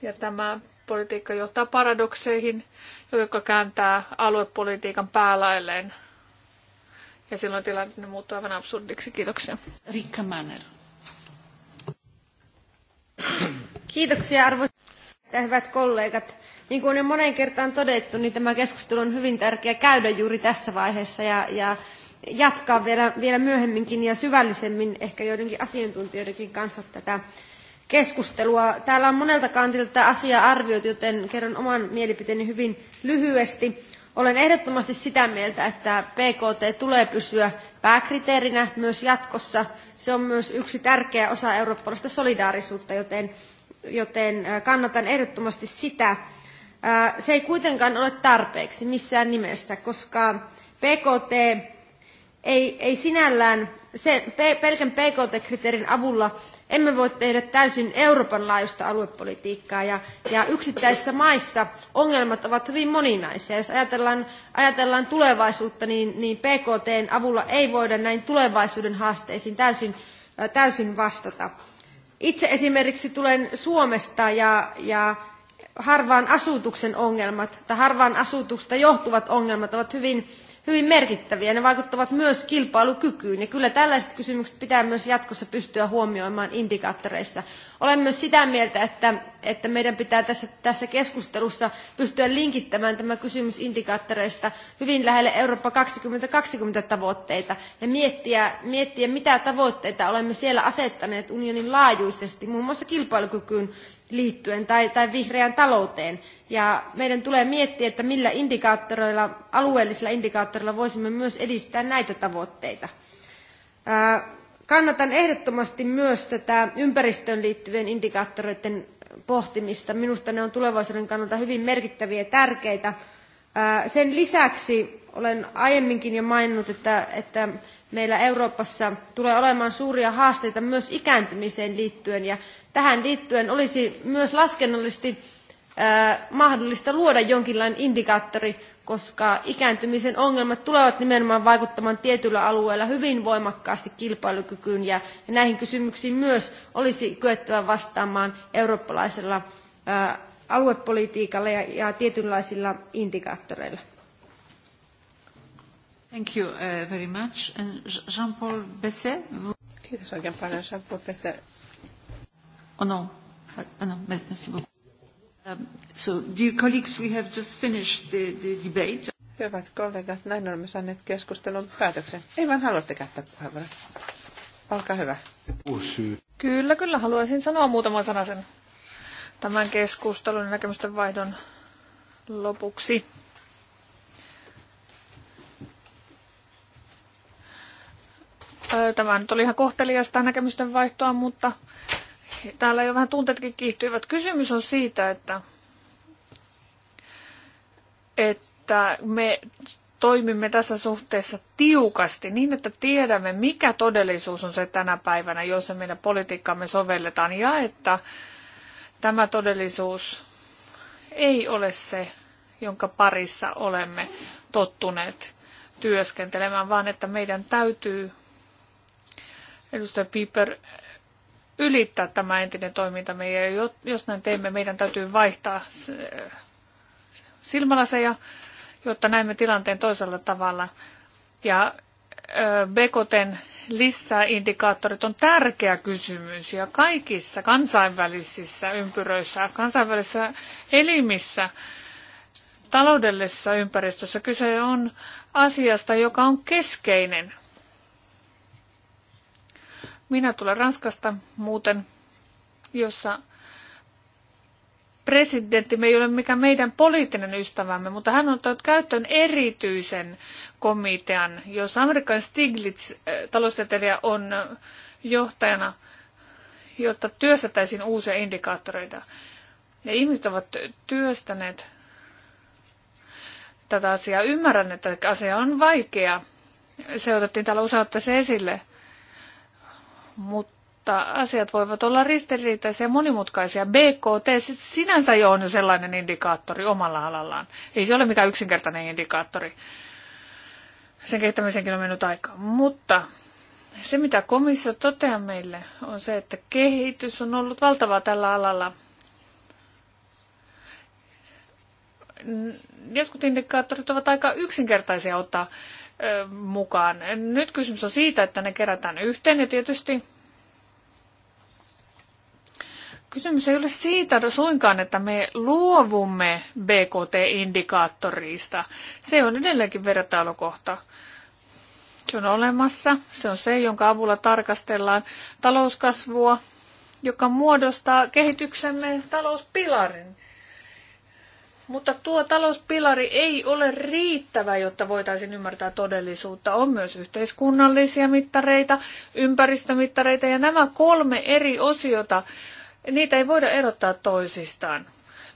Ja tämä politiikka johtaa paradokseihin, joka kääntää aluepolitiikan päälailleen. Ja silloin tilanne muuttuu aivan absurdiksi. Kiitoksia. Rikka Manner. Kiitoksia ja hyvät kollegat. Niin kuin on jo moneen kertaan todettu, niin tämä keskustelu on hyvin tärkeä käydä juuri tässä vaiheessa ja, ja jatkaa vielä, vielä myöhemminkin ja syvällisemmin ehkä joidenkin asiantuntijoidenkin kanssa tätä keskustelua. Täällä on monelta kantilta tämä asia arvioitu, joten kerron oman mielipiteeni hyvin lyhyesti. Olen ehdottomasti sitä mieltä, että PKT tulee pysyä pääkriteerinä myös jatkossa. Se on myös yksi tärkeä osa eurooppalaista solidaarisuutta, joten, joten kannatan ehdottomasti sitä. Se ei kuitenkaan ole tarpeeksi missään nimessä, koska PKT ei, ei sinällään sen, pelkän PKT-kriteerin avulla emme voi tehdä täysin Euroopan laajuista aluepolitiikkaa ja, ja yksittäisissä maissa ongelmat ovat hyvin moninaisia. Jos ajatellaan, ajatellaan tulevaisuutta, niin, niin PKTn avulla ei voida näin tulevaisuuden haasteisiin täysin, täysin vastata. Itse esimerkiksi tulen Suomesta ja, ja harvaan asutuksen ongelmat tai harvaan asutuksesta johtuvat ongelmat ovat hyvin hyvin merkittäviä. Ne vaikuttavat myös kilpailukykyyn ja kyllä tällaiset kysymykset pitää myös jatkossa pystyä huomioimaan indikaattoreissa. Olen myös sitä mieltä, että, että meidän pitää tässä, tässä keskustelussa pystyä linkittämään tämä kysymys indikaattoreista hyvin lähelle Eurooppa 2020 tavoitteita ja miettiä, miettiä mitä tavoitteita olemme siellä asettaneet unionin laajuisesti, muun muassa kilpailukykyyn liittyen tai, tai vihreään talouteen. Ja meidän tulee miettiä, että millä indikaattoreilla, alueellisilla indikaattoreilla voisimme myös edistää näitä tavoitteita. Kannatan ehdottomasti myös tätä ympäristöön liittyvien indikaattoreiden pohtimista. Minusta ne on tulevaisuuden kannalta hyvin merkittäviä ja tärkeitä. Sen lisäksi olen aiemminkin jo maininnut, että, että meillä Euroopassa tulee olemaan suuria haasteita myös ikääntymiseen liittyen. Ja tähän liittyen olisi myös laskennallisesti mahdollista luoda jonkinlainen indikaattori, koska ikääntymisen ongelmat tulevat nimenomaan vaikuttamaan tietyillä alueilla hyvin voimakkaasti kilpailukykyyn ja, näihin kysymyksiin myös olisi kyettävä vastaamaan eurooppalaisella aluepolitiikalla ja, ja tietynlaisilla indikaattoreilla. Thank you uh, very much. Jean-Paul Besset? Kiitos oikein paljon, Jean-Paul Besset. Oh no, oh no, merci beaucoup. Um, so, dear colleagues, we have just finished the, the debate. Hyvät kollegat, näin olemme saaneet keskustelun päätöksen. Ei vaan haluatte käyttää puheenvuoron. Olkaa hyvä. Kyllä, kyllä. Haluaisin sanoa muutaman sanasen tämän keskustelun ja näkemysten vaihdon lopuksi. Tämä nyt oli ihan kohteliasta näkemysten vaihtoa, mutta täällä jo vähän tunteetkin kiihtyivät. Kysymys on siitä, että, että me toimimme tässä suhteessa tiukasti niin, että tiedämme, mikä todellisuus on se tänä päivänä, jossa meidän politiikkaamme sovelletaan, ja että tämä todellisuus ei ole se, jonka parissa olemme tottuneet työskentelemään, vaan että meidän täytyy edustaja Piper ylittää tämä entinen toiminta ja jos näin teemme, meidän täytyy vaihtaa silmälaseja, jotta näemme tilanteen toisella tavalla. Ja Bekoten lisäindikaattorit on tärkeä kysymys ja kaikissa kansainvälisissä ympyröissä, kansainvälisissä elimissä, taloudellisessa ympäristössä kyse on asiasta, joka on keskeinen minä tulen Ranskasta muuten, jossa presidentti ei ole mikään meidän poliittinen ystävämme, mutta hän on ottanut käyttöön erityisen komitean, jossa Amerikan Stiglitz, äh, taloustieteilijä, on johtajana, jotta työstettäisiin uusia indikaattoreita. Ja ihmiset ovat työstäneet tätä asiaa. Ymmärrän, että asia on vaikea. Se otettiin täällä usein esille mutta asiat voivat olla ristiriitaisia ja monimutkaisia. BKT sinänsä jo on sellainen indikaattori omalla alallaan. Ei se ole mikään yksinkertainen indikaattori. Sen kehittämisenkin on mennyt aikaa. Mutta se, mitä komissio toteaa meille, on se, että kehitys on ollut valtavaa tällä alalla. Jotkut indikaattorit ovat aika yksinkertaisia ottaa mukaan. Nyt kysymys on siitä, että ne kerätään yhteen ja tietysti kysymys ei ole siitä suinkaan, että me luovumme BKT-indikaattorista. Se on edelleenkin vertailukohta. Se on olemassa. Se on se, jonka avulla tarkastellaan talouskasvua, joka muodostaa kehityksemme talouspilarin – mutta tuo talouspilari ei ole riittävä, jotta voitaisiin ymmärtää todellisuutta. On myös yhteiskunnallisia mittareita, ympäristömittareita ja nämä kolme eri osiota, niitä ei voida erottaa toisistaan.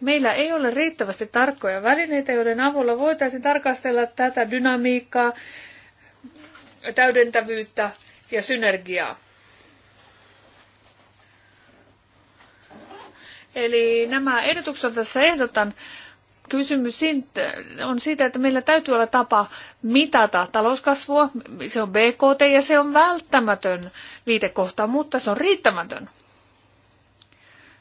Meillä ei ole riittävästi tarkkoja välineitä, joiden avulla voitaisiin tarkastella tätä dynamiikkaa, täydentävyyttä ja synergiaa. Eli nämä ehdotukset, tässä ehdotan, kysymys on siitä, että meillä täytyy olla tapa mitata talouskasvua. Se on BKT ja se on välttämätön viitekohta, mutta se on riittämätön.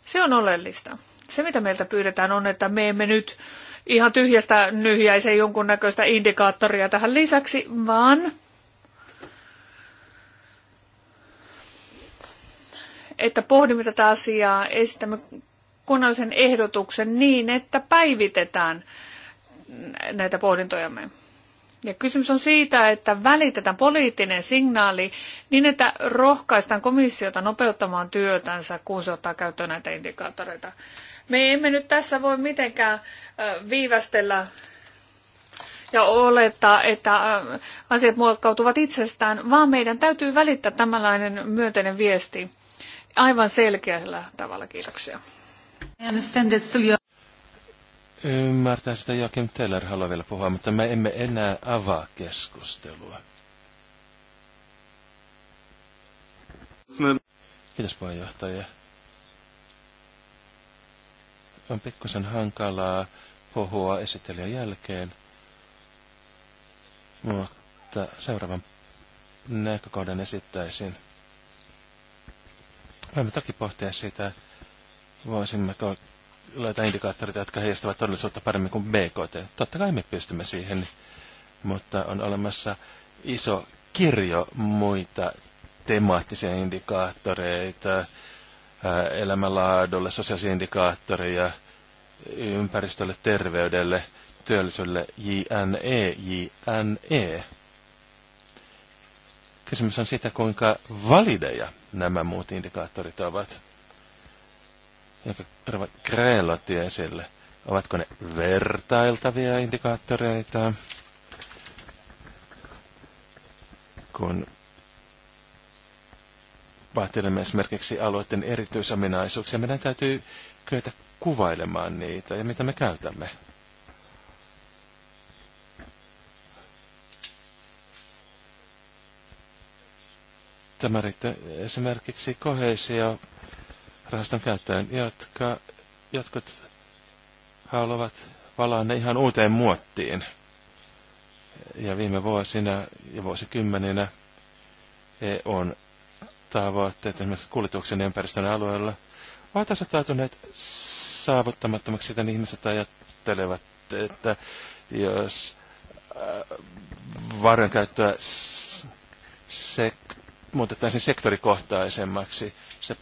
Se on oleellista. Se, mitä meiltä pyydetään, on, että me emme nyt ihan tyhjästä nyhjäise jonkunnäköistä indikaattoria tähän lisäksi, vaan että pohdimme tätä asiaa, esitämme kunnallisen ehdotuksen niin, että päivitetään näitä pohdintojamme. Ja kysymys on siitä, että välitetään poliittinen signaali niin, että rohkaistaan komissiota nopeuttamaan työtänsä, kun se ottaa käyttöön näitä indikaattoreita. Me emme nyt tässä voi mitenkään viivästellä ja olettaa, että asiat muokkautuvat itsestään, vaan meidän täytyy välittää tämänlainen myönteinen viesti aivan selkeällä tavalla. Kiitoksia. Ymmärtää sitä Joakim Teller haluaa vielä puhua, mutta me emme enää avaa keskustelua. Kiitos puheenjohtaja. On pikkusen hankalaa puhua esittelijän jälkeen, mutta seuraavan näkökohdan esittäisin. Voimme toki pohtia sitä, voisimmeko löytää indikaattoreita, jotka heijastavat todellisuutta paremmin kuin BKT. Totta kai me pystymme siihen, mutta on olemassa iso kirjo muita temaattisia indikaattoreita, elämänlaadulle, sosiaalisia indikaattoreja, ympäristölle, terveydelle, työllisyydelle, JNE, JNE. Kysymys on siitä, kuinka valideja nämä muut indikaattorit ovat jonka Kreel otti esille. Ovatko ne vertailtavia indikaattoreita? Kun vaihtelemme esimerkiksi alueiden erityisominaisuuksia, meidän täytyy kyetä kuvailemaan niitä ja mitä me käytämme. Tämä riittää esimerkiksi kohesio rahaston käyttöön, jotka jotkut haluavat valaa ne ihan uuteen muottiin. Ja viime vuosina ja vuosikymmeninä e on tavoitteet esimerkiksi kuljetuksen ympäristön alueella ovat osoittautuneet saavuttamattomaksi, joten ihmiset ajattelevat, että jos äh, varojen käyttöä sek- muutettaisiin sektorikohtaisemmaksi, se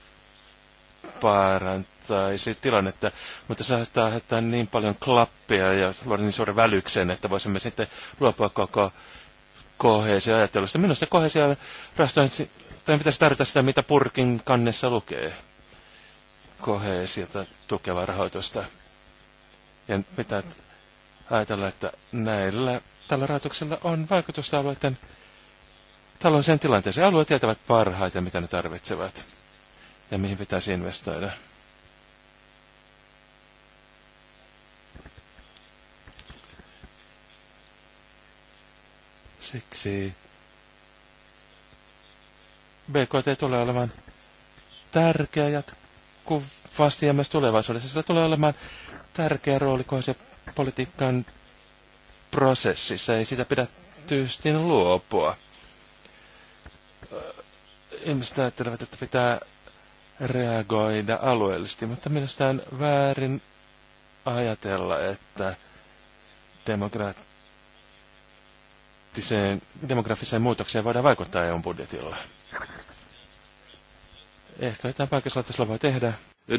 parantaisi tilannetta, mutta saattaa aiheuttaa niin paljon klappia ja luoda niin suuren välyksen, että voisimme sitten luopua koko koheisia ajattelusta. Minusta koheesio tai pitäisi tarvita sitä, mitä purkin kannessa lukee koheisia tukevaa rahoitusta. Ja pitää ajatella, että näillä tällä rahoituksella on vaikutusta alueiden taloudelliseen tilanteeseen. Alueet tietävät parhaiten, mitä ne tarvitsevat ja mihin pitäisi investoida. Siksi BKT tulee olemaan tärkeä jatkuvasti ja myös tulevaisuudessa. Sillä tulee olemaan tärkeä rooli politiikan prosessissa. Ei sitä pidä tyystin luopua. Ihmiset ajattelevat, että pitää reagoida alueellisesti, mutta minusta on väärin ajatella, että demografiseen muutokseen voidaan vaikuttaa EUn budjetilla. Ehkä jotain paikassa voi tehdä.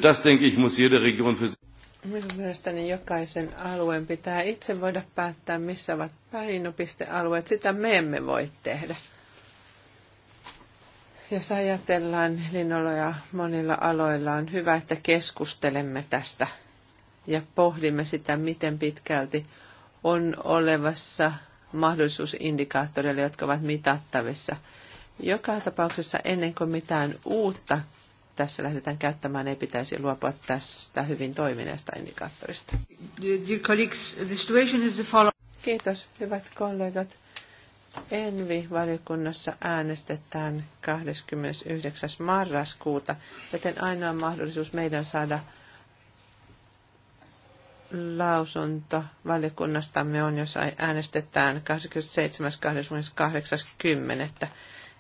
Das denke ich, muss jede Region für Minun mielestäni jokaisen alueen pitää itse voida päättää, missä ovat painopistealueet. Sitä me emme voi tehdä. Jos ajatellaan linoloja monilla aloilla, on hyvä, että keskustelemme tästä ja pohdimme sitä, miten pitkälti on olevassa mahdollisuusindikaattoreille, jotka ovat mitattavissa. Joka tapauksessa ennen kuin mitään uutta tässä lähdetään käyttämään, ei pitäisi luopua tästä hyvin toimineesta indikaattorista. Kiitos, hyvät kollegat. Envi-valiokunnassa äänestetään 29. marraskuuta, joten ainoa mahdollisuus meidän saada lausunto valiokunnastamme on, jos äänestetään 27.28.10.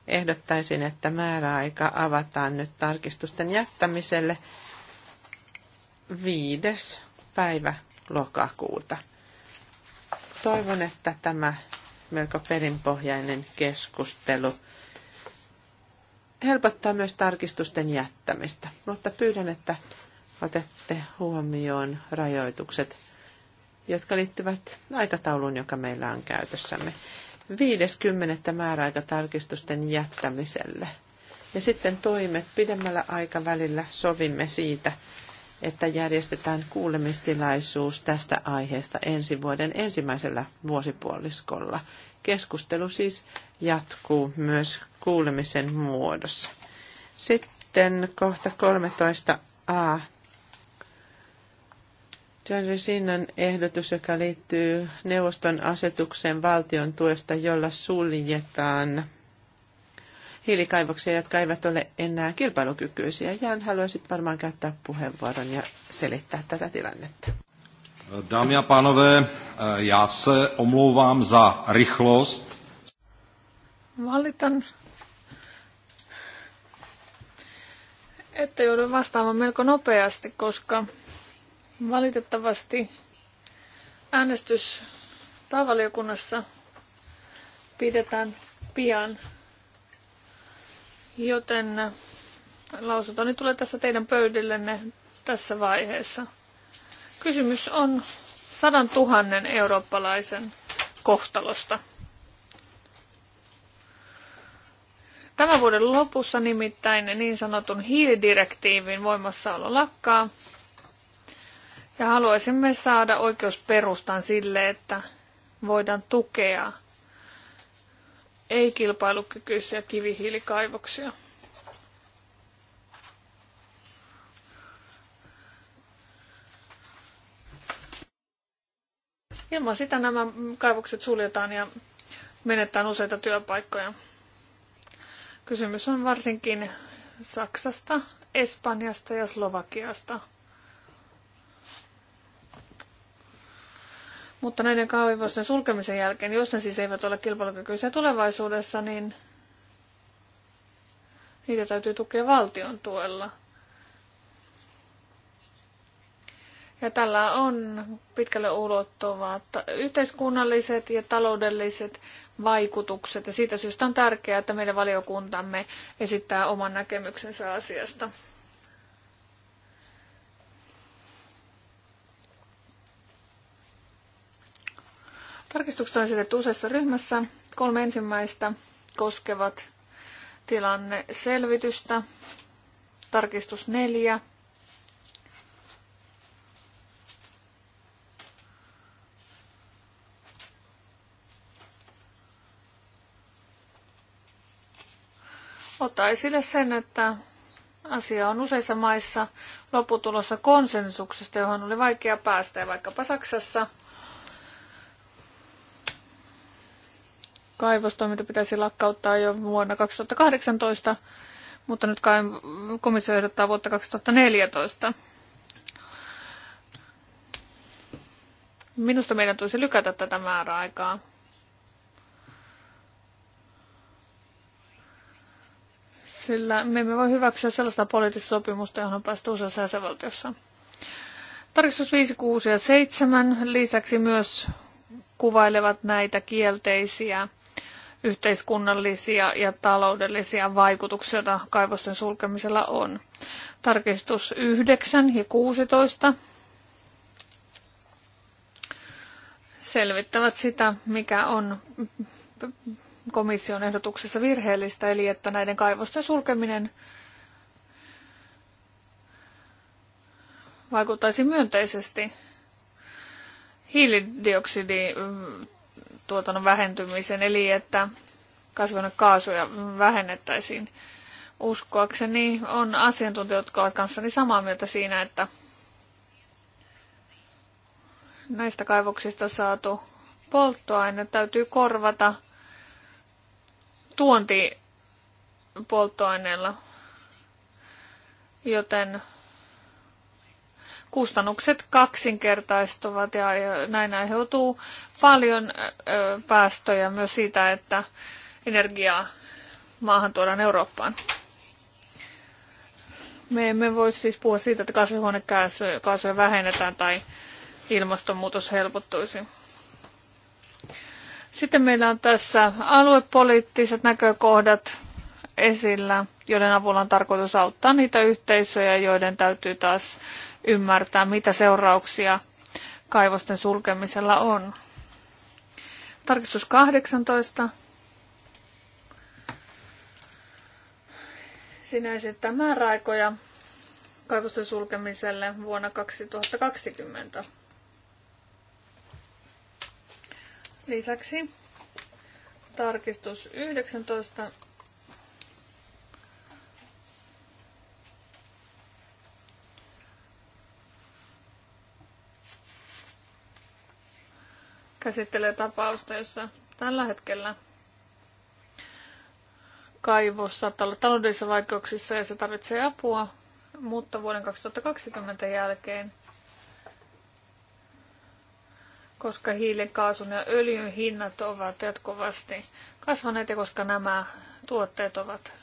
Ehdottaisin, että määräaika avataan nyt tarkistusten jättämiselle 5. päivä lokakuuta. Toivon, että tämä melko perinpohjainen keskustelu. Helpottaa myös tarkistusten jättämistä, mutta pyydän, että otette huomioon rajoitukset, jotka liittyvät aikatauluun, joka meillä on käytössämme. 50. määräaika tarkistusten jättämiselle. Ja sitten toimet pidemmällä aikavälillä sovimme siitä, että järjestetään kuulemistilaisuus tästä aiheesta ensi vuoden ensimmäisellä vuosipuoliskolla. Keskustelu siis jatkuu myös kuulemisen muodossa. Sitten kohta 13a. John Sinnan ehdotus, joka liittyy neuvoston asetukseen valtion tuesta, jolla suljetaan hiilikaivoksia, jotka eivät ole enää kilpailukykyisiä. Jan, haluaisit varmaan käyttää puheenvuoron ja selittää tätä tilannetta. Dámy a pánové, já se omlouvám za rychlost. Valitan, että joudun vastaamaan melko nopeasti, koska valitettavasti äänestys päävaliokunnassa pidetään pian. Joten äh, lausuntoni tulee tässä teidän pöydillenne tässä vaiheessa. Kysymys on sadan tuhannen eurooppalaisen kohtalosta. Tämän vuoden lopussa nimittäin niin sanotun hiilidirektiivin voimassaolo lakkaa. Ja haluaisimme saada oikeusperustan sille, että voidaan tukea ei-kilpailukykyisiä kivihiilikaivoksia. Ilman sitä nämä kaivokset suljetaan ja menetään useita työpaikkoja. Kysymys on varsinkin Saksasta, Espanjasta ja Slovakiasta – Mutta näiden kaivosten sulkemisen jälkeen, jos ne siis eivät ole kilpailukykyisiä tulevaisuudessa, niin niitä täytyy tukea valtion tuella. Ja tällä on pitkälle ulottuvat yhteiskunnalliset ja taloudelliset vaikutukset. Ja siitä syystä on tärkeää, että meidän valiokuntamme esittää oman näkemyksensä asiasta. Tarkistukset on esitetty useassa ryhmässä. Kolme ensimmäistä koskevat tilanne selvitystä Tarkistus neljä. Ottaa esille sen, että asia on useissa maissa lopputulossa konsensuksesta, johon oli vaikea päästä. Ja vaikkapa Saksassa kaivostoiminta pitäisi lakkauttaa jo vuonna 2018, mutta nyt kai komissio ehdottaa vuotta 2014. Minusta meidän tulisi lykätä tätä määräaikaa. Sillä me emme voi hyväksyä sellaista poliittista sopimusta, johon on päästy useassa jäsenvaltiossa. Tarkistus 5, 6 ja 7. Lisäksi myös kuvailevat näitä kielteisiä yhteiskunnallisia ja taloudellisia vaikutuksia, joita kaivosten sulkemisella on. Tarkistus 9 ja 16 selvittävät sitä, mikä on komission ehdotuksessa virheellistä, eli että näiden kaivosten sulkeminen vaikuttaisi myönteisesti Hiilidioksidin tuotannon vähentymisen, eli että kasvihuonekaasuja vähennettäisiin. Uskoakseni on asiantuntijat jotka ovat kanssani samaa mieltä siinä, että näistä kaivoksista saatu polttoaine täytyy korvata tuontipolttoaineella, joten kustannukset kaksinkertaistuvat ja näin aiheutuu paljon päästöjä myös siitä, että energiaa maahan tuodaan Eurooppaan. Me emme voi siis puhua siitä, että kasvihuonekaasuja vähennetään tai ilmastonmuutos helpottuisi. Sitten meillä on tässä aluepoliittiset näkökohdat esillä, joiden avulla on tarkoitus auttaa niitä yhteisöjä, joiden täytyy taas ymmärtää, mitä seurauksia kaivosten sulkemisella on. Tarkistus 18. Sinä esittää määräaikoja kaivosten sulkemiselle vuonna 2020. Lisäksi tarkistus 19 käsittelee tapausta, jossa tällä hetkellä kaivos saattaa olla taloudellisissa vaikeuksissa ja se tarvitsee apua, mutta vuoden 2020 jälkeen, koska hiilen, kaasun ja öljyn hinnat ovat jatkuvasti kasvaneet ja koska nämä tuotteet ovat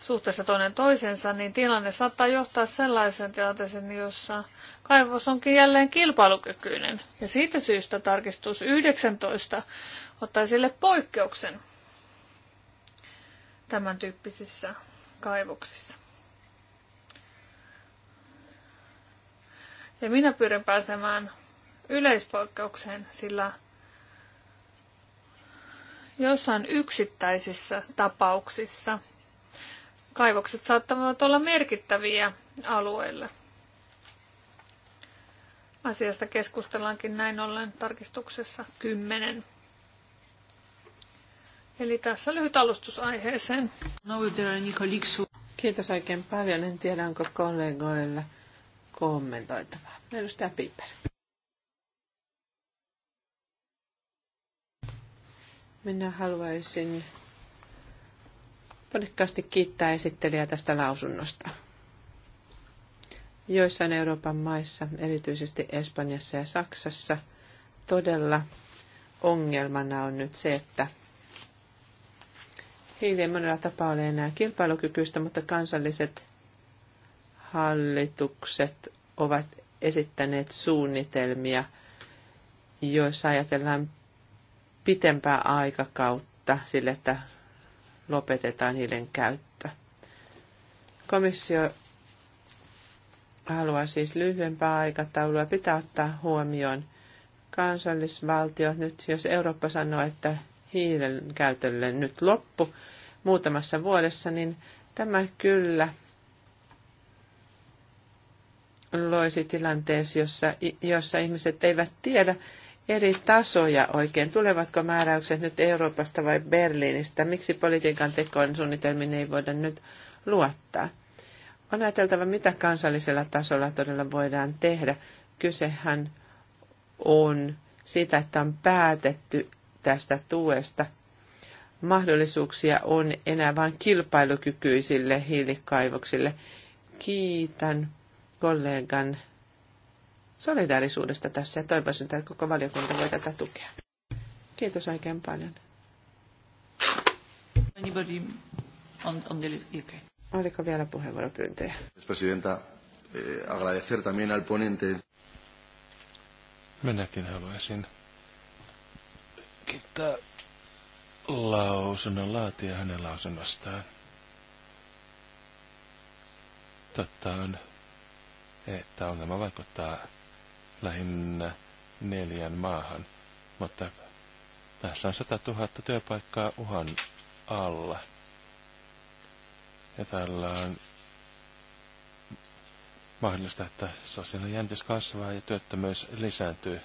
suhteessa toinen toisensa, niin tilanne saattaa johtaa sellaiseen tilanteeseen, jossa kaivos onkin jälleen kilpailukykyinen. Ja siitä syystä tarkistus 19 ottaa sille poikkeuksen tämän tyyppisissä kaivoksissa. Ja minä pyrin pääsemään yleispoikkeukseen, sillä jossain yksittäisissä tapauksissa – kaivokset saattavat olla merkittäviä alueelle. Asiasta keskustellaankin näin ollen tarkistuksessa 10. Eli tässä lyhyt alustus aiheeseen. No, Kiitos oikein paljon. En tiedä, onko kollegoilla kommentoitavaa. Edustaja Piper. Minä haluaisin ponnekkaasti kiittää esittelijä tästä lausunnosta. Joissain Euroopan maissa, erityisesti Espanjassa ja Saksassa, todella ongelmana on nyt se, että hiili ei monella tapaa ole enää kilpailukykyistä, mutta kansalliset hallitukset ovat esittäneet suunnitelmia, joissa ajatellaan pitempää aikakautta sille, että lopetetaan hiilen käyttö. Komissio haluaa siis lyhyempää aikataulua. Pitää ottaa huomioon kansallisvaltiot nyt, jos Eurooppa sanoo, että hiilen käytölle nyt loppu muutamassa vuodessa, niin tämä kyllä loisi tilanteessa, jossa, jossa ihmiset eivät tiedä, eri tasoja oikein? Tulevatko määräykset nyt Euroopasta vai Berliinistä? Miksi politiikan tekoon suunnitelmiin ei voida nyt luottaa? On ajateltava, mitä kansallisella tasolla todella voidaan tehdä. Kysehän on siitä, että on päätetty tästä tuesta. Mahdollisuuksia on enää vain kilpailukykyisille hiilikaivoksille. Kiitän kollegan solidaarisuudesta tässä ja toivoisin, että koko valiokunta voi tätä tukea. Kiitos oikein paljon. Anybody on, on the okay. Oliko vielä puheenvuoropyyntöjä? Presidenta, eh, agradecer también al ponente. Minäkin haluaisin kiittää lausunnon laatia hänen lausunnostaan. Totta on, että ongelma vaikuttaa lähinnä neljän maahan, mutta tässä on 100 000 työpaikkaa uhan alla. Ja tällä on mahdollista, että sosiaalinen jännitys kasvaa ja työttömyys lisääntyy.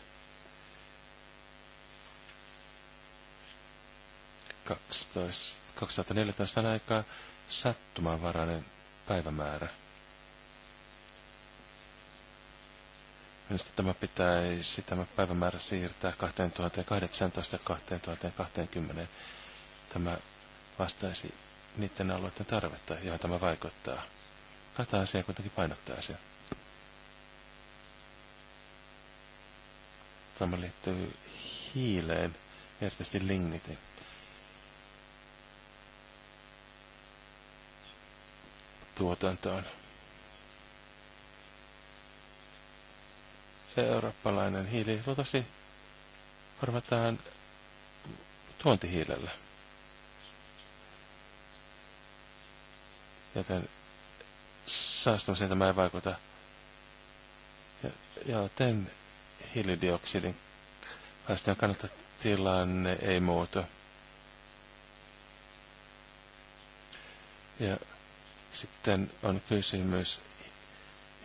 Kaksitoista, 2014 aikaa sattumanvarainen päivämäärä. Minusta tämä pitäisi tämä päivämäärä siirtää 2018-2020. Tämä vastaisi niiden alueiden tarvetta, johon tämä vaikuttaa. Kata asia kuitenkin painottaa sen. Tämä liittyy hiileen, erityisesti lignitin. tuotantoon. ja eurooppalainen hiilirutasi korvataan tuontihiilellä. Joten saastumiseen tämä ei vaikuta. Ja, joten hiilidioksidin päästöjen kannalta tilanne ei muutu. Ja sitten on kysymys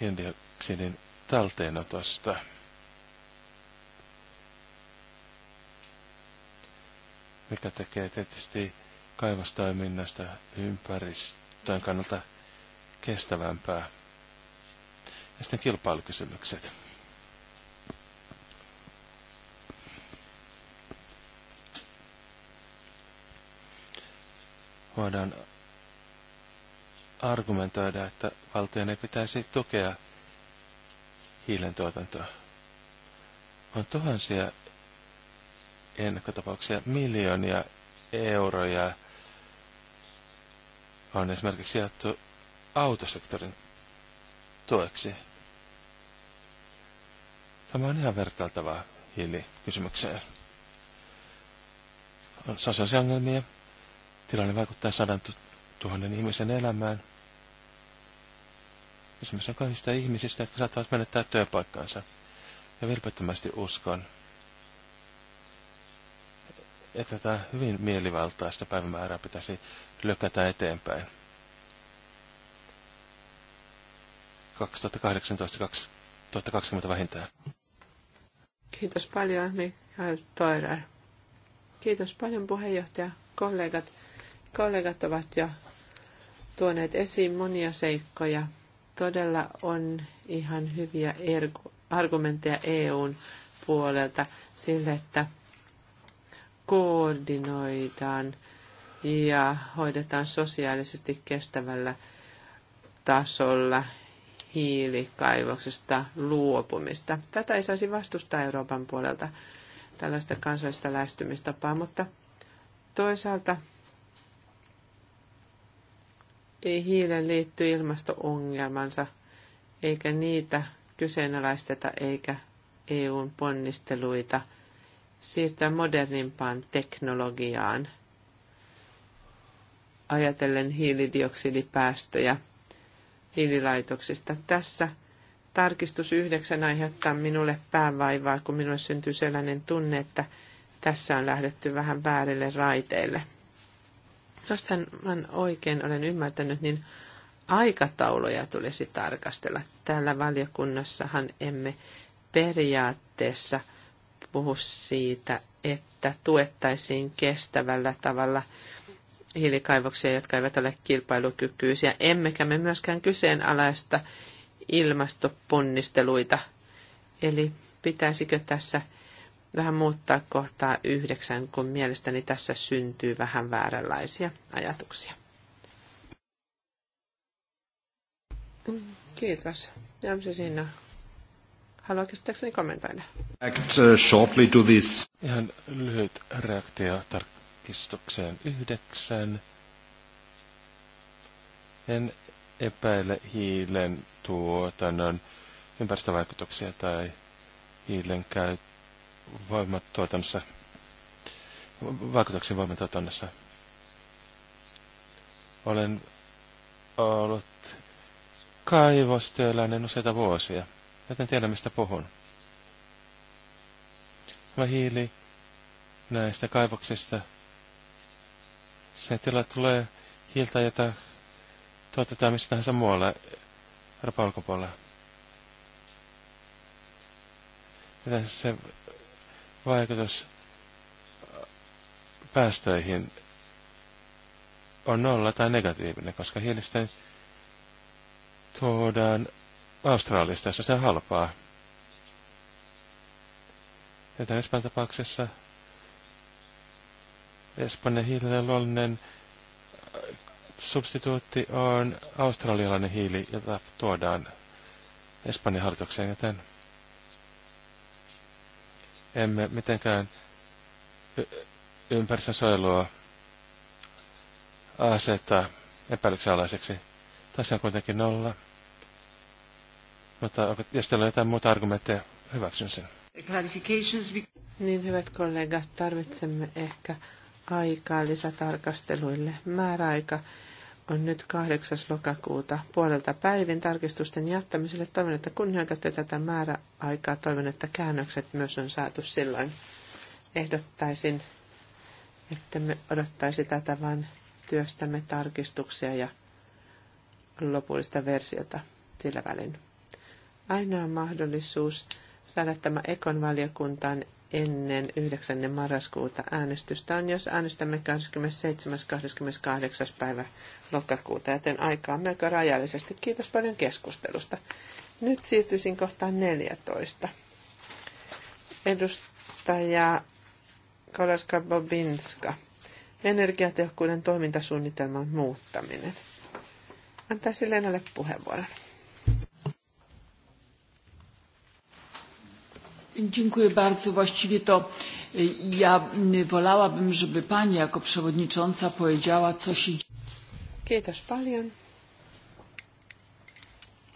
hiilidioksidin talteenotosta. Mikä tekee tietysti kaivostoiminnasta ympäristön kannalta kestävämpää. Ja sitten kilpailukysymykset. Voidaan argumentoida, että valtion ei pitäisi tukea hiilen tuotantoa. On tuhansia ennakkotapauksia, miljoonia euroja on esimerkiksi jaettu autosektorin tueksi. Tämä on ihan vertailtavaa hiilikysymykseen. On sosiaalisia ongelmia. Tilanne vaikuttaa sadan tuhannen ihmisen elämään – Kysymys on kaikista ihmisistä, jotka saattavat menettää työpaikkaansa. Ja vilpettömästi uskon, että tätä hyvin mielivaltaista päivämäärää pitäisi lykätä eteenpäin. 2018-2020 vähintään. Kiitos paljon, Mikael Toirer. Kiitos paljon puheenjohtaja, kollegat. Kollegat ovat jo tuoneet esiin monia seikkoja, todella on ihan hyviä argumentteja EUn puolelta sille, että koordinoidaan ja hoidetaan sosiaalisesti kestävällä tasolla hiilikaivoksesta luopumista. Tätä ei saisi vastustaa Euroopan puolelta tällaista kansallista lähestymistapaa, mutta toisaalta ei hiilen liitty ilmastoongelmansa, eikä niitä kyseenalaisteta eikä EUn ponnisteluita siirtää modernimpaan teknologiaan. Ajatellen hiilidioksidipäästöjä hiililaitoksista. Tässä tarkistus yhdeksän aiheuttaa minulle päävaivaa, kun minulle syntyy sellainen tunne, että tässä on lähdetty vähän väärille raiteille. Jos tämän oikein olen ymmärtänyt, niin aikatauluja tulisi tarkastella. Täällä valiokunnassahan emme periaatteessa puhu siitä, että tuettaisiin kestävällä tavalla hiilikaivoksia, jotka eivät ole kilpailukykyisiä, emmekä me myöskään kyseenalaista ilmastoponnisteluita. Eli pitäisikö tässä vähän muuttaa kohtaa yhdeksän, kun mielestäni tässä syntyy vähän vääränlaisia ajatuksia. Kiitos. Jämsi siinä. Haluatko käsittääkseni kommentoida. Act uh, shortly to this. Ihan lyhyt reaktio tarkistukseen yhdeksän. En epäile hiilen tuotannon ympäristövaikutuksia tai hiilen käyttöä voimatuotannossa, vaikutuksen voimatuotannossa. Olen ollut kaivostyöläinen useita vuosia, joten tiedän mistä puhun. Mä hiili näistä kaivoksista. Sen tila tulee hiiltä, jota tuotetaan mistä tahansa muualla, Euroopan ulkopuolella. se vaikutus äh, päästöihin on nolla tai negatiivinen, koska hiilistä tuodaan Australiasta, jossa se on halpaa. Ja Espanjan tapauksessa Espanjan hiilinen luollinen äh, substituutti on australialainen hiili, jota tuodaan Espanjan hallitukseen, joten emme mitenkään ympäristön suojelua asettaa epäilyksen alaiseksi. Tässä on kuitenkin nolla. Mutta jos teillä on jotain muuta argumentteja, hyväksyn sen. Niin, hyvät kollegat, tarvitsemme ehkä aikaa lisätarkasteluille. Määräaika on nyt 8. lokakuuta puolelta päivin tarkistusten jättämiselle. Toivon, että kunnioitatte tätä määräaikaa. Toivon, että käännökset myös on saatu silloin. Ehdottaisin, että me odottaisi tätä, vain työstämme tarkistuksia ja lopullista versiota sillä välin. Ainoa mahdollisuus saada tämä ekon valiokuntaan ennen 9. marraskuuta äänestystä on, jos äänestämme 27.–28. päivä lokakuuta, joten aikaa on melko rajallisesti. Kiitos paljon keskustelusta. Nyt siirtyisin kohtaan 14. Edustaja Kolaska Bobinska. Energiatehokkuuden toimintasuunnitelman muuttaminen. Antaa Lenalle puheenvuoron. Dziękuję bardzo. Właściwie to ja wolałabym, żeby Pani jako przewodnicząca powiedziała, co się Kiitos paljon.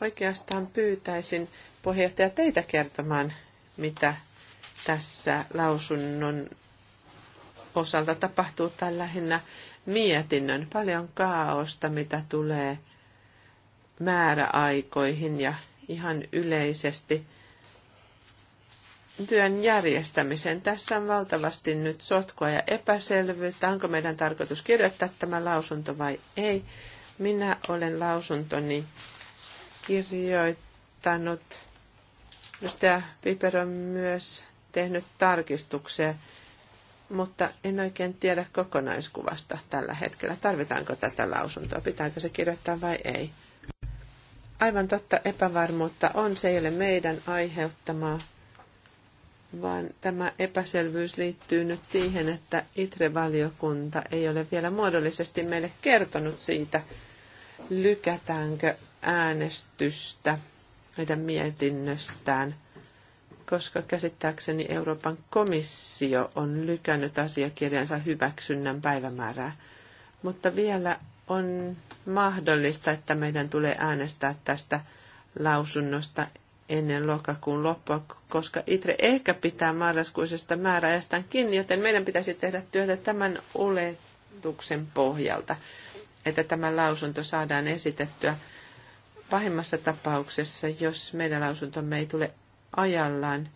Oikeastaan pyytäisin puheenjohtaja teitä kertomaan, mitä tässä lausunnon osalta tapahtuu tai lähinnä mietinnön. Paljon kaaosta, mitä tulee määräaikoihin ja ihan yleisesti työn järjestämisen. Tässä on valtavasti nyt sotkua ja epäselvyyttä. Onko meidän tarkoitus kirjoittaa tämä lausunto vai ei? Minä olen lausuntoni kirjoittanut. Edustaja Piper on myös tehnyt tarkistuksia, mutta en oikein tiedä kokonaiskuvasta tällä hetkellä. Tarvitaanko tätä lausuntoa? Pitääkö se kirjoittaa vai ei? Aivan totta, epävarmuutta on. Se ei ole meidän aiheuttamaa vaan tämä epäselvyys liittyy nyt siihen, että ITRE-valiokunta ei ole vielä muodollisesti meille kertonut siitä, lykätäänkö äänestystä meidän mietinnöstään, koska käsittääkseni Euroopan komissio on lykännyt asiakirjansa hyväksynnän päivämäärää. Mutta vielä on mahdollista, että meidän tulee äänestää tästä lausunnosta ennen lokakuun loppua, koska ITRE ehkä pitää marraskuisesta määräajastaan kiinni, joten meidän pitäisi tehdä työtä tämän oletuksen pohjalta, että tämä lausunto saadaan esitettyä. Pahimmassa tapauksessa, jos meidän lausuntomme ei tule ajallaan,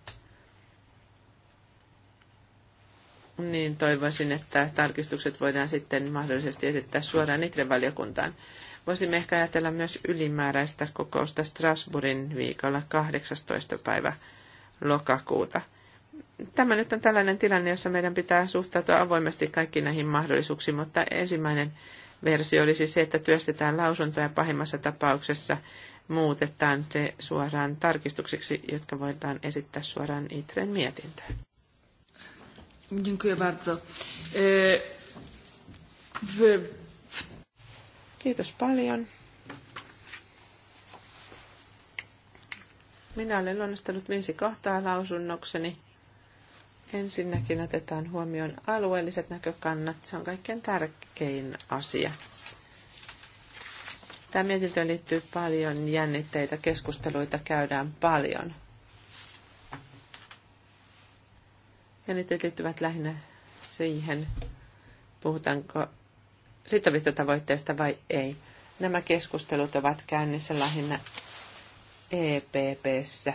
niin toivoisin, että tarkistukset voidaan sitten mahdollisesti esittää suoraan ITRE-valiokuntaan. Voisimme ehkä ajatella myös ylimääräistä kokousta Strasbourgin viikolla 18. päivä lokakuuta. Tämä nyt on tällainen tilanne, jossa meidän pitää suhtautua avoimesti kaikkiin näihin mahdollisuuksiin, mutta ensimmäinen versio olisi se, että työstetään lausuntoja pahimmassa tapauksessa muutetaan se suoraan tarkistuksiksi, jotka voidaan esittää suoraan ITREn mietintöön. Dziękuję bardzo. E, w Kiitos paljon. Minä olen luonnostanut viisi kohtaa lausunnokseni. Ensinnäkin otetaan huomioon alueelliset näkökannat. Se on kaikkein tärkein asia. Tämä mietintö liittyy paljon jännitteitä, keskusteluita käydään paljon. Jännitteet liittyvät lähinnä siihen, puhutaanko sitovista tavoitteista vai ei. Nämä keskustelut ovat käynnissä lähinnä EPPssä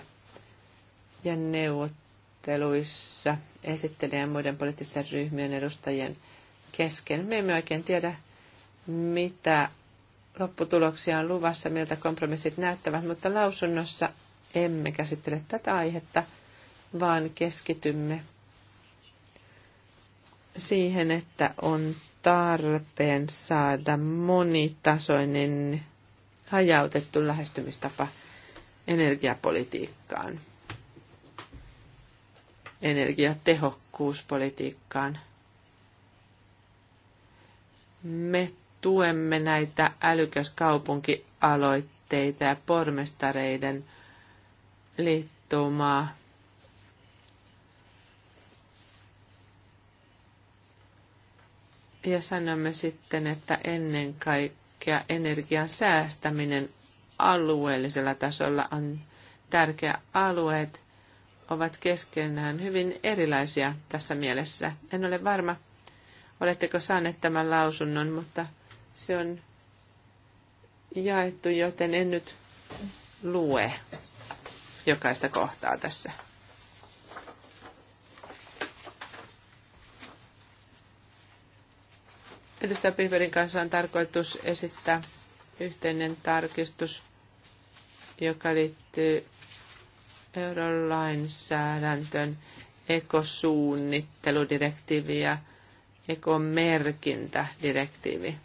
ja neuvotteluissa esittelijän muiden poliittisten ryhmien edustajien kesken. Me emme oikein tiedä, mitä lopputuloksia on luvassa, miltä kompromissit näyttävät, mutta lausunnossa emme käsittele tätä aihetta, vaan keskitymme siihen, että on tarpeen saada monitasoinen hajautettu lähestymistapa energiapolitiikkaan, energiatehokkuuspolitiikkaan. Me tuemme näitä älykäs kaupunkialoitteita ja pormestareiden liittomaa Ja sanomme sitten, että ennen kaikkea energian säästäminen alueellisella tasolla on tärkeä. Alueet ovat keskenään hyvin erilaisia tässä mielessä. En ole varma, oletteko saaneet tämän lausunnon, mutta se on jaettu, joten en nyt lue jokaista kohtaa tässä. Edustaja Pihverin kanssa on tarkoitus esittää yhteinen tarkistus, joka liittyy eurolainsäädäntöön, ekosuunnitteludirektiivi ja ekomerkintädirektiivi.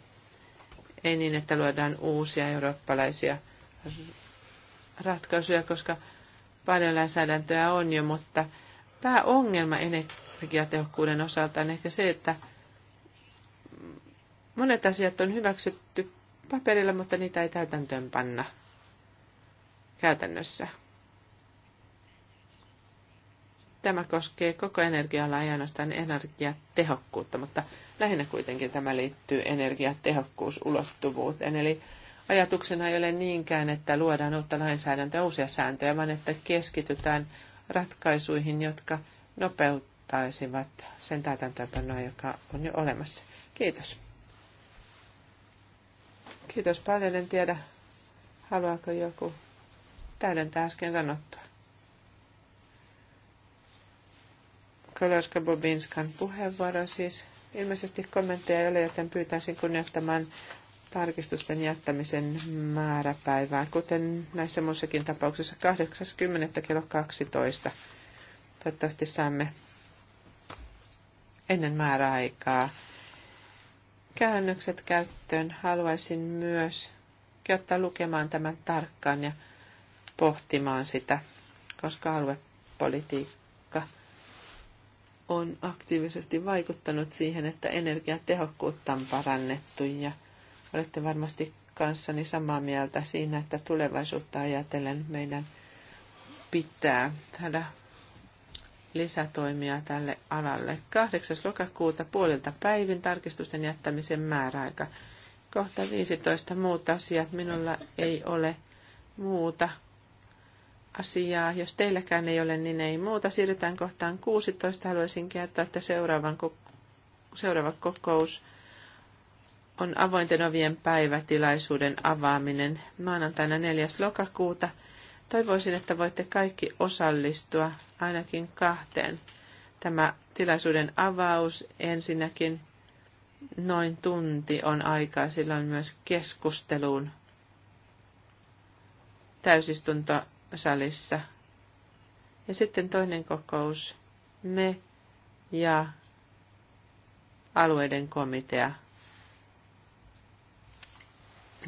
Ei niin, että luodaan uusia eurooppalaisia ratkaisuja, koska paljon lainsäädäntöä on jo, mutta pääongelma energiatehokkuuden osalta on ehkä se, että – Monet asiat on hyväksytty paperilla, mutta niitä ei täytäntöön panna käytännössä. Tämä koskee koko energialla ei ainoastaan energiatehokkuutta, mutta lähinnä kuitenkin tämä liittyy energiatehokkuusulottuvuuteen. Eli ajatuksena ei ole niinkään, että luodaan uutta lainsäädäntöä, uusia sääntöjä, vaan että keskitytään ratkaisuihin, jotka nopeuttaisivat sen täytäntöönpanoa, joka on jo olemassa. Kiitos. Kiitos paljon. En tiedä, haluaako joku täydentää äsken sanottua. Koloska Bobinskan puheenvuoro siis. Ilmeisesti kommentteja ei ole, joten pyytäisin kunnioittamaan tarkistusten jättämisen määräpäivää, kuten näissä muissakin tapauksissa 80. kello 12. Toivottavasti saamme ennen määräaikaa käännökset käyttöön, haluaisin myös ottaa lukemaan tämän tarkkaan ja pohtimaan sitä, koska aluepolitiikka on aktiivisesti vaikuttanut siihen, että energiatehokkuutta on parannettu ja olette varmasti kanssani samaa mieltä siinä, että tulevaisuutta ajatellen meidän pitää saada lisätoimia tälle alalle. 8. lokakuuta puolilta päivin tarkistusten jättämisen määräaika. Kohta 15 muut asiat. Minulla ei ole muuta asiaa. Jos teilläkään ei ole, niin ei muuta. Siirrytään kohtaan 16. Haluaisin kertoa, että seuraavan ko- seuraava kokous on avointen ovien päivätilaisuuden avaaminen maanantaina 4. lokakuuta Toivoisin, että voitte kaikki osallistua ainakin kahteen. Tämä tilaisuuden avaus ensinnäkin noin tunti on aikaa silloin myös keskusteluun täysistuntosalissa. Ja sitten toinen kokous, me ja alueiden komitea.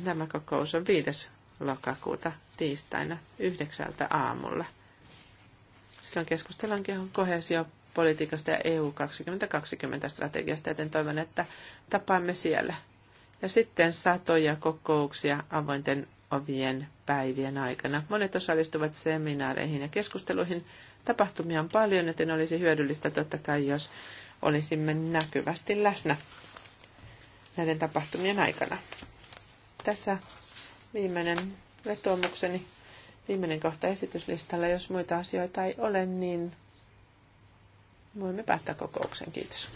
Tämä kokous on viides lokakuuta tiistaina yhdeksältä aamulla. Silloin keskustellaankin kohesiopolitiikasta ja EU 2020 strategiasta, joten toivon, että tapaamme siellä. Ja sitten satoja kokouksia avointen ovien päivien aikana. Monet osallistuvat seminaareihin ja keskusteluihin. Tapahtumia on paljon, joten olisi hyödyllistä totta kai, jos olisimme näkyvästi läsnä näiden tapahtumien aikana. Tässä viimeinen vetomukseni, viimeinen kohta esityslistalla. Jos muita asioita ei ole, niin voimme päättää kokouksen. Kiitos.